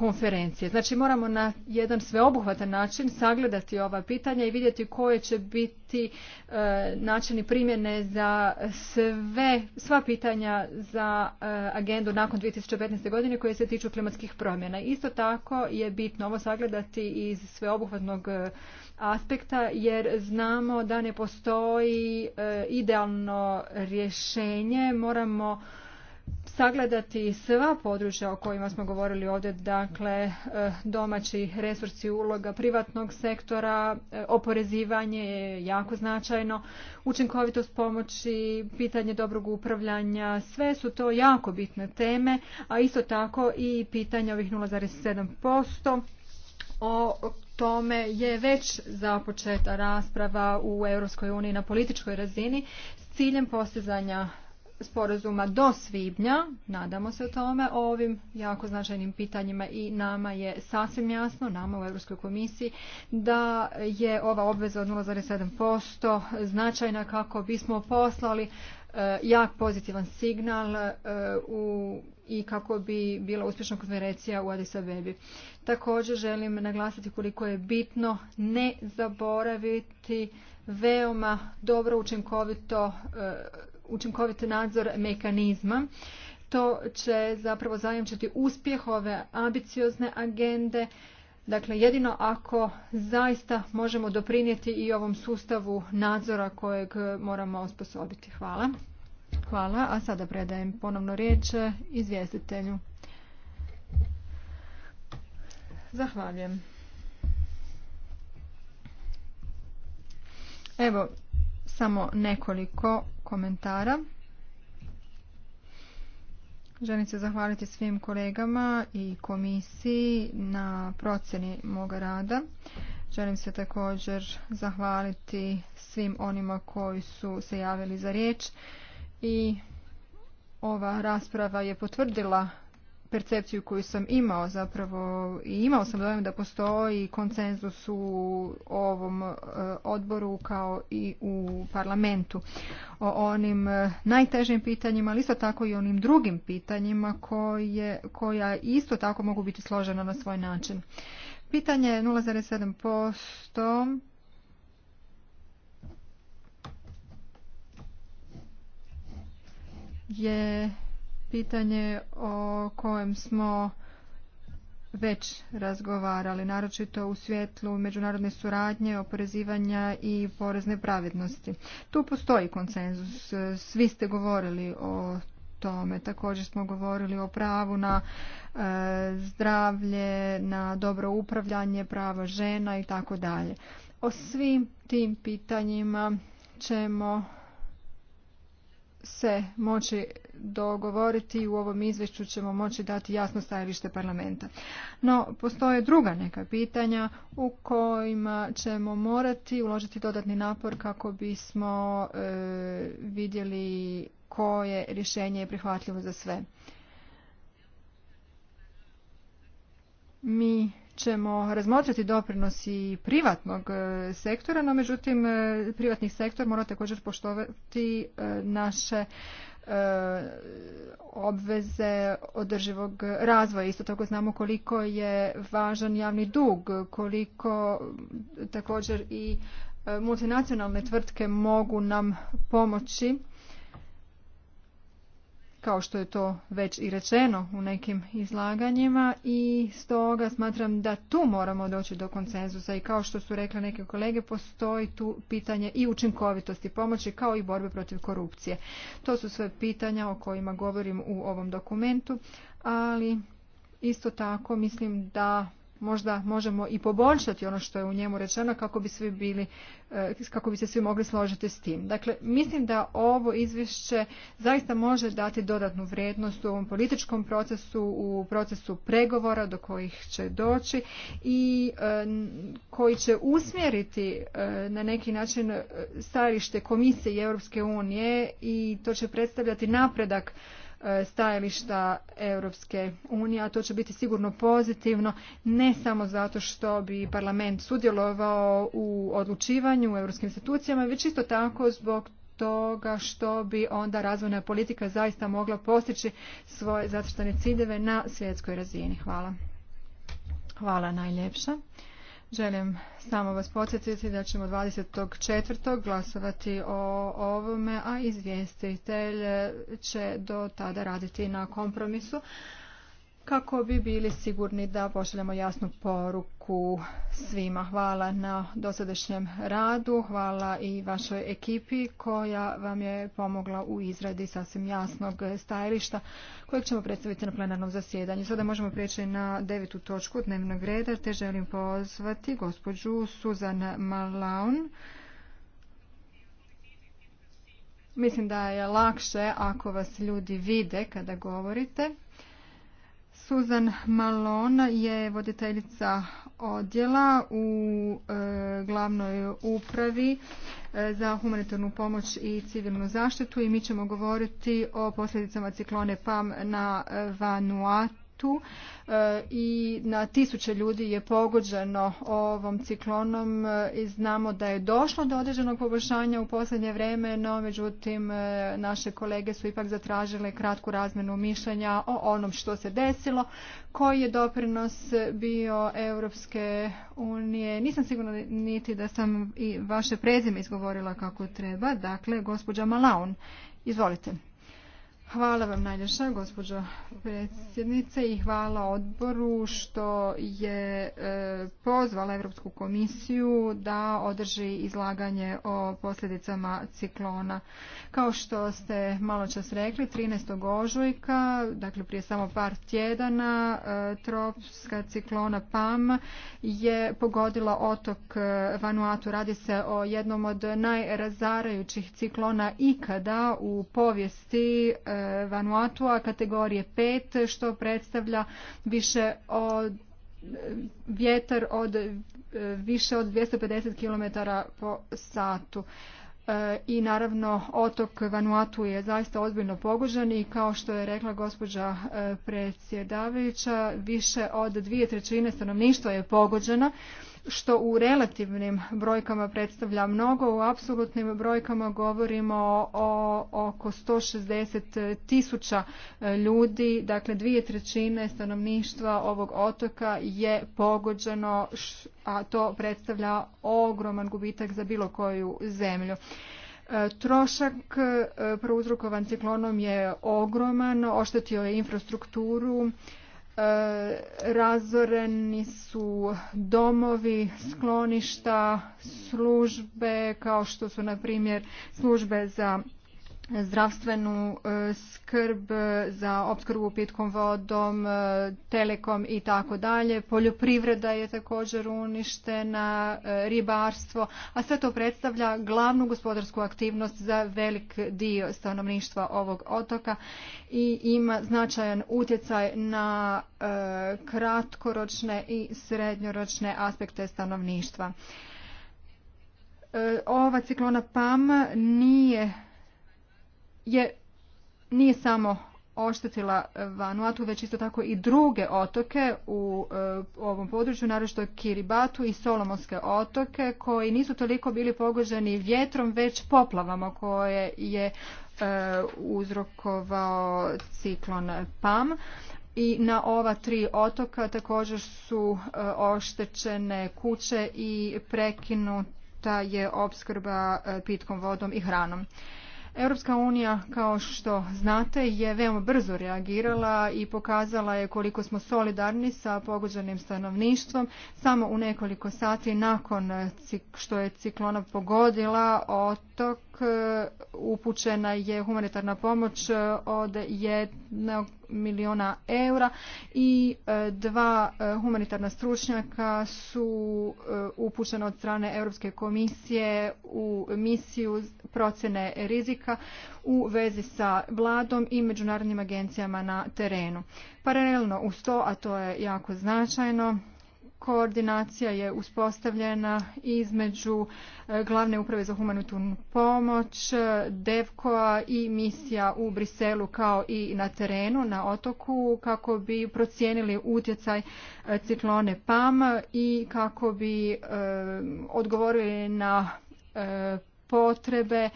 S1: konferencije. Znači moramo na jedan sveobuhvatan način sagledati ova pitanja i vidjeti koje će biti e, načini primjene za sve, sva pitanja za e, agendu nakon 2015. godine koje se tiču klimatskih promjena. Isto tako je bitno ovo sagledati iz sveobuhvatnog e, aspekta jer znamo da ne postoji e, idealno rješenje. Moramo sagledati sva područja o kojima smo govorili ovdje, dakle e, domaći resursi uloga privatnog sektora, e, oporezivanje je jako značajno, učinkovitost pomoći, pitanje dobrog upravljanja, sve su to jako bitne teme, a isto tako i pitanje ovih 0,7% o tome je već započeta rasprava u EU na političkoj razini s ciljem postizanja sporazuma do svibnja, nadamo se o tome, o ovim jako značajnim pitanjima i nama je sasvim jasno, nama u Europskoj komisiji, da je ova obveza od 0,7% značajna kako bismo poslali e, jak pozitivan signal e, u i kako bi bila uspješna konferencija u Addis Abebi. Također želim naglasiti koliko je bitno ne zaboraviti veoma dobro učinkovito e, učinkovit nadzor mekanizma. To će zapravo zajamčiti uspjeh ove ambiciozne agende. Dakle, jedino ako zaista možemo doprinijeti i ovom sustavu nadzora kojeg moramo osposobiti. Hvala. Hvala, a sada predajem ponovno riječ izvjestitelju. Zahvaljujem. Evo, samo nekoliko komentara. Želim se zahvaliti svim kolegama i komisiji na procjeni moga rada. Želim se također zahvaliti svim onima koji su se javili za riječ i ova rasprava je potvrdila percepciju koju sam imao zapravo i imao sam dojem da postoji konsenzus u ovom e, odboru kao i u parlamentu o onim e, najtežim pitanjima, ali isto tako i onim drugim pitanjima koja isto tako mogu biti složena na svoj način. Pitanje 0,7% je pitanje o kojem smo već razgovarali, naročito u svjetlu međunarodne suradnje, oporezivanja i porezne pravednosti. Tu postoji konsenzus, svi ste govorili o tome. Također smo govorili o pravu na e, zdravlje, na dobro upravljanje, prava žena i tako dalje. O svim tim pitanjima ćemo se moći dogovoriti i u ovom izvješću ćemo moći dati jasno stajalište parlamenta. No, postoje druga neka pitanja u kojima ćemo morati uložiti dodatni napor kako bismo e, vidjeli koje rješenje je prihvatljivo za sve. Mi ćemo razmotriti doprinos i privatnog e, sektora, no međutim e, privatni sektor mora također poštovati e, naše obveze održivog razvoja. Isto tako znamo koliko je važan javni dug, koliko također i multinacionalne tvrtke mogu nam pomoći kao što je to već i rečeno u nekim izlaganjima i stoga smatram da tu moramo doći do konsenzusa i kao što su rekle neke kolege postoji tu pitanje i učinkovitosti pomoći kao i borbe protiv korupcije. To su sve pitanja o kojima govorim u ovom dokumentu, ali isto tako mislim da možda možemo i poboljšati ono što je u njemu rečeno kako bi svi bili e, kako bi se svi mogli složiti s tim. Dakle, mislim da ovo izvješće zaista može dati dodatnu vrijednost u ovom političkom procesu, u procesu pregovora do kojih će doći i e, koji će usmjeriti e, na neki način stajalište komisije i Europske unije i to će predstavljati napredak E, stajališta Europske unije, a to će biti sigurno pozitivno, ne samo zato što bi parlament sudjelovao u odlučivanju u europskim institucijama, već isto tako zbog toga što bi onda razvojna politika zaista mogla postići svoje zacrtane ciljeve na svjetskoj razini. Hvala. Hvala najljepša. Želim samo vas podsjetiti da ćemo 24. glasovati o ovome, a izvjestitelj će do tada raditi na kompromisu kako bi bili sigurni da pošaljemo jasnu poruku svima. Hvala na dosadašnjem radu, hvala i vašoj ekipi koja vam je pomogla u izradi sasvim jasnog stajališta kojeg ćemo predstaviti na plenarnom zasjedanju. Sada možemo prijeći na devetu točku dnevnog reda te želim pozvati gospođu Suzan Malaun. Mislim da je lakše ako vas ljudi vide kada govorite. Suzan Malon je voditeljica odjela u e, glavnoj upravi e, za humanitarnu pomoć i civilnu zaštitu i mi ćemo govoriti o posljedicama ciklone PAM na e, Vanuatu tu e, i na tisuće ljudi je pogođeno ovom ciklonom e, i znamo da je došlo do određenog poboljšanja u posljednje vreme, no međutim e, naše kolege su ipak zatražile kratku razmenu mišljenja o onom što se desilo, koji je doprinos bio Europske unije. Nisam sigurna niti da sam i vaše prezime izgovorila kako treba, dakle gospođa Malaun. Izvolite. Hvala vam najljepša, gospođo predsjednice, i hvala odboru što je e, pozvala Europsku komisiju da održi izlaganje o posljedicama ciklona. Kao što ste malo čas rekli, 13. ožujka, dakle prije samo par tjedana, e, tropska ciklona PAM je pogodila otok e, Vanuatu. Radi se o jednom od najrazarajućih ciklona ikada u povijesti a kategorije 5 što predstavlja više od vjetar od više od 250 km po satu. E, I naravno otok Vanuatu je zaista ozbiljno pogođen i kao što je rekla gospođa e, predsjedavajuća više od dvije trećine stanovništva je pogođena što u relativnim brojkama predstavlja mnogo, u apsolutnim brojkama govorimo o oko 160 tisuća e, ljudi, dakle dvije trećine stanovništva ovog otoka je pogođeno, a to predstavlja ogroman gubitak za bilo koju zemlju. E, trošak e, prouzrokovan ciklonom je ogroman, oštetio je infrastrukturu, E, razoreni su domovi, skloništa, službe kao što su na primjer službe za zdravstvenu e, skrb e, za opskrbu pitkom vodom, e, telekom i tako dalje. Poljoprivreda je također uništena, ribarstvo, a sve to predstavlja glavnu gospodarsku aktivnost za velik dio stanovništva ovog otoka i ima značajan utjecaj na kratkoročne i srednjoročne aspekte stanovništva. Ova ciklona PAM nije je nije samo oštetila e, Vanuatu, već isto tako i druge otoke u e, ovom području, naročito Kiribatu i Solomonske otoke, koji nisu toliko bili pogođeni vjetrom, već poplavama koje je e, uzrokovao ciklon PAM. I na ova tri otoka također su oštećene kuće i prekinuta je opskrba pitkom vodom i hranom. Europska unija, kao što znate, je veoma brzo reagirala i pokazala je koliko smo solidarni sa pogođenim stanovništvom. Samo u nekoliko sati nakon što je ciklona pogodila otok E, upućena je humanitarna pomoć e, od jednog milijuna eura i e, dva humanitarna stručnjaka su upućena od strane Europske komisije u misiju procjene rizika u vezi sa vladom i međunarodnim agencijama na terenu. Paralelno uz to, a to je jako značajno, koordinacija je uspostavljena između e, glavne uprave za humanitarnu pomoć, DEVKO-a i misija u Briselu kao i na terenu na otoku kako bi procijenili utjecaj e, ciklone PAM i kako bi e, odgovorili na potrebe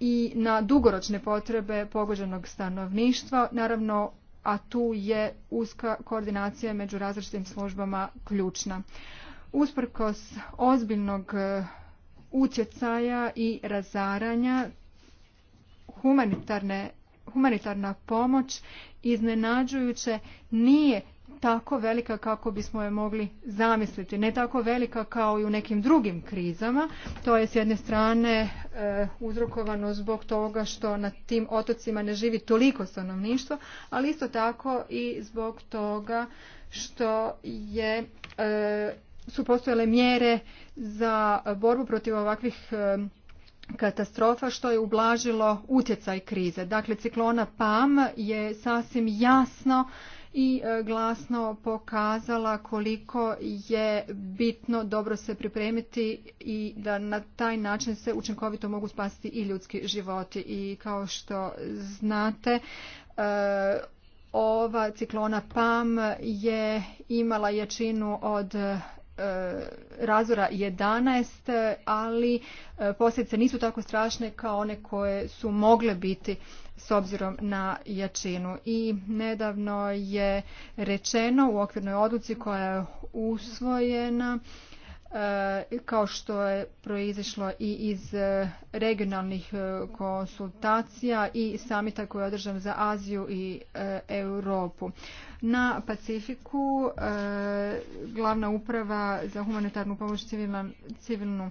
S1: i na dugoročne potrebe pogođenog stanovništva. Naravno, a tu je uska koordinacija među različitim službama ključna. Usprkos ozbiljnog e, utjecaja i razaranja humanitarna pomoć iznenađujuće nije tako velika kako bismo je mogli zamisliti ne tako velika kao i u nekim drugim krizama to je s jedne strane e, uzrokovano zbog toga što na tim otocima ne živi toliko stanovništva ali isto tako i zbog toga što je e, su postojale mjere za borbu protiv ovakvih e, katastrofa što je ublažilo utjecaj krize. Dakle, ciklona PAM je sasvim jasno i e, glasno pokazala koliko je bitno dobro se pripremiti i da na taj način se učinkovito mogu spasiti i ljudski životi. I kao što znate, e, ova ciklona PAM je imala jačinu od razora 11, ali e, posljedice nisu tako strašne kao one koje su mogle biti s obzirom na jačinu. I nedavno je rečeno u okvirnoj odluci koja je usvojena E, kao što je proizišlo i iz e, regionalnih e, konsultacija i samita koji je održan za Aziju i Europu. Na Pacifiku glavna uprava za humanitarnu pomoć civilnu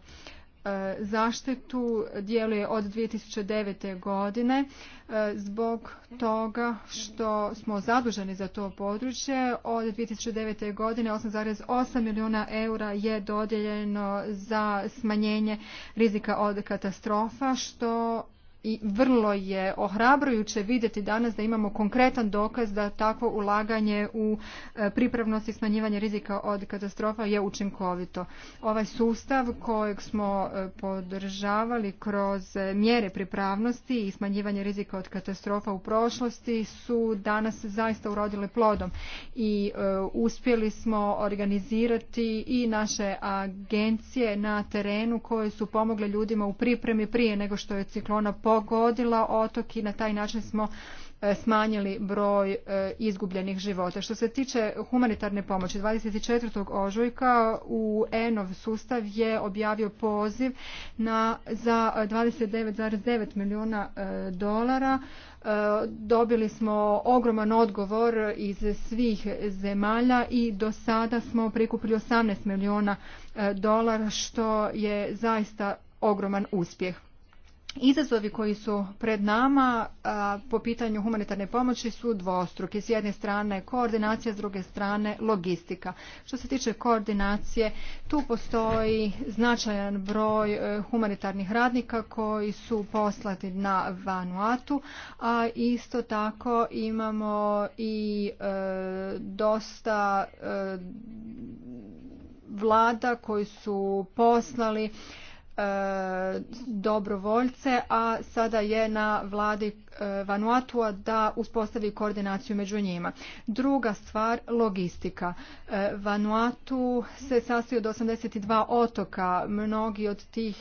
S1: E, zaštitu djeluje od 2009. godine e, zbog toga što smo zaduženi za to područje. Od 2009. godine 8,8 milijuna eura je dodijeljeno za smanjenje rizika od katastrofa što i vrlo je ohrabrujuće vidjeti danas da imamo konkretan dokaz da takvo ulaganje u e, pripravnost i smanjivanje rizika od katastrofa je učinkovito. Ovaj sustav kojeg smo e, podržavali kroz e, mjere pripravnosti i smanjivanje rizika od katastrofa u prošlosti su danas zaista urodile plodom i uspjeli smo organizirati i naše agencije na terenu koje su pomogle ljudima u pripremi prije nego što je ciklona po pogodila otok i na taj način smo e, smanjili broj e, izgubljenih života. Što se tiče humanitarne pomoći, 24. ožujka u ENOV sustav je objavio poziv na, za 29,9 milijuna e, dolara. Dobili smo ogroman odgovor iz svih zemalja i do sada smo prikupili 18 milijuna dolara što je zaista ogroman uspjeh. Izazovi koji su pred nama po pitanju humanitarne pomoći su dvostruki. S jedne strane koordinacija, s druge strane logistika. Što se tiče koordinacije, tu postoji značajan broj e, humanitarnih radnika koji su poslati na Vanuatu, a isto tako imamo i e, dosta e, vlada koji su poslali E, dobrovoljce, a sada je na vladi e, Vanuatua da uspostavi koordinaciju među njima. Druga stvar, logistika. E, Vanuatu se sastoji od 82 otoka. Mnogi od tih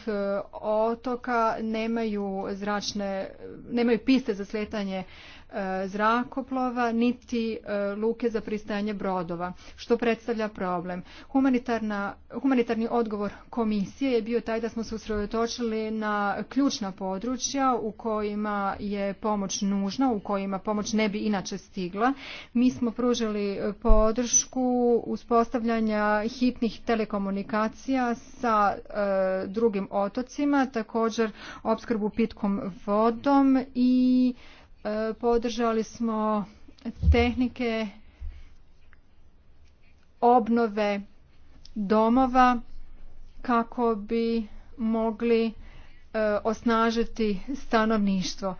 S1: otoka nemaju zračne, nemaju piste za sletanje E, zrakoplova niti e, luke za pristajanje brodova, što predstavlja problem. humanitarni odgovor komisije je bio taj da smo se usredotočili na ključna područja u kojima je pomoć nužna, u kojima pomoć ne bi inače stigla. Mi smo pružili podršku uspostavljanja hitnih telekomunikacija sa e, drugim otocima, također opskrbu pitkom vodom i E, podržali smo tehnike obnove domova kako bi mogli e, osnažiti stanovništvo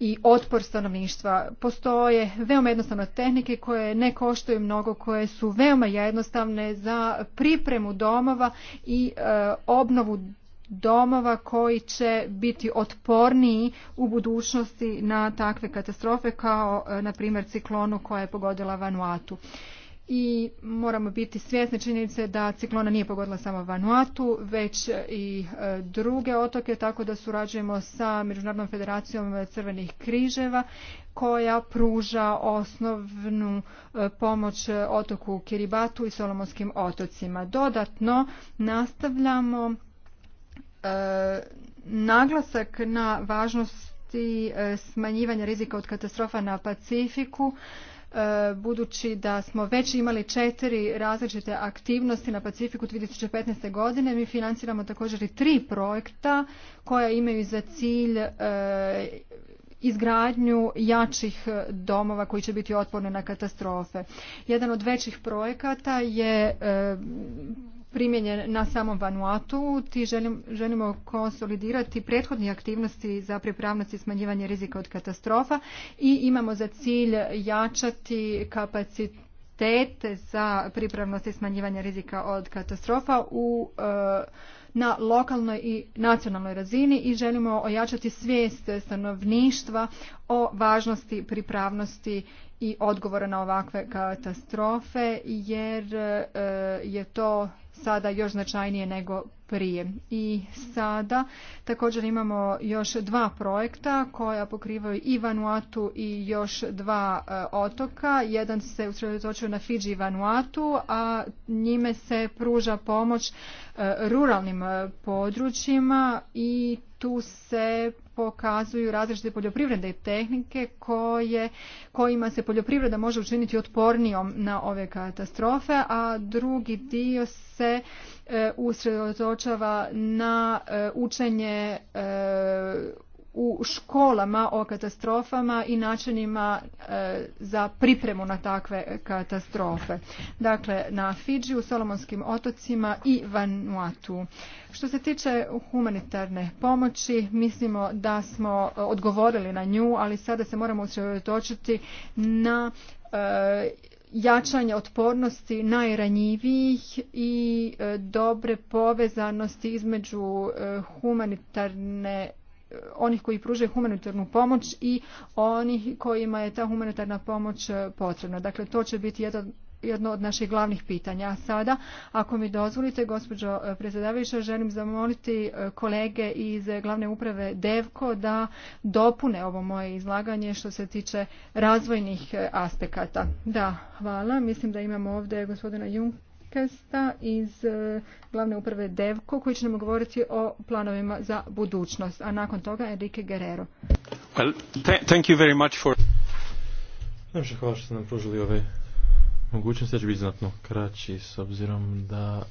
S1: i otpor stanovništva. Postoje veoma jednostavne tehnike koje ne koštuju mnogo, koje su veoma jednostavne za pripremu domova i e, obnovu domova koji će biti otporniji u budućnosti na takve katastrofe kao e, na primjer ciklonu koja je pogodila Vanuatu. I moramo biti svjesni činjenice da ciklona nije pogodila samo Vanuatu, već i e, druge otoke, tako da surađujemo sa Međunarodnom federacijom crvenih križeva koja pruža osnovnu e, pomoć otoku Kiribatu i Solomonskim otocima. Dodatno nastavljamo E, naglasak na važnosti e, smanjivanja rizika od katastrofa na Pacifiku e, budući da smo već imali četiri različite aktivnosti na Pacifiku 2015. godine. Mi financiramo također i tri projekta koja imaju za cilj izgradnju jačih domova koji će biti otporni na katastrofe. Jedan od većih projekata je primjenjen na samom Vanuatu, ti želimo konsolidirati prethodne aktivnosti za pripravnost i smanjivanje rizika od katastrofa i imamo za cilj jačati kapacitet za pripravnost i smanjivanje rizika od katastrofa u e, na lokalnoj i nacionalnoj razini i želimo ojačati svijest stanovništva o važnosti pripravnosti i odgovora na ovakve katastrofe jer e, je to sada još značajnije nego prije. I sada također imamo još dva projekta koja pokrivaju i Vanuatu i još dva e, otoka. Jedan se usredotočio na Fiji i Vanuatu, a njime se pruža pomoć e, ruralnim područjima i tu se pokazuju različite poljoprivredne tehnike koje, kojima se poljoprivreda može učiniti otpornijom na ove katastrofe, a drugi dio se e, usredotočava na e, učenje e, u školama o katastrofama i načinima e, za pripremu na takve katastrofe. Dakle, na Fidži, u Solomonskim otocima i Vanuatu. Što se tiče humanitarne pomoći, mislimo da smo odgovorili na nju, ali sada se moramo usredotočiti na e, jačanje otpornosti najranjivijih i e, dobre povezanosti između humanitarne onih koji pružaju humanitarnu pomoć i onih kojima je ta humanitarna pomoć e, potrebna. Dakle, to će biti jedan jedno od naših glavnih pitanja. A sada, ako mi dozvolite, gospođo e, predsjedavajuća, želim zamoliti e, kolege iz glavne uprave DEVKO da dopune ovo moje izlaganje što se tiče razvojnih aspekata. Da, hvala. Mislim da imamo ovdje gospodina Jung iz e, glavne uprave Devko koji će nam govoriti o planovima za budućnost, a nakon toga Enrique Guerrero.
S2: Well, thank you very much for... hvala što ste nam pružili ove mogućnosti, ja ću biti znatno kraći s obzirom da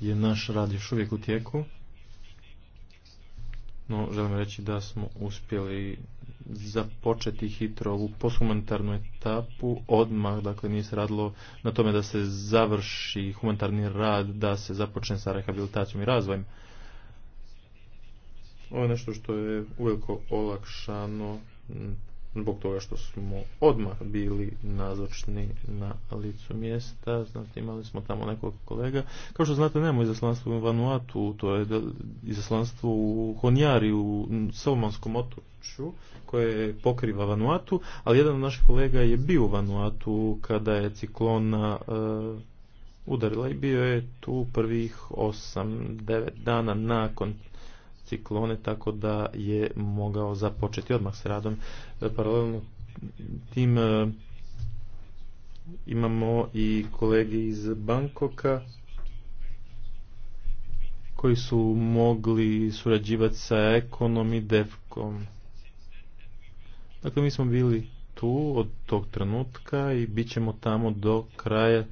S2: e, je naš rad još uvijek u tijeku. No, želim reći da smo uspjeli započeti hitro ovu poshumanitarnu etapu odmah, dakle nije se radilo na tome da se završi humanitarni rad, da se započne sa rehabilitacijom i razvojem. Ovo je nešto što je uveliko olakšano zbog toga što smo odmah bili nazočni na licu mjesta, znači imali smo tamo nekoliko kolega. Kao što znate, nemamo izaslanstvo u Vanuatu, to je izaslanstvo u Honjari, u Somanskom otoču, koje pokriva Vanuatu, ali jedan od naših kolega je bio u Vanuatu kada je ciklona eh, udarila i bio je tu prvih 8-9 dana nakon ciklone tako da je mogao započeti odmah s radom. E, paralelno tim e, imamo i kolege iz Bankoka koji su mogli surađivati sa Ekonom i Devkom. Dakle, mi smo bili tu od tog trenutka i bit ćemo tamo do kraja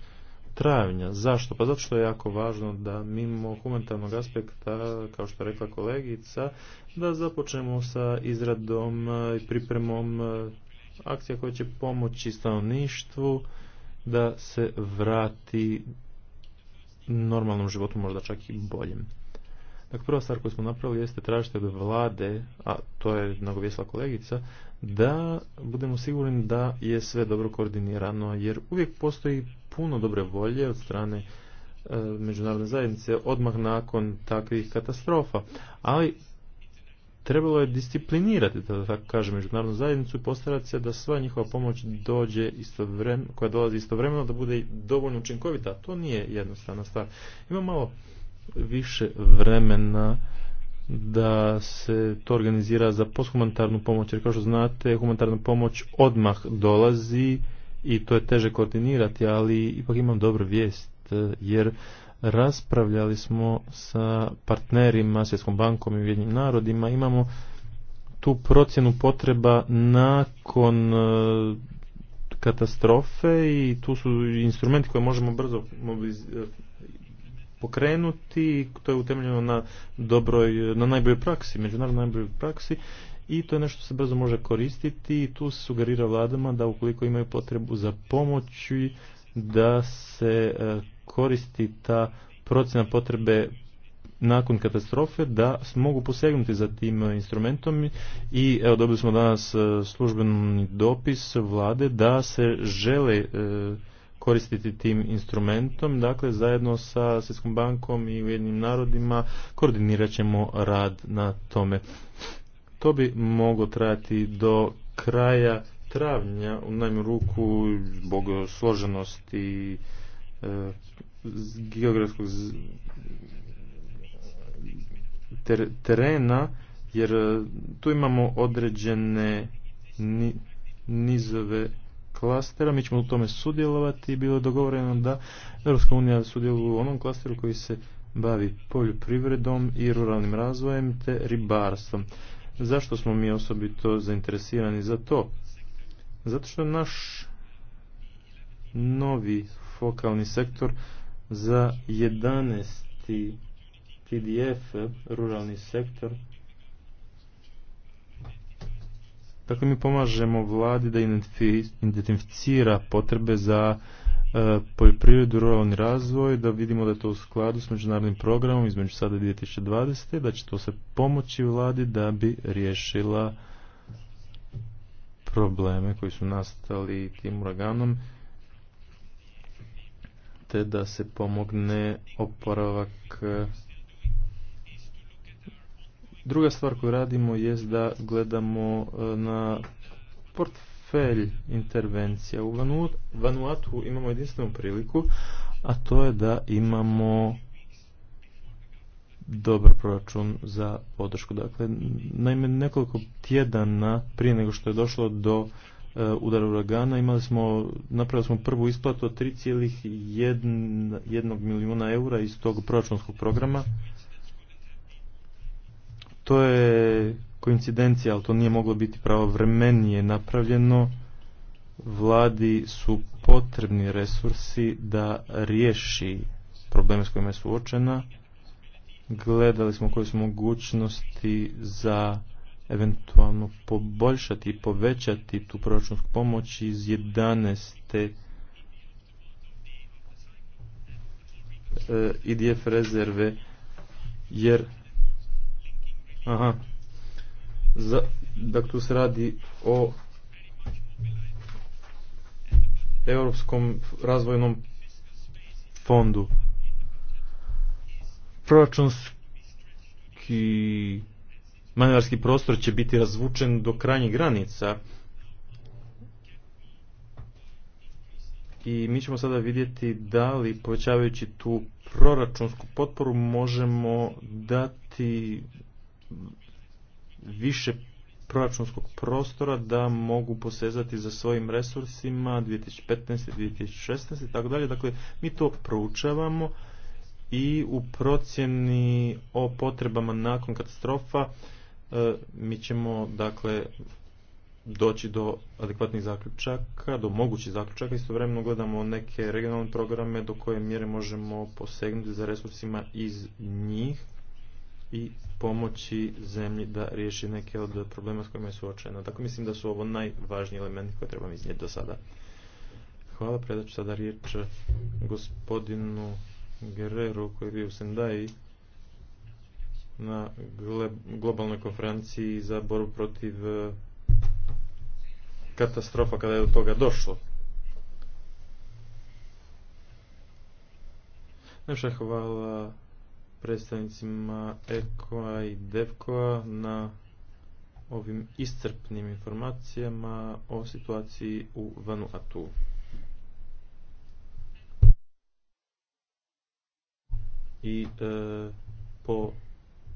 S2: travnja. Zašto? Pa zato što je jako važno da mimo humanitarnog aspekta, kao što je rekla kolegica, da započnemo sa izradom e, i pripremom e, akcija koja će pomoći stanovništvu da se vrati normalnom životu, možda čak i boljem. Dakle, prva stvar koju smo napravili jeste tražiti od vlade, a to je nagovjesla kolegica, da budemo sigurni da je sve dobro koordinirano, jer uvijek postoji puno dobre volje od strane e, međunarodne zajednice odmah nakon takvih katastrofa. Ali trebalo je disciplinirati, da tako kažem, međunarodnu zajednicu i postarati se da sva njihova pomoć dođe istovremeno, koja dolazi istovremeno, da bude dovoljno učinkovita. To nije jednostavna stvar. Ima malo više vremena da se to organizira za posthumanitarnu pomoć, jer kao što znate, humanitarna pomoć odmah dolazi i to je teže koordinirati, ali ipak imam dobru vijest, jer raspravljali smo sa partnerima, Svjetskom bankom i Vjednim narodima, imamo tu procjenu potreba nakon e, katastrofe i tu su instrumenti koje možemo brzo pokrenuti, to je utemeljeno na dobroj, na najboljoj praksi, međunarodnoj najboljoj praksi i to je nešto se brzo može koristiti i tu se sugerira vladama da ukoliko imaju potrebu za pomoći da se e, koristi ta procjena potrebe nakon katastrofe da mogu posegnuti za tim e, instrumentom i evo dobili smo danas e, službeni dopis vlade da se žele koristiti tim instrumentom. Dakle, zajedno sa Svjetskom bankom i Ujedinim narodima koordinirat ćemo rad na tome. To bi moglo trajati do kraja travnja, u najmu ruku, zbog složenosti eh, geografskog terena, jer eh, tu imamo određene nizove klastera, mi ćemo u tome sudjelovati i bilo je dogovoreno da Europska unija sudjeluje u onom klasteru koji se bavi poljoprivredom i ruralnim razvojem te ribarstvom. Zašto smo mi osobito zainteresirani za to? Zato što naš novi fokalni sektor za 11. PDF ruralni sektor, Dakle, mi pomažemo vladi da identificira potrebe za e, poljoprivredu, ruralni razvoj, da vidimo da je to u skladu s međunarodnim programom između sada 2020. da će to se pomoći vladi da bi riješila probleme koji su nastali tim uraganom te da se pomogne oporavak Druga stvar koju radimo je da gledamo e, na portfelj intervencija. U Vanuatu imamo jedinstvenu priliku, a to je da imamo dobar proračun za podršku. Dakle, naime nekoliko tjedana prije nego što je došlo do e, udara uragana imali smo, napravili smo prvu isplatu od 3,1 milijuna eura iz tog proračunskog programa to je koincidencija, ali to nije moglo biti pravovremenije napravljeno. Vladi su potrebni resursi da riješi probleme s kojima je suočena. Gledali smo koje su mogućnosti za eventualno poboljšati i povećati tu proračunsku pomoć iz 11. E, IDF rezerve jer Aha. Za, dakle, tu se radi o Europskom razvojnom fondu. Proračunski manevarski prostor će biti razvučen do krajnjih granica. I mi ćemo sada vidjeti da li povećavajući tu proračunsku potporu možemo dati više proračunskog prostora da mogu posezati za svojim resursima 2015. 2016. i tako dalje. Dakle, mi to proučavamo i u procjeni o potrebama nakon katastrofa e, mi ćemo dakle doći do adekvatnih zaključaka, do mogućih zaključaka. Istovremeno gledamo neke regionalne programe do koje mjere možemo posegnuti za resursima iz njih i pomoći zemlji da riješi neke od problema s kojima je suočena. Tako mislim da su ovo najvažniji elementi koje trebam iznijeti do sada. Hvala, predat ću sada riječ gospodinu Guerreru koji je bio u Sendai na globalnoj konferenciji za borbu protiv e, katastrofa kada je do toga došlo. Najviše hvala predstavnicima EKO-a i DEFKO-a na ovim iscrpnim informacijama o situaciji u Vanuatu. I e, po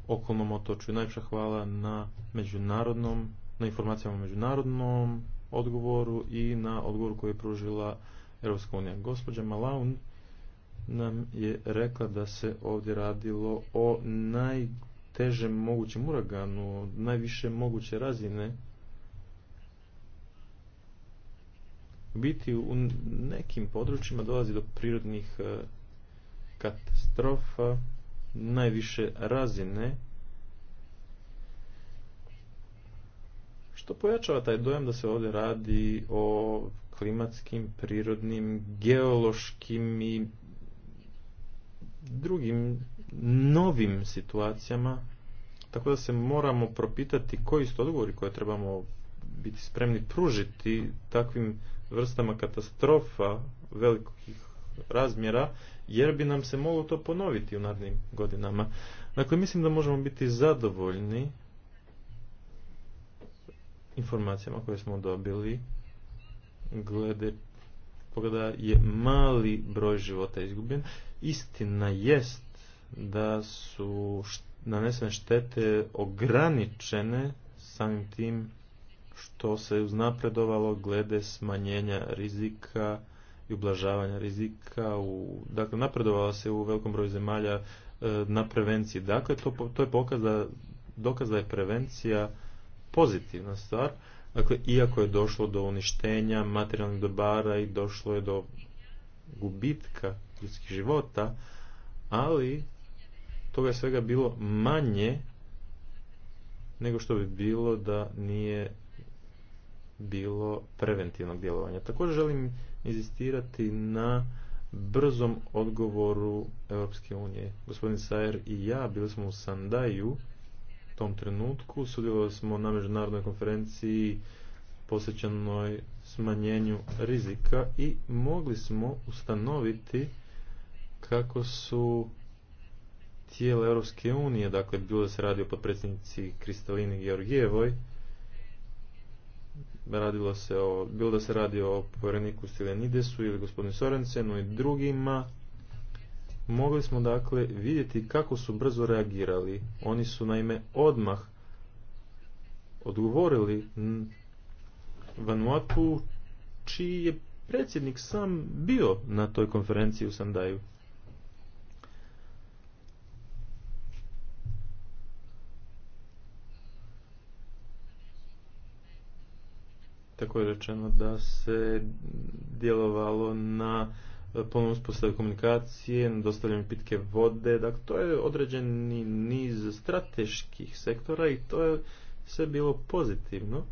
S2: okolnom otoču najveća hvala na međunarodnom, na informacijama o međunarodnom odgovoru i na odgovoru koji je pružila Europska unija. Gospođa Malaun nam je rekla da se ovdje radilo o najtežem mogućem uraganu, najviše moguće razine. Biti u nekim područjima dolazi do prirodnih e, katastrofa najviše razine, što pojačava taj dojam da se ovdje radi o klimatskim, prirodnim, geološkim i drugim novim situacijama, tako da se moramo propitati koji su odgovori koje trebamo biti spremni pružiti takvim vrstama katastrofa velikih razmjera, jer bi nam se moglo to ponoviti u narednim godinama. Dakle, mislim da možemo biti zadovoljni informacijama koje smo dobili glede da je mali broj života izgubljen. Istina jest da su nanesene štete ograničene samim tim što se uznapredovalo glede smanjenja rizika i ublažavanja rizika. U, dakle, napredovalo se u velikom broju zemalja e, na prevenciji. Dakle, to, to je dokaz da je prevencija pozitivna stvar. Dakle, iako je došlo do uništenja materijalnih dobara i došlo je do gubitka ljudskih života, ali toga je svega bilo manje nego što bi bilo da nije bilo preventivnog djelovanja. Također želim inzistirati na brzom odgovoru Europske unije. Gospodin Sajer i ja bili smo u Sandaju u tom trenutku, sudjelovali smo na međunarodnoj konferenciji posvećenoj smanjenju rizika i mogli smo ustanoviti kako su tijela Europske unije, dakle bilo da se radi o potpredsjednici Kristalini Georgijevoj, radilo se bilo da se radi o povjereniku Stilenidesu ili gospodinu Sorensenu i drugima, mogli smo dakle vidjeti kako su brzo reagirali. Oni su naime odmah odgovorili Vanuatu čiji je predsjednik sam bio na toj konferenciji u Sandaju. je rečeno da se djelovalo na ponovno uspostavi komunikacije, na dostavljanje pitke vode, dakle to je određeni niz strateških sektora i to je sve bilo pozitivno.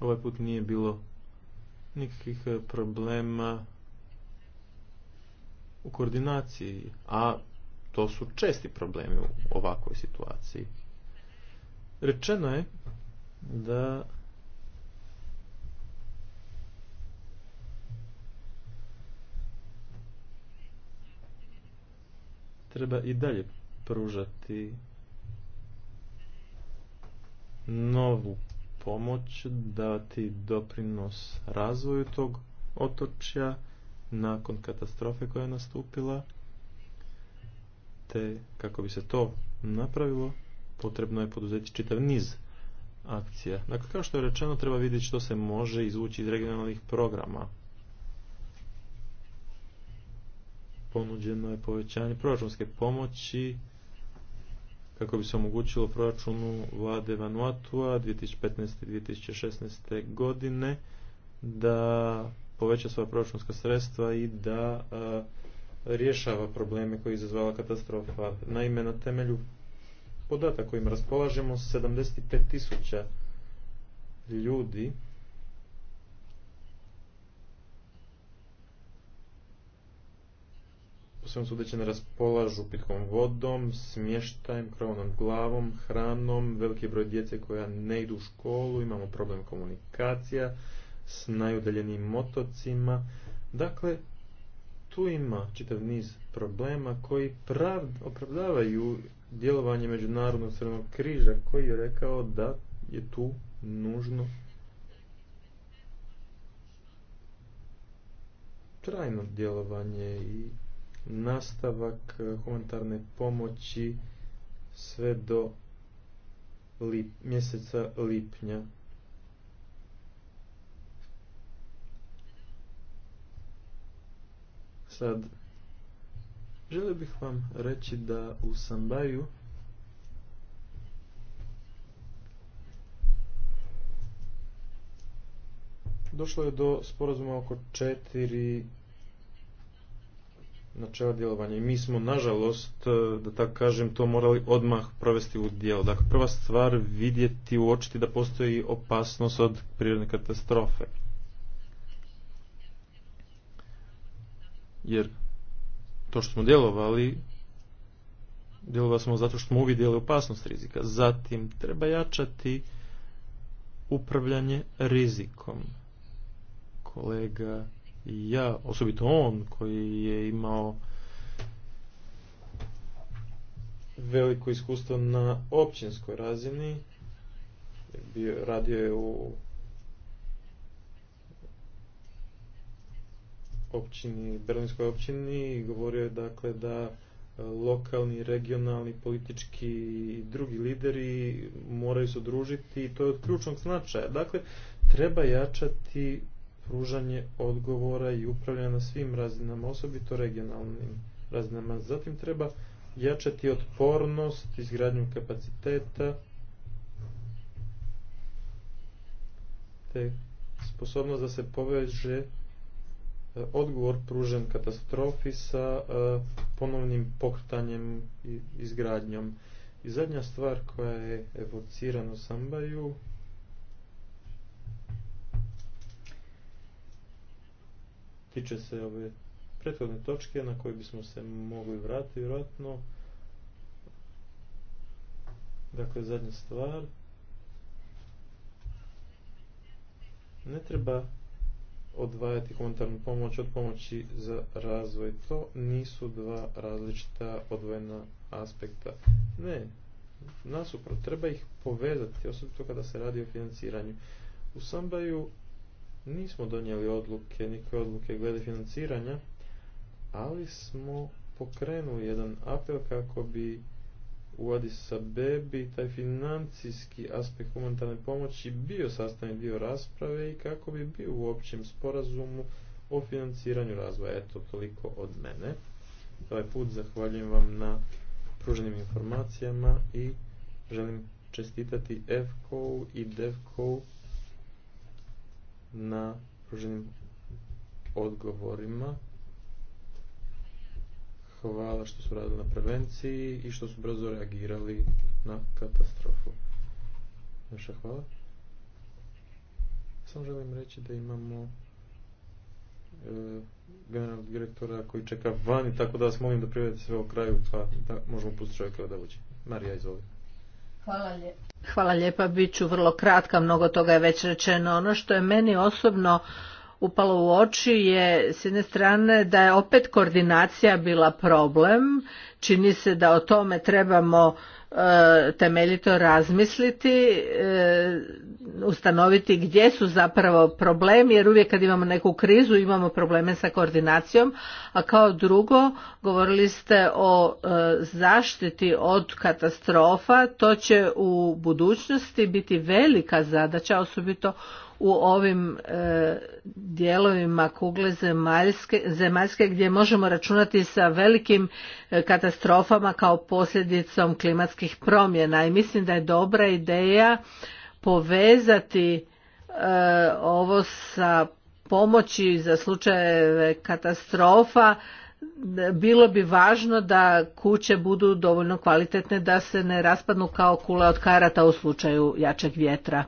S2: Ovaj put nije bilo nikakvih problema u koordinaciji, a to su česti problemi u ovakvoj situaciji. Rečeno je da treba i dalje pružati novu pomoć, dati doprinos razvoju tog otočja nakon katastrofe koja je nastupila te kako bi se to napravilo potrebno je poduzeti čitav niz akcija. Dakle, kao što je rečeno, treba vidjeti što se može izvući iz regionalnih programa. Ponuđeno je povećanje proračunske pomoći kako bi se omogućilo proračunu vlade Vanuatua 2015. i 2016. godine da poveća svoja proračunska sredstva i da rješava probleme koje je izazvala katastrofa. Naime, na temelju podataka kojim raspolažemo, 75.000 tisuća ljudi po svemu sudeći ne raspolažu pitkom vodom, smještajem, krovnom glavom, hranom, veliki broj djece koja ne idu u školu, imamo problem komunikacija s najudaljenijim motocima. Dakle, tu ima čitav niz problema koji opravdavaju djelovanje Međunarodnog crvenog križa koji je rekao da je tu nužno trajno djelovanje i nastavak humanitarne pomoći sve do mjeseca lipnja Sad, želio bih vam reći da u Sambaju došlo je do sporazuma oko četiri načela djelovanja i mi smo nažalost da tako kažem to morali odmah provesti u djelo. Dakle prva stvar vidjeti uočiti da postoji opasnost od prirodne katastrofe. jer to što smo djelovali, djelovali smo zato što smo uvidjeli opasnost rizika. Zatim treba jačati upravljanje rizikom. Kolega i ja, osobito on koji je imao veliko iskustvo na općinskoj razini, bio, radio je u općini, berlinskoj općini i govorio je dakle da e, lokalni, regionalni, politički i drugi lideri moraju se udružiti i to je od ključnog značaja. Dakle, treba jačati pružanje odgovora i upravljanja na svim razinama, osobito regionalnim razinama. Zatim treba jačati otpornost, izgradnju kapaciteta, te sposobnost da se poveže E, odgovor pružen katastrofi sa e, ponovnim pokretanjem i izgradnjom. I zadnja stvar koja je evocirana u Sambaju tiče se ove prethodne točke na koje bismo se mogli vratiti vjerojatno. Dakle, zadnja stvar. Ne treba odvajati humanitarnu pomoć od pomoći za razvoj. To nisu dva različita odvojena aspekta. Ne, nasuprot, treba ih povezati, osobito kada se radi o financiranju. U Sambaju nismo donijeli odluke, nikakve odluke glede financiranja, ali smo pokrenuli jedan apel kako bi u Addis Abebi taj financijski aspekt humanitarne pomoći bio sastavni dio rasprave i kako bi bio u općem sporazumu o financiranju razvoja. Eto, toliko od mene. Ovaj put zahvaljujem vam na pruženim informacijama i želim čestitati EFKO i DEVKO na pruženim odgovorima hvala što su radili na prevenciji i što su brzo reagirali na katastrofu. Naša hvala. Samo želim reći da imamo e, generalnog direktora koji čeka vani, tako da vas molim da privedete sve o kraju, pa da, možemo pustiti čovjeka da uđe. Marija, izvoli.
S3: Hvala lijepa, bit ću vrlo kratka, mnogo toga je već rečeno. Ono što je meni osobno upalo u oči je s jedne strane da je opet koordinacija bila problem, čini se da o tome trebamo e, temeljito razmisliti, e, ustanoviti gdje su zapravo problemi jer uvijek kad imamo neku krizu imamo probleme sa koordinacijom, a kao drugo govorili ste o e, zaštiti od katastrofa, to će u budućnosti biti velika zadaća osobito u ovim e, dijelovima kugle zemaljske, gdje možemo računati sa velikim e, katastrofama kao posljedicom klimatskih promjena i mislim da je dobra ideja povezati e, ovo sa pomoći za slučajeve katastrofa bilo bi važno da kuće budu dovoljno kvalitetne da se ne raspadnu kao kule od karata u slučaju jačeg vjetra.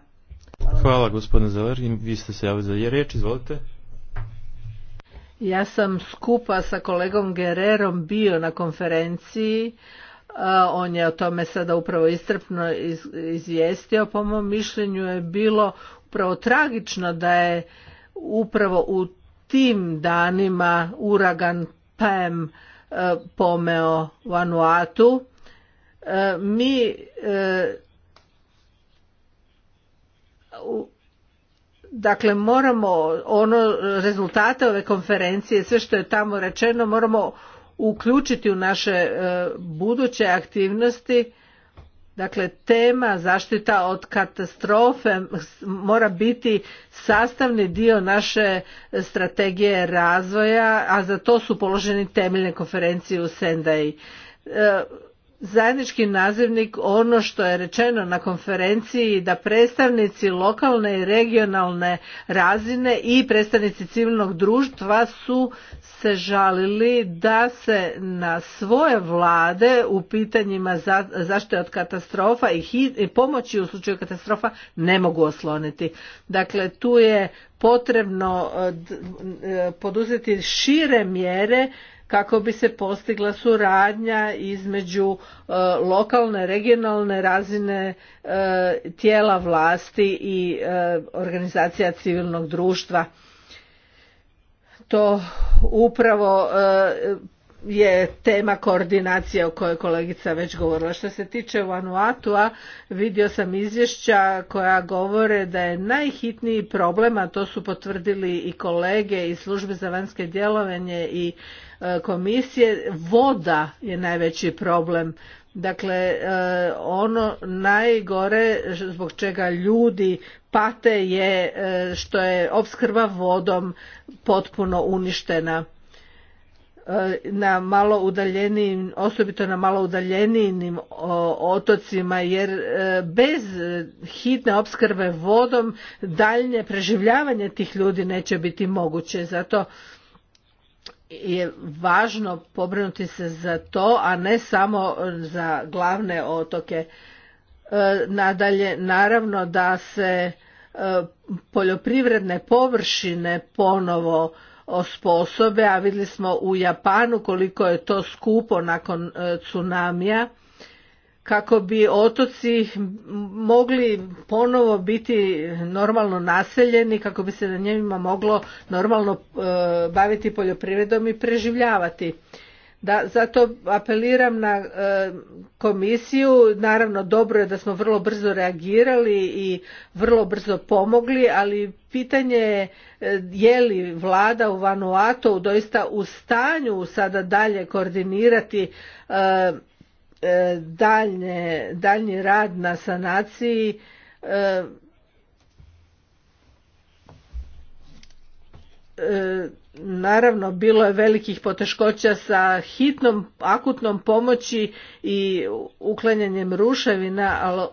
S2: Hvala gospodine vi ste se javili za riječ, izvolite.
S3: Ja sam skupa sa kolegom Gererom bio na konferenciji, on je o tome sada upravo istrpno izvijestio, po mom mišljenju je bilo upravo tragično da je upravo u tim danima uragan Pem e, pomeo Vanuatu. E, mi e, dakle moramo ono rezultate ove konferencije sve što je tamo rečeno moramo uključiti u naše e, buduće aktivnosti dakle tema zaštita od katastrofe mora biti sastavni dio naše strategije razvoja a za to su položeni temeljne konferencije u Sendaji e, zajednički nazivnik ono što je rečeno na konferenciji da predstavnici lokalne i regionalne razine i predstavnici civilnog društva su se žalili da se na svoje vlade u pitanjima zaštite od katastrofa i pomoći u slučaju katastrofa ne mogu osloniti. Dakle, tu je potrebno eh, eh, poduzeti šire mjere kako bi se postigla suradnja između e, lokalne, regionalne razine e, tijela vlasti i e, organizacija civilnog društva. To upravo je tema koordinacije o kojoj je kolegica već govorila. Što se tiče Vanuatu, vidio sam izvješća koja govore da je najhitniji problem, a to su potvrdili i kolege iz službe za vanjske djelovanje i E, komisije voda je najveći problem dakle e, ono najgore zbog čega ljudi pate je e, što je opskrba vodom potpuno uništena na malo udaljenijim, osobito na malo udaljenijim otocima, jer bez hitne opskrbe vodom daljnje preživljavanje tih ljudi neće biti moguće. Zato je važno pobrinuti se za to, a ne samo za glavne otoke. E, nadalje, naravno da se e, poljoprivredne površine ponovo osposobe, a vidjeli smo u Japanu koliko je to skupo nakon e, tsunamija kako bi otoci mogli ponovo biti normalno naseljeni, kako bi se na njima moglo normalno e, baviti poljoprivredom i preživljavati. Da, zato apeliram na e, komisiju, naravno dobro je da smo vrlo brzo reagirali i vrlo brzo pomogli, ali pitanje je e, je li vlada u Vanuatu doista u stanju sada dalje koordinirati E, daljnje, daljnji rad na sanaciji e, e, naravno bilo je velikih poteškoća sa hitnom akutnom pomoći i uklanjanjem ruševina ali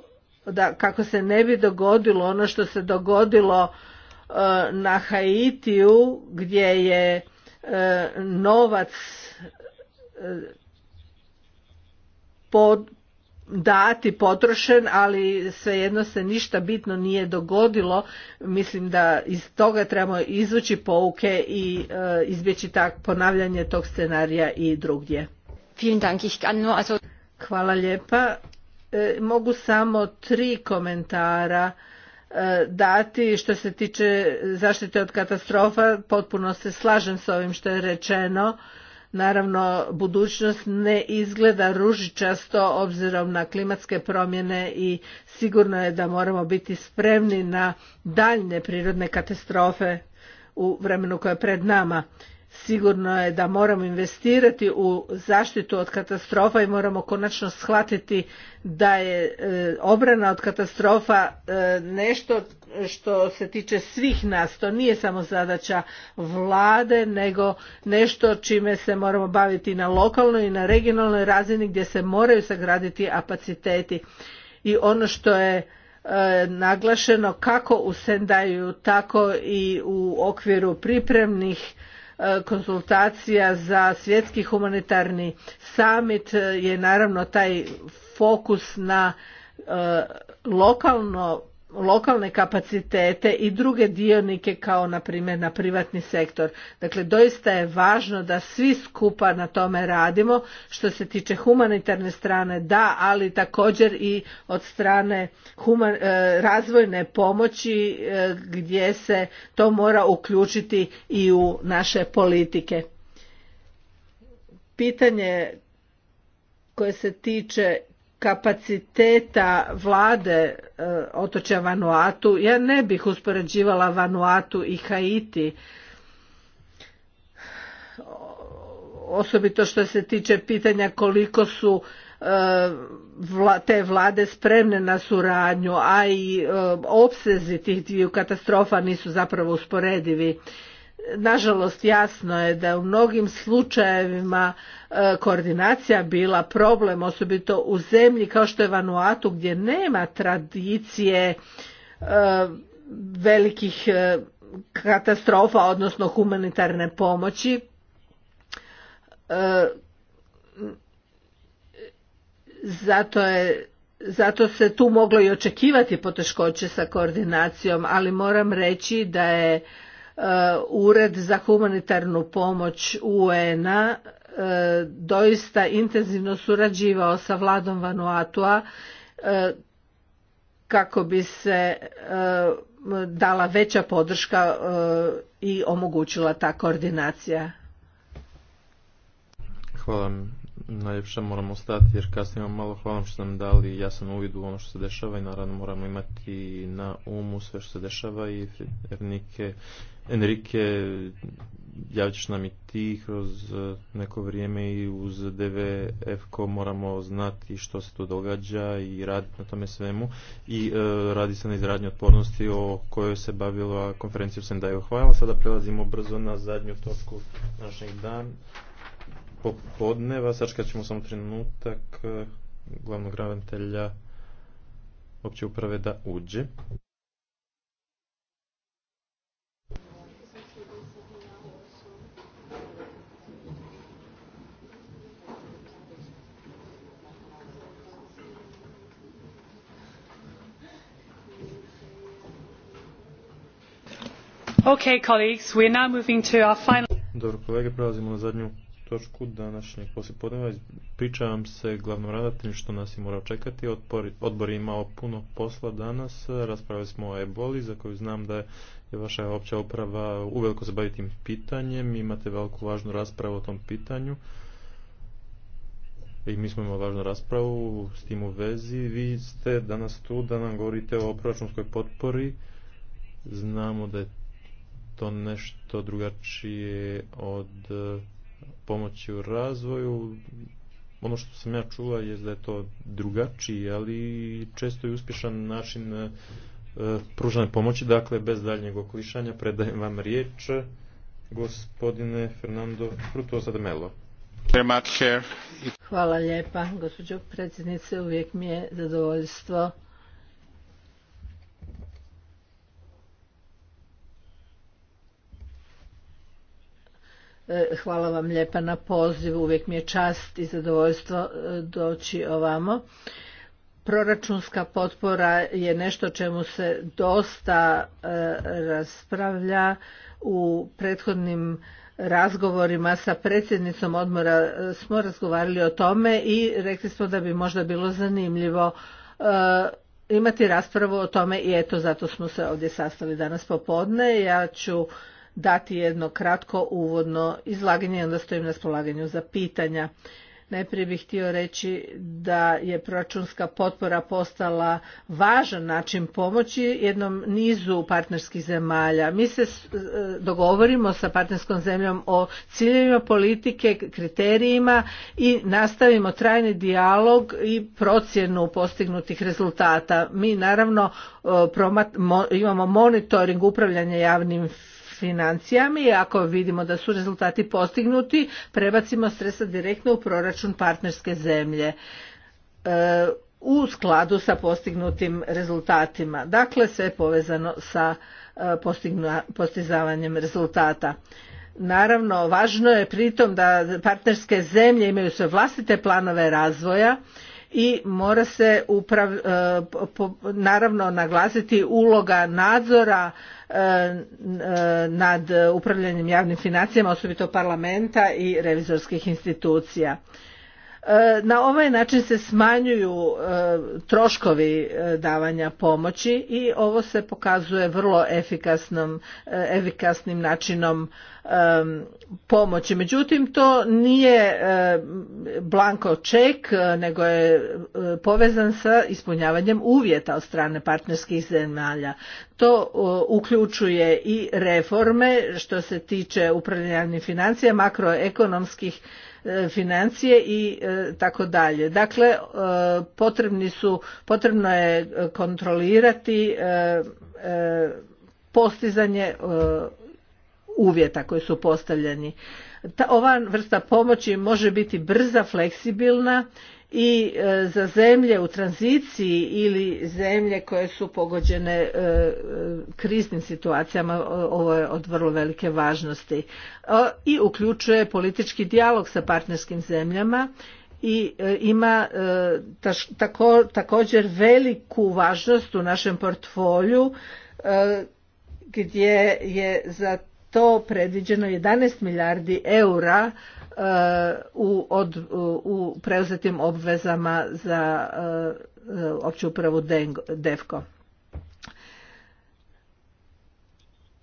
S3: da kako se ne bi dogodilo ono što se dogodilo na Haitiju gdje je novac pod, dati potrošen, ali svejedno se ništa bitno nije dogodilo. Mislim da iz toga trebamo izvući pouke i e, izbjeći tak ponavljanje tog scenarija i drugdje. Hvala lijepa. E, mogu samo tri komentara e, dati što se tiče zaštite od katastrofa. Potpuno se slažem s ovim što je rečeno. Naravno, budućnost ne izgleda ružičasto obzirom na klimatske promjene i sigurno je da moramo biti spremni na daljne prirodne katastrofe u vremenu koje je pred nama. Sigurno je da moramo investirati u zaštitu od katastrofa i moramo konačno shvatiti da je e, obrana od katastrofa e, nešto što se tiče svih nas. To nije samo zadaća vlade, nego nešto čime se moramo baviti na lokalnoj i na regionalnoj razini gdje se moraju sagraditi apaciteti. I ono što je e, naglašeno kako u Sendaju, tako i u okviru pripremnih E, konsultacija za svjetski humanitarni summit e, je naravno taj fokus na e, lokalno lokalne kapacitete i druge dionike kao na primjer na privatni sektor. Dakle, doista je važno da svi skupa na tome radimo što se tiče humanitarne strane da, ali također i od strane e, razvojne pomoći e, gdje se to mora uključiti i u naše politike. Pitanje koje se tiče kapaciteta vlade e, otočja Vanuatu, ja ne bih uspoređivala Vanuatu i Haiti, osobito što se tiče pitanja koliko su e, te vlade spremne na suradnju, a i e, obsezi tih dviju katastrofa nisu zapravo usporedivi nažalost jasno je da u mnogim slučajevima e, koordinacija bila problem osobito u zemlji kao što je Vanuatu gdje nema tradicije e, velikih e, katastrofa odnosno humanitarne pomoći zato je zato se tu moglo i očekivati poteškoće sa koordinacijom ali moram reći da je Uh, Ured za humanitarnu pomoć UN-a uh, doista intenzivno surađivao sa vladom Vanuatu-a uh, kako bi se dala veća podrška i omogućila ta koordinacija.
S2: Hvala vam Najljepša moramo stati jer kasnije vam malo hvala što nam dali jasan uvid u ono što se dešava i naravno moramo imati na umu sve što se dešava i Ernike, Enrike javit ćeš nam i ti kroz eh, neko vrijeme i uz ko moramo znati što se tu događa i raditi na tome svemu i eh, radi se na izradnju otpornosti o kojoj se bavila konferencija da je Hvala, sada prelazimo brzo na zadnju točku našeg dana popodneva. kad ćemo samo trenutak e, glavnog ravnatelja opće uprave da uđe.
S1: Okay, colleagues, we now moving to our final...
S2: Dobro kolege, prelazimo na zadnju točku današnjeg podneva Pričavam se glavnom radatelju što nas je morao čekati. Odbor, odbor je imao puno posla danas. Raspravili smo o eboli za koju znam da je vaša opća uprava uveliko se bavi tim pitanjem. Imate veliku važnu raspravu o tom pitanju. I mi smo imali važnu raspravu s tim u vezi. Vi ste danas tu da nam govorite o proračunskoj potpori. Znamo da je to nešto drugačije od pomoći u razvoju. Ono što sam ja čula je da je to drugačiji, ali često i uspješan način e, pružane pomoći, dakle bez daljnjeg okolišanja predajem vam riječ gospodine Fernando Frutuosa de Melo.
S3: Hvala lijepa, gospođo predsjednice, uvijek mi je zadovoljstvo E, hvala vam lijepa na poziv. uvijek mi je čast i zadovoljstvo e, doći ovamo. Proračunska potpora je nešto čemu se dosta e, raspravlja u prethodnim razgovorima sa predsjednicom odmora smo razgovarali o tome i rekli smo da bi možda bilo zanimljivo imati raspravu o tome i eto zato smo se ovdje sastali danas popodne. Ja ću dati jedno kratko uvodno izlaganje i onda stojim na spolaganju za pitanja. Najprije bih htio reći da je proračunska potpora postala važan način pomoći jednom nizu partnerskih zemalja. Mi se e, dogovorimo sa partnerskom zemljom o ciljevima politike, kriterijima i nastavimo trajni dijalog i procjenu postignutih rezultata. Mi naravno e, imamo monitoring upravljanja javnim financijama i ako vidimo da su rezultati postignuti, prebacimo sredstva direktno u proračun partnerske zemlje e, u skladu sa postignutim rezultatima. Dakle, sve je povezano sa e, postizavanjem rezultata. Naravno, važno je pritom da partnerske zemlje imaju svoje vlastite planove razvoja i mora se uprav, e, naravno naglasiti uloga nadzora e, e, nad upravljanjem javnim financijama, osobito parlamenta i revizorskih institucija. E, na ovaj način se smanjuju e, troškovi e, davanja pomoći i ovo se pokazuje vrlo efikasnim načinom pomoći. Međutim, to nije blanko ček, nego je povezan sa ispunjavanjem uvjeta od strane partnerskih zemalja. To uključuje i reforme što se tiče upravljanja financija, makroekonomskih E, financije i e, tako dalje. Dakle, e, potrebni su, potrebno je kontrolirati postizanje uvjeta koji su postavljeni. ova vrsta pomoći može biti brza, fleksibilna i e, za zemlje u tranziciji ili zemlje koje su pogođene e, e, kriznim situacijama ovo je od vrlo velike važnosti i uključuje politički dijalog sa partnerskim zemljama i ima također veliku važnost u našem portfolju gdje je za to predviđeno 11 milijardi eura u, preuzetim obvezama za e, opću upravu defco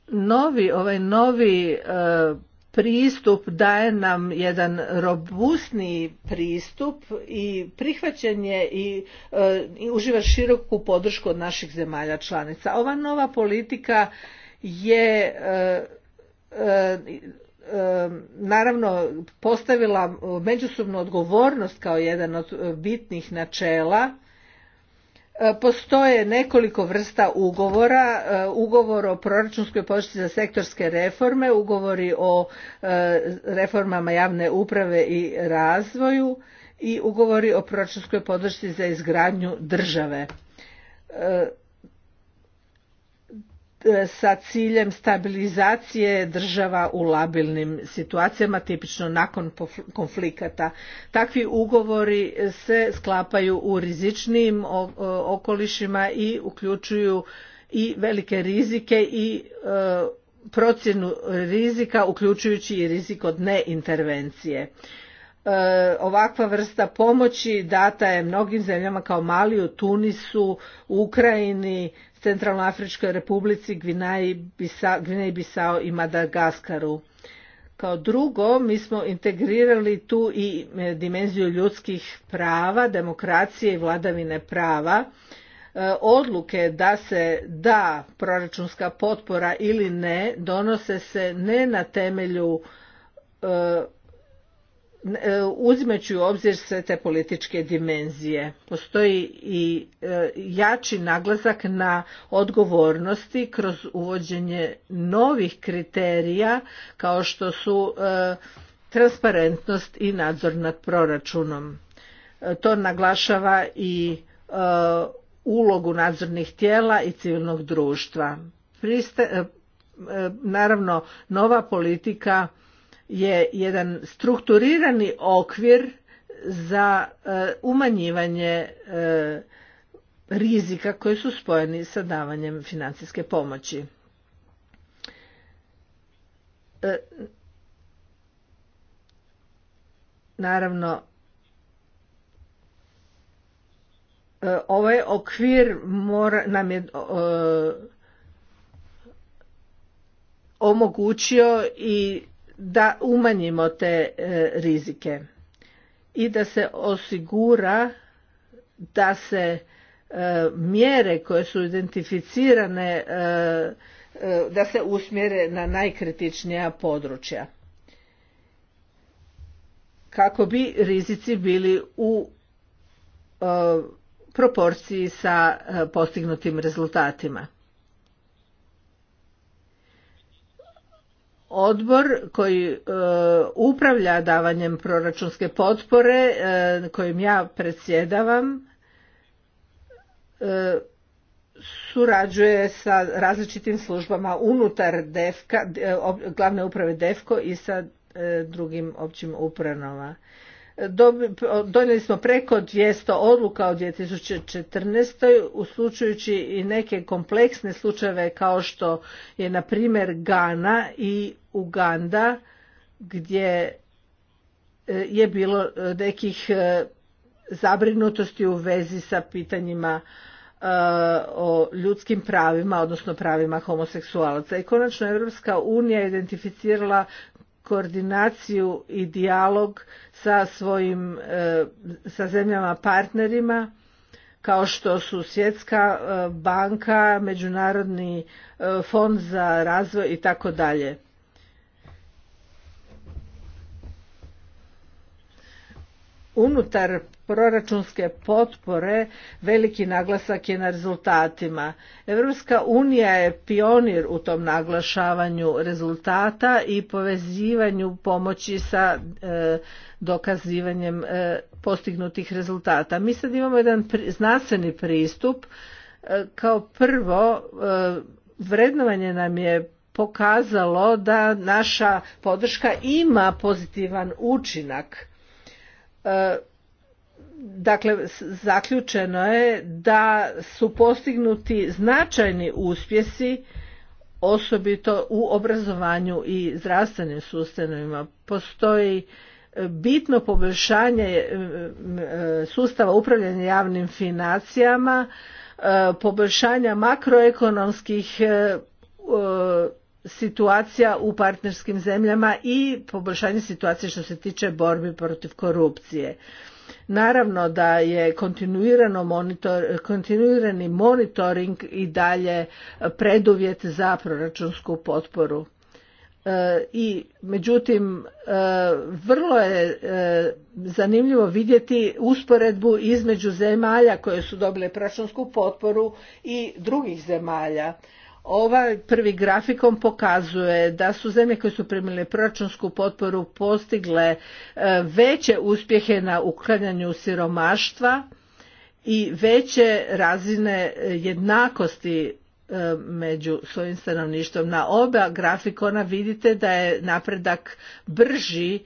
S3: Novi, ovaj novi e, pristup daje nam jedan robustni pristup i prihvaćen je i, e, i uživa široku podršku od naših zemalja članica. Ova nova politika je naravno postavila međusobnu odgovornost kao jedan od e, bitnih načela e, postoje nekoliko vrsta ugovora e, ugovor o proračunskoj podršci za sektorske reforme ugovori o reformama javne uprave i razvoju i ugovori o proračunskoj podršci za izgradnju države sa ciljem stabilizacije država u labilnim situacijama, tipično nakon konflikata. Takvi ugovori se sklapaju u rizičnim okolišima i uključuju i velike rizike i e, procjenu rizika, uključujući i rizik od neintervencije. E, ovakva vrsta pomoći data je mnogim zemljama kao Maliju, Tunisu, Ukrajini, Centralnoafričkoj republici, Gvineji Bisao i Madagaskaru. Kao drugo, mi smo integrirali tu i e, dimenziju ljudskih prava, demokracije i vladavine prava. E, odluke da se da proračunska potpora ili ne donose se ne na temelju e, E, uzimeći u obzir sve te političke dimenzije. Postoji i e, jači naglasak na odgovornosti kroz uvođenje novih kriterija kao što su e, transparentnost i nadzor nad proračunom. To naglašava i ulogu nadzornih tijela i civilnog društva. Naravno, nova politika je jedan strukturirani okvir za e, umanjivanje e, rizika koji su spojeni sa davanjem financijske pomoći. E, naravno, ovaj okvir mora, nam je omogućio i da umanjimo te e, rizike i da se osigura da se e, mjere koje su identificirane e, da se usmjere na najkritičnija područja kako bi rizici bili u proporciji sa postignutim rezultatima odbor koji e, upravlja davanjem proračunske potpore e, kojim ja predsjedavam e, surađuje sa različitim službama unutar defka glavne uprave defko i sa drugim općim upravama donijeli smo preko 200 odluka u 2014. uslučujući i neke kompleksne slučajeve kao što je na primjer Ghana i Uganda gdje e, je bilo e, nekih e, zabrinutosti u vezi sa pitanjima o ljudskim pravima, odnosno pravima homoseksualaca. I konačno Europska unija identificirala koordinaciju i dijalog sa svojim e, sa zemljama partnerima kao što su Svjetska e, banka, Međunarodni e, fond za razvoj i tako dalje. Unutar proračunske potpore veliki naglasak je na rezultatima. Europska unija je pionir u tom naglašavanju rezultata i povezivanju pomoći sa e, dokazivanjem e, postignutih rezultata. Mi sad imamo jedan pri, znanstveni pristup. E, kao prvo vrednovanje nam je pokazalo da naša podrška ima pozitivan učinak dakle zaključeno je da su postignuti značajni uspjesi osobito u obrazovanju i zdravstvenim sustavima postoji e, bitno poboljšanje e, e, sustava upravljanja javnim financijama poboljšanja makroekonomskih situacija u partnerskim zemljama i poboljšanje situacije što se tiče borbi protiv korupcije Naravno da je kontinuirano monitor, kontinuirani monitoring i dalje preduvjet za proračunsku potporu. E, I međutim, e, vrlo je e, zanimljivo vidjeti usporedbu između zemalja koje su dobile proračunsku potporu i drugih zemalja. Ovaj prvi grafikon pokazuje da su zemlje koje su primile proračunsku potporu postigle e, veće uspjehe na uklanjanju siromaštva i veće razine e, jednakosti e, među svojim stanovništvom. Na oba grafikona vidite da je napredak brži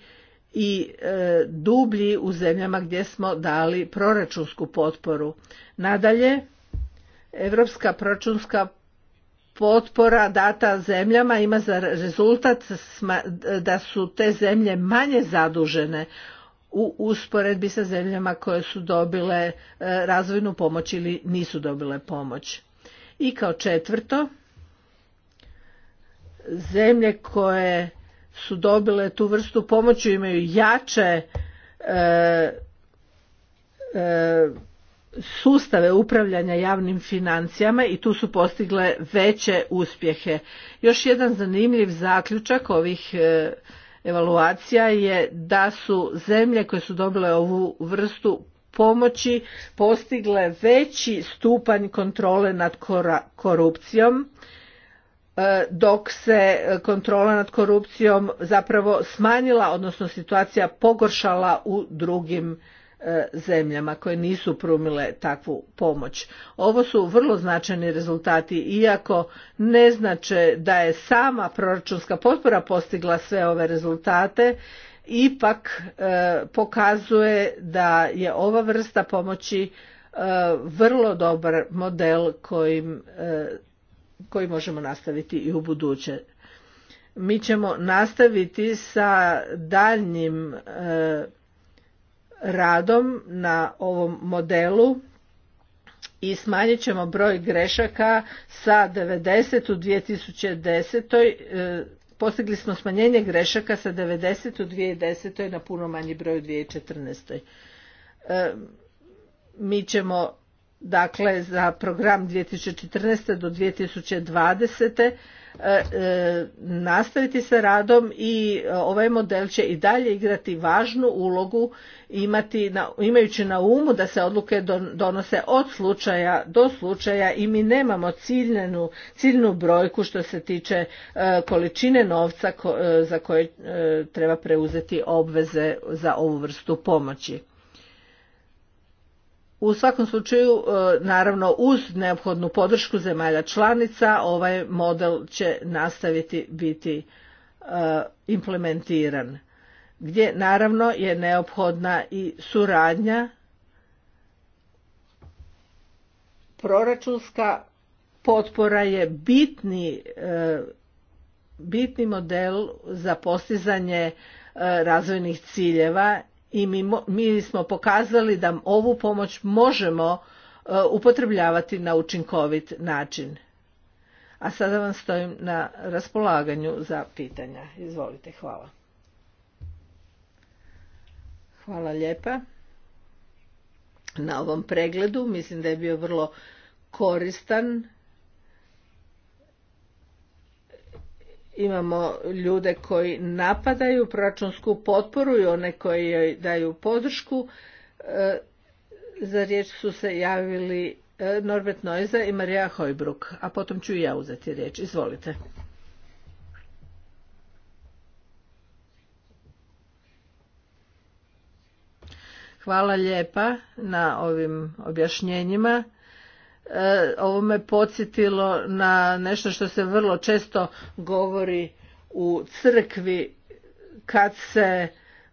S3: i dublji u zemljama gdje smo dali proračunsku potporu. Nadalje, Europska proračunska potpora data zemljama ima za rezultat da su te zemlje manje zadužene u usporedbi sa zemljama koje su dobile e, razvojnu pomoć ili nisu dobile pomoć. I kao četvrto, zemlje koje su dobile tu vrstu pomoći imaju jače e, e, sustave upravljanja javnim financijama i tu su postigle veće uspjehe. Još jedan zanimljiv zaključak ovih e, evaluacija je da su zemlje koje su dobile ovu vrstu pomoći postigle veći stupanj kontrole nad korupcijom e, dok se kontrola nad korupcijom zapravo smanjila odnosno situacija pogoršala u drugim E, zemljama koje nisu prumile takvu pomoć. Ovo su vrlo značajni rezultati, iako ne znače da je sama proračunska potpora postigla sve ove rezultate, ipak e, pokazuje da je ova vrsta pomoći e, vrlo dobar model koji možemo nastaviti i u buduće. Mi ćemo nastaviti sa daljnjim radom na ovom modelu i smanjit ćemo broj grešaka sa 90 u 2010. E, postigli smo smanjenje grešaka sa 90 u 2010. na puno manji broj u 2014. E, mi ćemo dakle za program 2014. do 2020 E, e, nastaviti sa radom i e, ovaj model će i dalje igrati važnu ulogu imati, imajući na umu da se odluke donose od slučaja do slučaja i mi nemamo ciljnu brojku što se tiče količine novca za koje treba preuzeti obveze za ovu vrstu pomoći. U svakom slučaju, e, naravno uz neophodnu podršku zemalja članica, ovaj model će nastaviti biti e, implementiran. Gdje naravno je neophodna i suradnja proračunska potpora je bitni, e, bitni model za postizanje razvojnih ciljeva i mi, mi smo pokazali da ovu pomoć možemo e, upotrebljavati na učinkovit način. A sada vam stojim na raspolaganju za pitanja. Izvolite, hvala. Hvala lijepa na ovom pregledu. Mislim da je bio vrlo koristan imamo ljude koji napadaju proračunsku potporu i one koji joj daju podršku. E, za riječ su se javili e, Norbert Noiza i Marija Hojbruk, a potom ću i ja uzeti riječ. Izvolite. Hvala lijepa na ovim objašnjenjima. E, ovo me podsjetilo na nešto što se vrlo često govori u crkvi kad se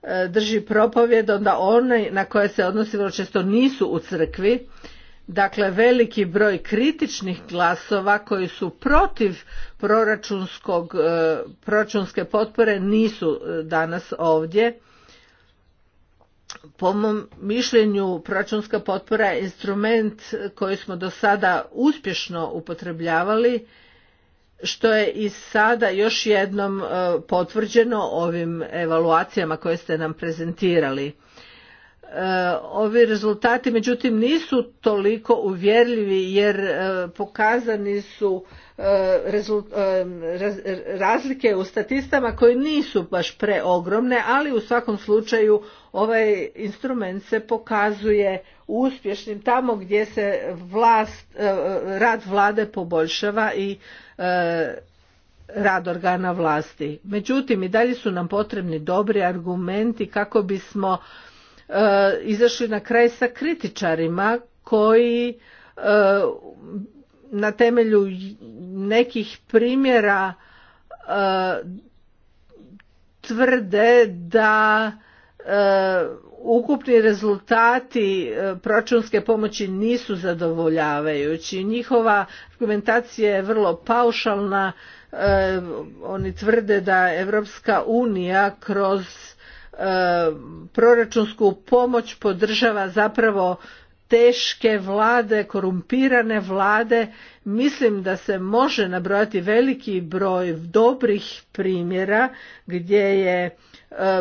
S3: e, drži propovjed onda one na koje se odnosi vrlo često nisu u crkvi dakle veliki broj kritičnih glasova koji su protiv proračunskog, e, proračunske potpore nisu danas ovdje po mom mišljenju proračunska potpora je instrument koji smo do sada uspješno upotrebljavali što je i sada još jednom e, potvrđeno ovim evaluacijama koje ste nam prezentirali. E, ovi rezultati međutim nisu toliko uvjerljivi jer e, pokazani su E, e, razlike u statistama koje nisu baš preogromne, ali u svakom slučaju ovaj instrument se pokazuje uspješnim tamo gdje se vlast, e, rad vlade poboljšava i rad organa vlasti. Međutim, i dalje su nam potrebni dobri argumenti kako bismo izašli na kraj sa kritičarima koji na temelju nekih primjera e, tvrde da e, ukupni rezultati e, proračunske pomoći nisu zadovoljavajući. Njihova argumentacija je vrlo paušalna. Oni tvrde da Evropska unija kroz proračunsku pomoć podržava zapravo teške vlade, korumpirane vlade, mislim da se može nabrojati veliki broj dobrih primjera gdje je e,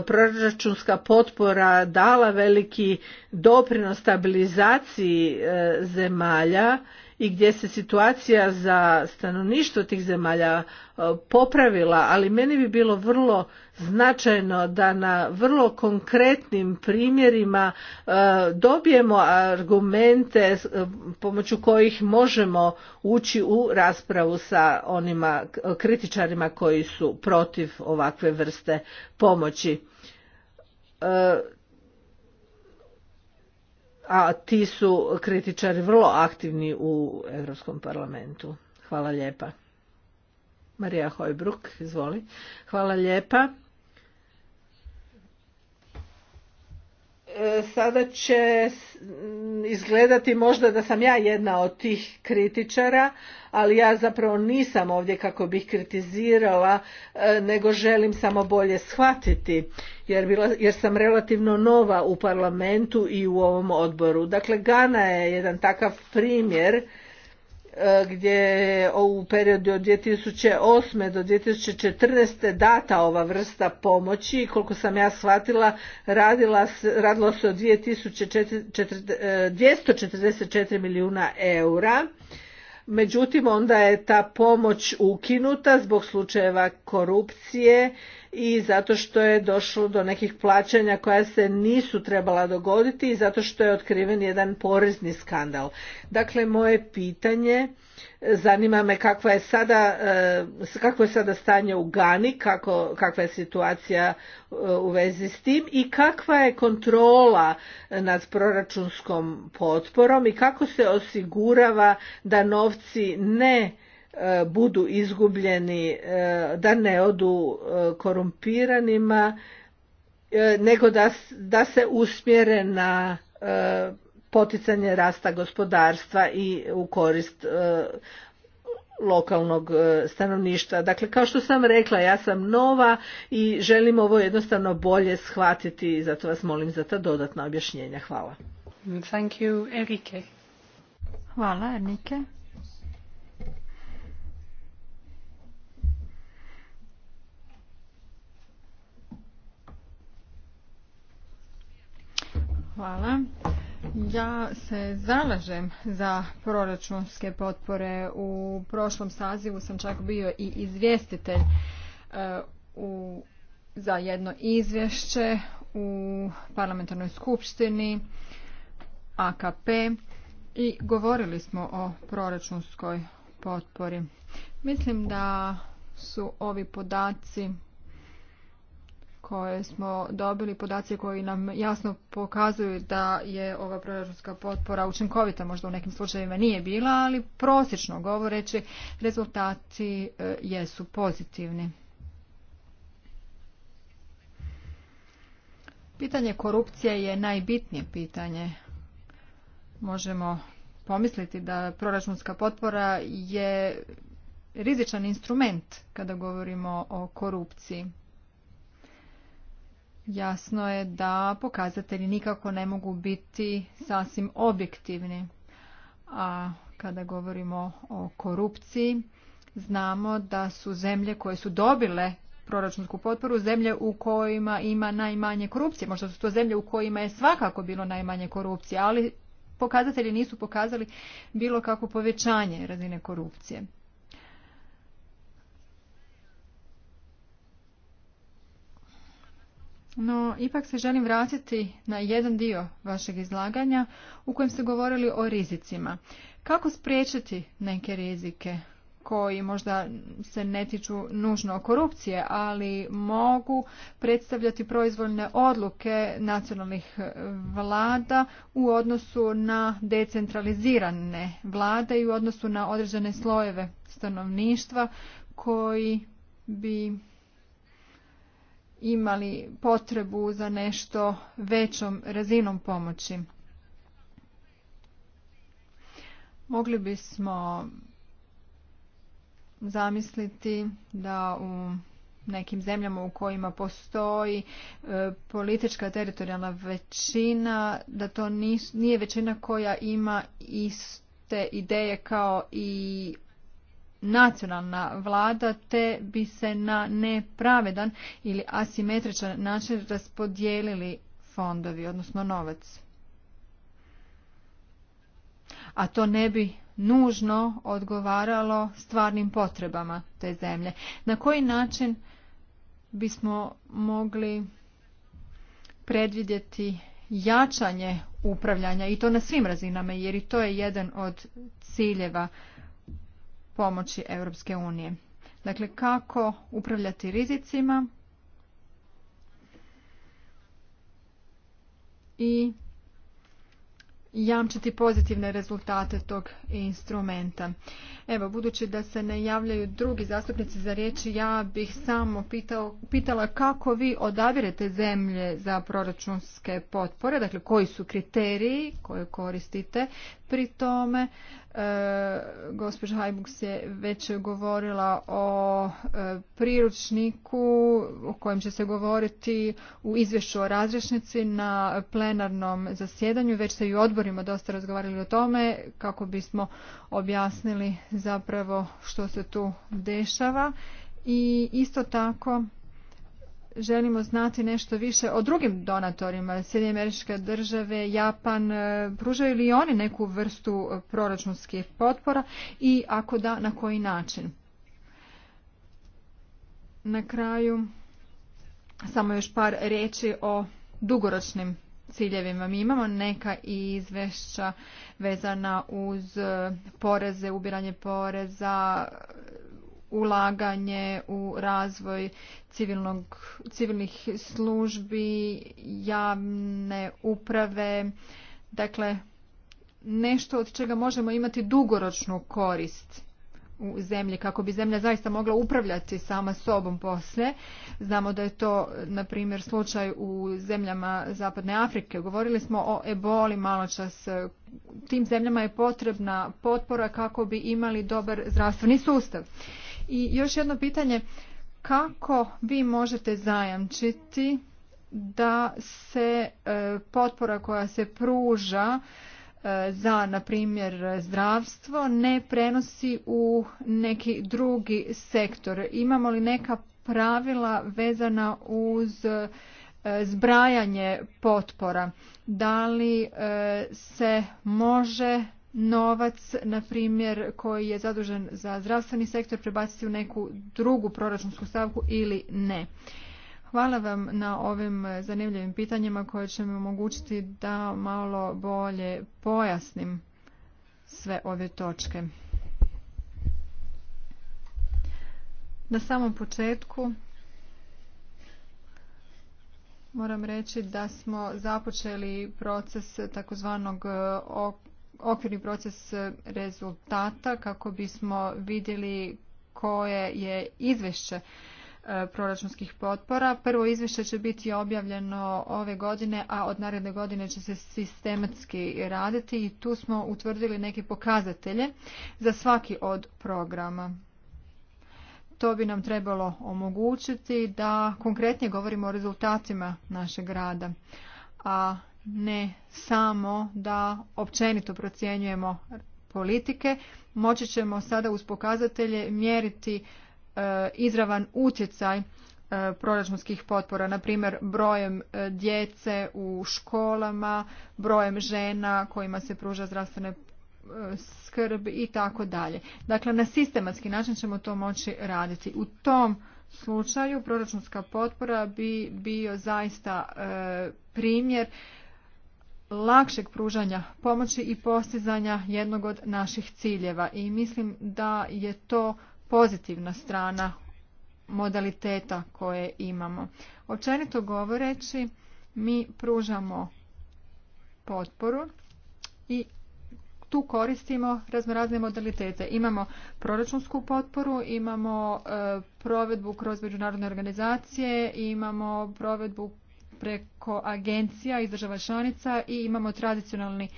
S3: proračunska potpora dala veliki doprinos stabilizaciji e, zemalja i gdje se situacija za stanovništvo tih zemalja e, popravila, ali meni bi bilo vrlo značajno da na vrlo konkretnim primjerima e, dobijemo argumente e, pomoću kojih možemo ući u raspravu sa onima kritičarima koji su protiv ovakve vrste pomoći a ti su kritičari vrlo aktivni u Europskom parlamentu. Hvala lijepa. Marija Hojbruk, izvoli. Hvala lijepa. E, sada će izgledati možda da sam ja jedna od tih kritičara, ali ja zapravo nisam ovdje kako bih kritizirala, e, nego želim samo bolje shvatiti jer, sam relativno nova u parlamentu i u ovom odboru. Dakle, Gana je jedan takav primjer e, gdje u periodu od 2008. do 2014. data ova vrsta pomoći koliko sam ja shvatila radila, radilo se o 244 e, milijuna eura međutim onda je ta pomoć ukinuta zbog slučajeva korupcije i zato što je došlo do nekih plaćanja koja se nisu trebala dogoditi i zato što je otkriven jedan porezni skandal. Dakle, moje pitanje zanima me kakva je sada, eh, kakvo je sada stanje u Gani, kakva je situacija eh, u vezi s tim i kakva je kontrola nad proračunskom potporom i kako se osigurava da novci ne eh, budu izgubljeni, da ne odu korumpiranima, nego da se usmjere na poticanje rasta gospodarstva i u korist e, lokalnog e, stanovništva. Dakle, kao što sam rekla, ja sam nova i želim ovo jednostavno bolje shvatiti i zato vas molim za ta dodatna objašnjenja. Hvala.
S1: Thank you, Erike. Hvala, Ernike. Hvala. Ja se zalažem za proračunske potpore. U prošlom sazivu sam čak bio i izvjestitelj e, za jedno izvješće u parlamentarnoj skupštini AKP i govorili smo o proračunskoj potpori. Mislim da su ovi podaci koje smo dobili, podaci koji nam jasno pokazuju da je ova proračunska potpora učinkovita, možda u nekim slučajevima nije bila, ali prosječno govoreći rezultati e, jesu pozitivni. Pitanje korupcije je najbitnije pitanje. Možemo pomisliti da proračunska potpora je rizičan instrument kada govorimo o korupciji jasno je da pokazatelji nikako ne mogu biti sasvim objektivni. A kada govorimo o korupciji, znamo da su zemlje koje su dobile proračunsku potporu, zemlje u kojima ima najmanje korupcije. Možda su to zemlje u kojima je svakako bilo najmanje korupcije, ali pokazatelji nisu pokazali bilo kako povećanje razine korupcije. No, ipak se želim vratiti na jedan dio vašeg izlaganja u kojem ste govorili o rizicima. Kako spriječiti neke rizike koji možda se ne tiču nužno korupcije, ali mogu predstavljati proizvoljne odluke nacionalnih vlada u odnosu na decentralizirane vlade i u odnosu na određene slojeve stanovništva koji bi imali potrebu za nešto većom razinom pomoći. Mogli bismo zamisliti da u nekim zemljama u kojima postoji e, politička teritorijalna većina, da to nije većina koja ima iste ideje kao i nacionalna vlada te bi se na nepravedan ili asimetričan način raspodijelili fondovi, odnosno novac. A to ne bi nužno odgovaralo stvarnim potrebama te zemlje. Na koji način bismo mogli predvidjeti jačanje upravljanja i to na svim razinama jer i to je jedan od ciljeva pomoći Europske unije. Dakle, kako upravljati rizicima i jamčiti pozitivne rezultate tog instrumenta. Evo, budući da se ne javljaju drugi zastupnici za riječi, ja bih samo pitao, pitala kako vi odabirete zemlje za proračunske potpore, dakle koji su kriteriji koje koristite pri tome. E, gospođa Hajbuks je već govorila o e, priručniku o kojem će se govoriti u izvješću o razrešnici na plenarnom zasjedanju. Već se i u odborima dosta razgovarali o tome kako bismo objasnili zapravo što se tu dešava. I isto tako želimo znati nešto više o drugim donatorima, Sjedinje američke države, Japan, e, pružaju li oni neku vrstu e, proračunskih potpora i ako da, na koji način? Na kraju, samo još par riječi o dugoročnim ciljevima. Mi imamo neka izvešća vezana uz e, poreze, ubiranje poreza, ulaganje u razvoj civilnog, civilnih službi, javne uprave, dakle nešto od čega možemo imati dugoročnu korist u zemlji kako bi zemlja zaista mogla upravljati sama sobom poslije. Znamo da je to na primjer slučaj u zemljama zapadne Afrike. Govorili smo o eboli malo čas. Tim zemljama je potrebna potpora kako bi imali dobar zdravstveni sustav. I još jedno pitanje, kako vi možete zajamčiti da se e, potpora koja se pruža e, za, na primjer, zdravstvo ne prenosi u neki drugi sektor. Imamo li neka pravila vezana uz e, zbrajanje potpora? Da li se može novac, na primjer, koji je zadužen za zdravstveni sektor, prebaciti u neku drugu proračunsku stavku ili ne. Hvala vam na ovim zanimljivim pitanjima koje će mi omogućiti da malo bolje pojasnim sve ove točke. Na samom početku moram reći da smo započeli proces takozvanog okvirni proces e, rezultata kako bismo vidjeli koje je izvješće e, proračunskih potpora. Prvo izvješće će biti objavljeno ove godine, a od naredne godine će se sistematski raditi i tu smo utvrdili neke pokazatelje za svaki od programa. To bi nam trebalo omogućiti da konkretnije govorimo o rezultatima našeg rada, a ne samo da općenito procjenjujemo politike, moći ćemo sada uz pokazatelje mjeriti e, izravan utjecaj e, proračunskih potpora, na primjer brojem e, djece u školama, brojem žena kojima se pruža zdravstvene skrb i tako dalje. Dakle, na sistematski način ćemo to moći raditi. U tom slučaju proračunska potpora bi bio zaista primjer lakšeg pružanja pomoći i postizanja jednog od naših ciljeva i mislim da je to pozitivna strana modaliteta koje imamo. Općenito govoreći, mi pružamo potporu i tu koristimo razne modalitete. Imamo proračunsku potporu, imamo e, provedbu kroz međunarodne organizacije, imamo provedbu preko agencija iz država članica i imamo tradicionalni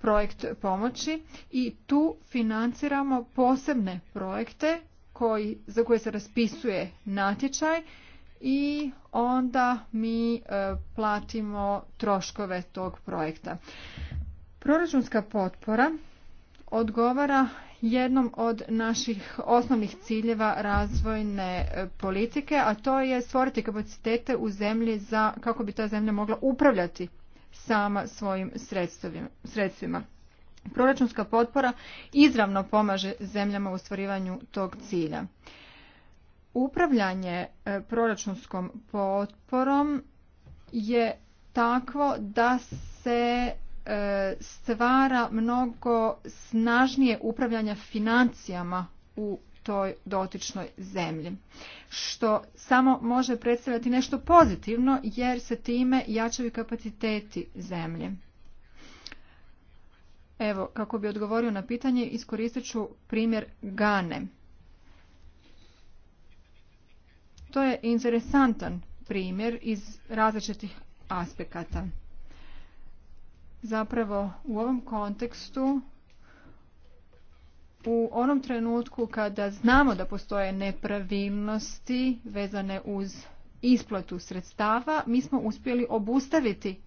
S1: projekt pomoći i tu financiramo posebne projekte koji, za koje se raspisuje natječaj i onda mi e, platimo troškove tog projekta. Proračunska potpora odgovara jednom od naših osnovnih ciljeva razvojne e, politike, a to je stvoriti kapacitete u zemlji za kako bi ta zemlja mogla upravljati sama svojim sredstvima. Proračunska potpora izravno pomaže zemljama u ostvarivanju tog cilja. Upravljanje e, proračunskom potporom je takvo da se E, stvara mnogo snažnije upravljanja financijama u toj dotičnoj zemlji. Što samo može predstavljati nešto pozitivno jer se time jačaju kapaciteti zemlje. Evo, kako bi odgovorio na pitanje, iskoristit ću primjer Gane. To je interesantan primjer iz različitih aspekata zapravo u ovom kontekstu u onom trenutku kada znamo da postoje nepravilnosti vezane uz isplatu sredstava, mi smo uspjeli obustaviti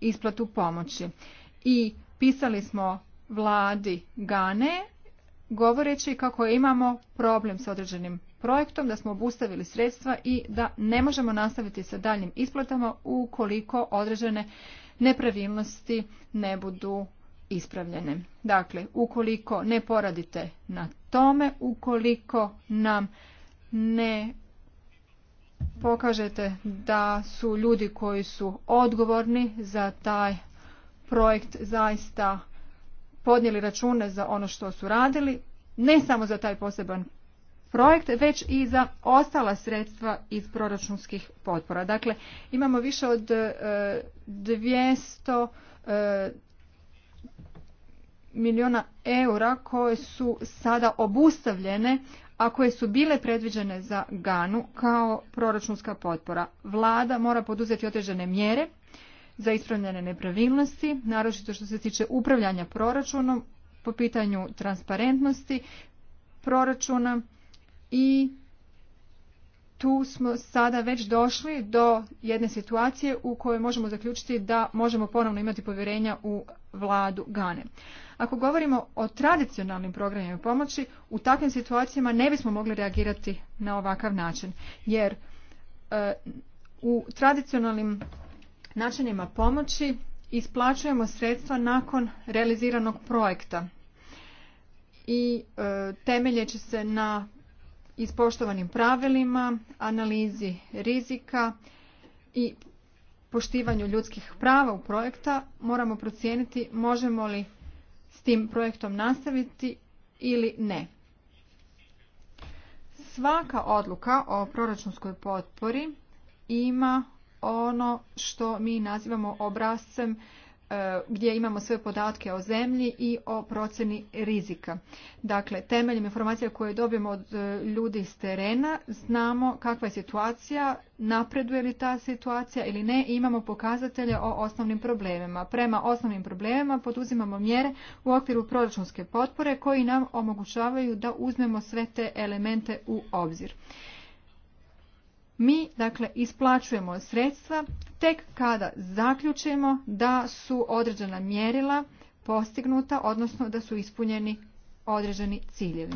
S1: isplatu pomoći. I pisali smo vladi Gane govoreći kako imamo problem s određenim projektom, da smo obustavili sredstva i da ne možemo nastaviti sa daljnim isplatama ukoliko određene nepravilnosti ne budu ispravljene. Dakle, ukoliko ne poradite na tome, ukoliko nam ne pokažete da su ljudi koji su odgovorni za taj projekt zaista podnijeli račune za ono što su radili, ne samo za taj poseban projekt, već i za ostala sredstva iz proračunskih potpora. Dakle, imamo više od 200 e, e, milijuna eura koje su sada obustavljene a koje su bile predviđene za Ganu kao proračunska potpora. Vlada mora poduzeti određene mjere za ispravljene nepravilnosti, naročito što se tiče upravljanja proračunom po pitanju transparentnosti proračuna i tu smo sada već došli do jedne situacije u kojoj možemo zaključiti da možemo ponovno imati povjerenja u vladu Gane. Ako govorimo o tradicionalnim programima pomoći, u takvim situacijama ne bismo mogli reagirati na ovakav način, jer e, u tradicionalnim načinima pomoći isplaćujemo sredstva nakon realiziranog projekta i e, temeljeći se na ispoštovanim pravilima, analizi rizika i poštivanju ljudskih prava u projekta moramo procijeniti možemo li s tim projektom nastaviti ili ne. Svaka odluka o proračunskoj potpori ima ono što mi nazivamo obrazcem E, gdje imamo sve podatke o zemlji i o procjeni rizika. Dakle, temeljem informacija koje dobijemo od e, ljudi s terena znamo kakva je situacija, napreduje li ta situacija ili ne imamo pokazatelje o osnovnim problemima. Prema osnovnim problemima poduzimamo mjere u okviru proračunske potpore koji nam omogućavaju da uzmemo sve te elemente u obzir. Mi, dakle, isplaćujemo sredstva tek kada zaključimo da su određena mjerila postignuta, odnosno da su ispunjeni određeni ciljevi.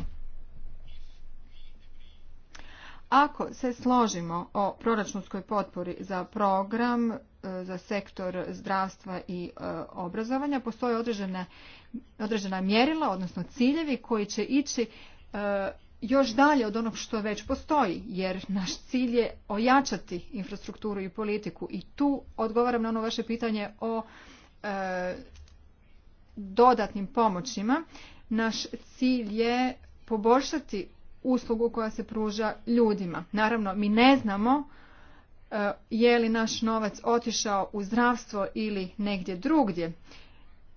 S1: Ako se složimo o proračunskoj potpori za program e, za sektor zdravstva i e, obrazovanja, postoje određena, određena mjerila, odnosno ciljevi koji će ići e, još dalje od onog što već postoji, jer naš cilj je ojačati infrastrukturu i politiku. I tu odgovaram na ono vaše pitanje o e, dodatnim pomoćima. Naš cilj je poboljšati uslugu koja se pruža ljudima. Naravno, mi ne znamo e, je li naš novac otišao u zdravstvo ili negdje drugdje,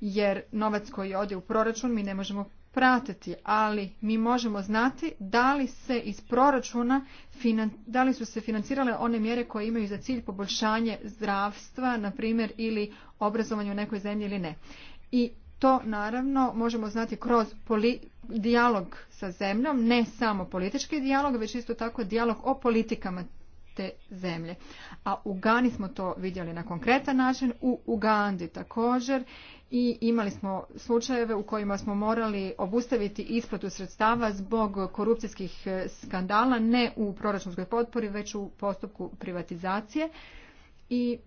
S1: jer novac koji ode u proračun mi ne možemo pratiti, ali mi možemo znati da li se iz proračuna, da li su se financirale one mjere koje imaju za cilj poboljšanje zdravstva, na primjer, ili obrazovanje u nekoj zemlji ili ne. I to naravno možemo znati kroz dijalog sa zemljom, ne samo politički dijalog, već isto tako dijalog o politikama te zemlje. A u Gani smo to vidjeli na konkretan način, u Ugandi također i imali smo slučajeve u kojima smo morali obustaviti isplatu sredstava zbog korupcijskih e, skandala, ne u proračunskoj potpori, već u postupku privatizacije. I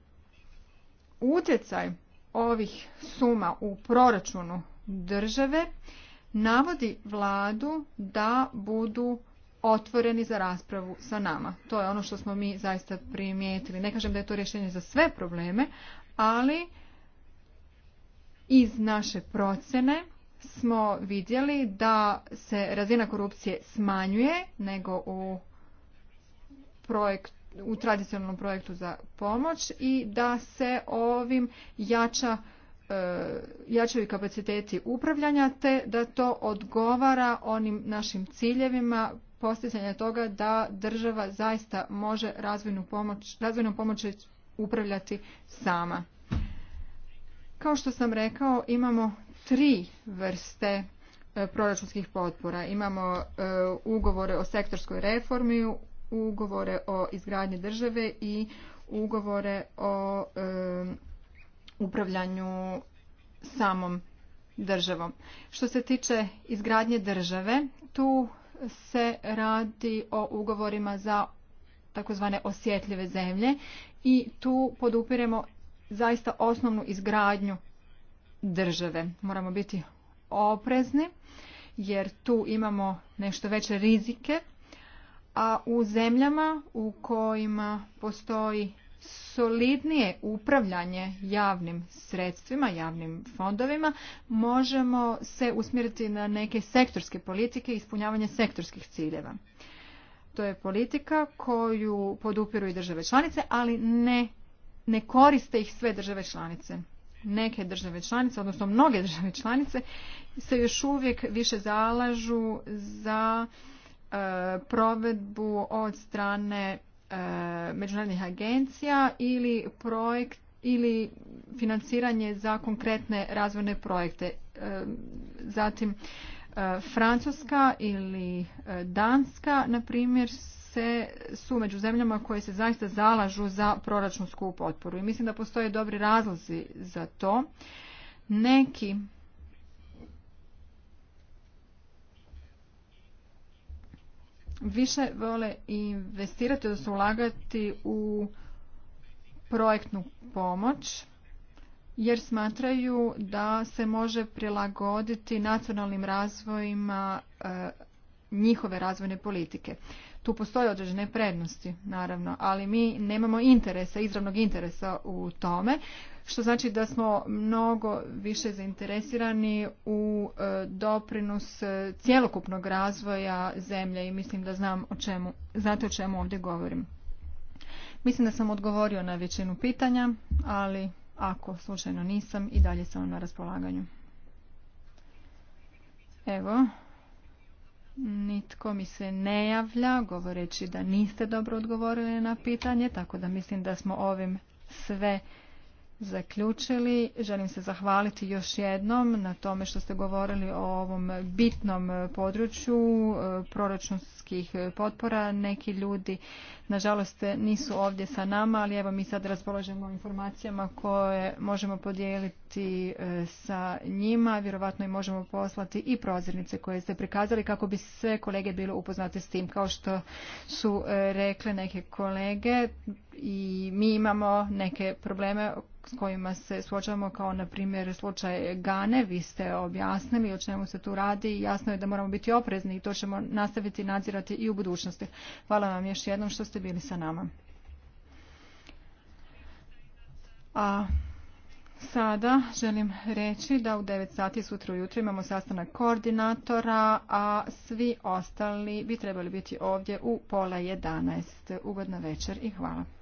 S1: utjecaj ovih suma u proračunu države navodi vladu da budu otvoreni za raspravu sa nama. To je ono što smo mi zaista primijetili. Ne kažem da je to rješenje za sve probleme, ali iz naše procjene smo vidjeli da se razina korupcije smanjuje nego u projekt, u tradicionalnom projektu za pomoć i da se ovim jača e, jačaju kapaciteti upravljanja te da to odgovara onim našim ciljevima postizanja toga da država zaista može razvojnu pomoć, razvojnom upravljati sama. Kao što sam rekao, imamo tri vrste e, proračunskih potpora. Imamo e, ugovore o sektorskoj reformi, ugovore o izgradnji države i ugovore o e, upravljanju samom državom. Što se tiče izgradnje države, tu se radi o ugovorima za takozvane osjetljive zemlje i tu podupiremo zaista osnovnu izgradnju države. Moramo biti oprezni jer tu imamo nešto veće rizike, a u zemljama u kojima postoji solidnije upravljanje javnim sredstvima, javnim fondovima, možemo se usmjeriti na neke sektorske politike i ispunjavanje sektorskih ciljeva. To je politika koju podupiru i države članice, ali ne ne koriste ih sve države članice. Neke države članice, odnosno mnoge države članice, se još uvijek više zalažu za e, provedbu od strane e, međunarodnih agencija ili projekt ili financiranje za konkretne razvojne projekte. E, zatim e, Francuska ili Danska, na primjer, članice su među zemljama koje se zaista zalažu za proračunsku potporu i mislim da postoje dobri razlozi za to. Neki više vole investirati, odnosno ulagati u projektnu pomoć jer smatraju da se može prilagoditi nacionalnim razvojima e, njihove razvojne politike. Tu postoje određene prednosti, naravno, ali mi nemamo interesa, izravnog interesa u tome, što znači da smo mnogo više zainteresirani u e, doprinos e, cjelokupnog razvoja zemlje i mislim da znam o čemu, znate o čemu ovdje govorim. Mislim da sam odgovorio na većinu pitanja, ali ako slučajno nisam i dalje sam na raspolaganju. Evo, Nitko mi se ne javlja govoreći da niste dobro odgovorili na pitanje, tako da mislim da smo ovim sve zaključili. Želim se zahvaliti još jednom na tome što ste govorili o ovom bitnom području e, proračunskih potpora. Neki ljudi, nažalost, nisu ovdje sa nama, ali evo mi sad raspolažemo informacijama koje možemo podijeliti e, sa njima. Vjerovatno i možemo poslati i prozirnice koje ste prikazali kako bi sve kolege bile upoznate s tim. Kao što su e, rekle neke kolege i mi imamo neke probleme s kojima se suočavamo kao na primjer slučaj Gane, vi ste objasnili o čemu se tu radi i jasno je da moramo biti oprezni i to ćemo nastaviti nadzirati i u budućnosti. Hvala vam još jednom što ste bili sa nama. A sada želim reći da u 9 sati sutra ujutro imamo sastanak koordinatora, a svi ostali bi trebali biti ovdje u pola 11. Ugodna večer i hvala.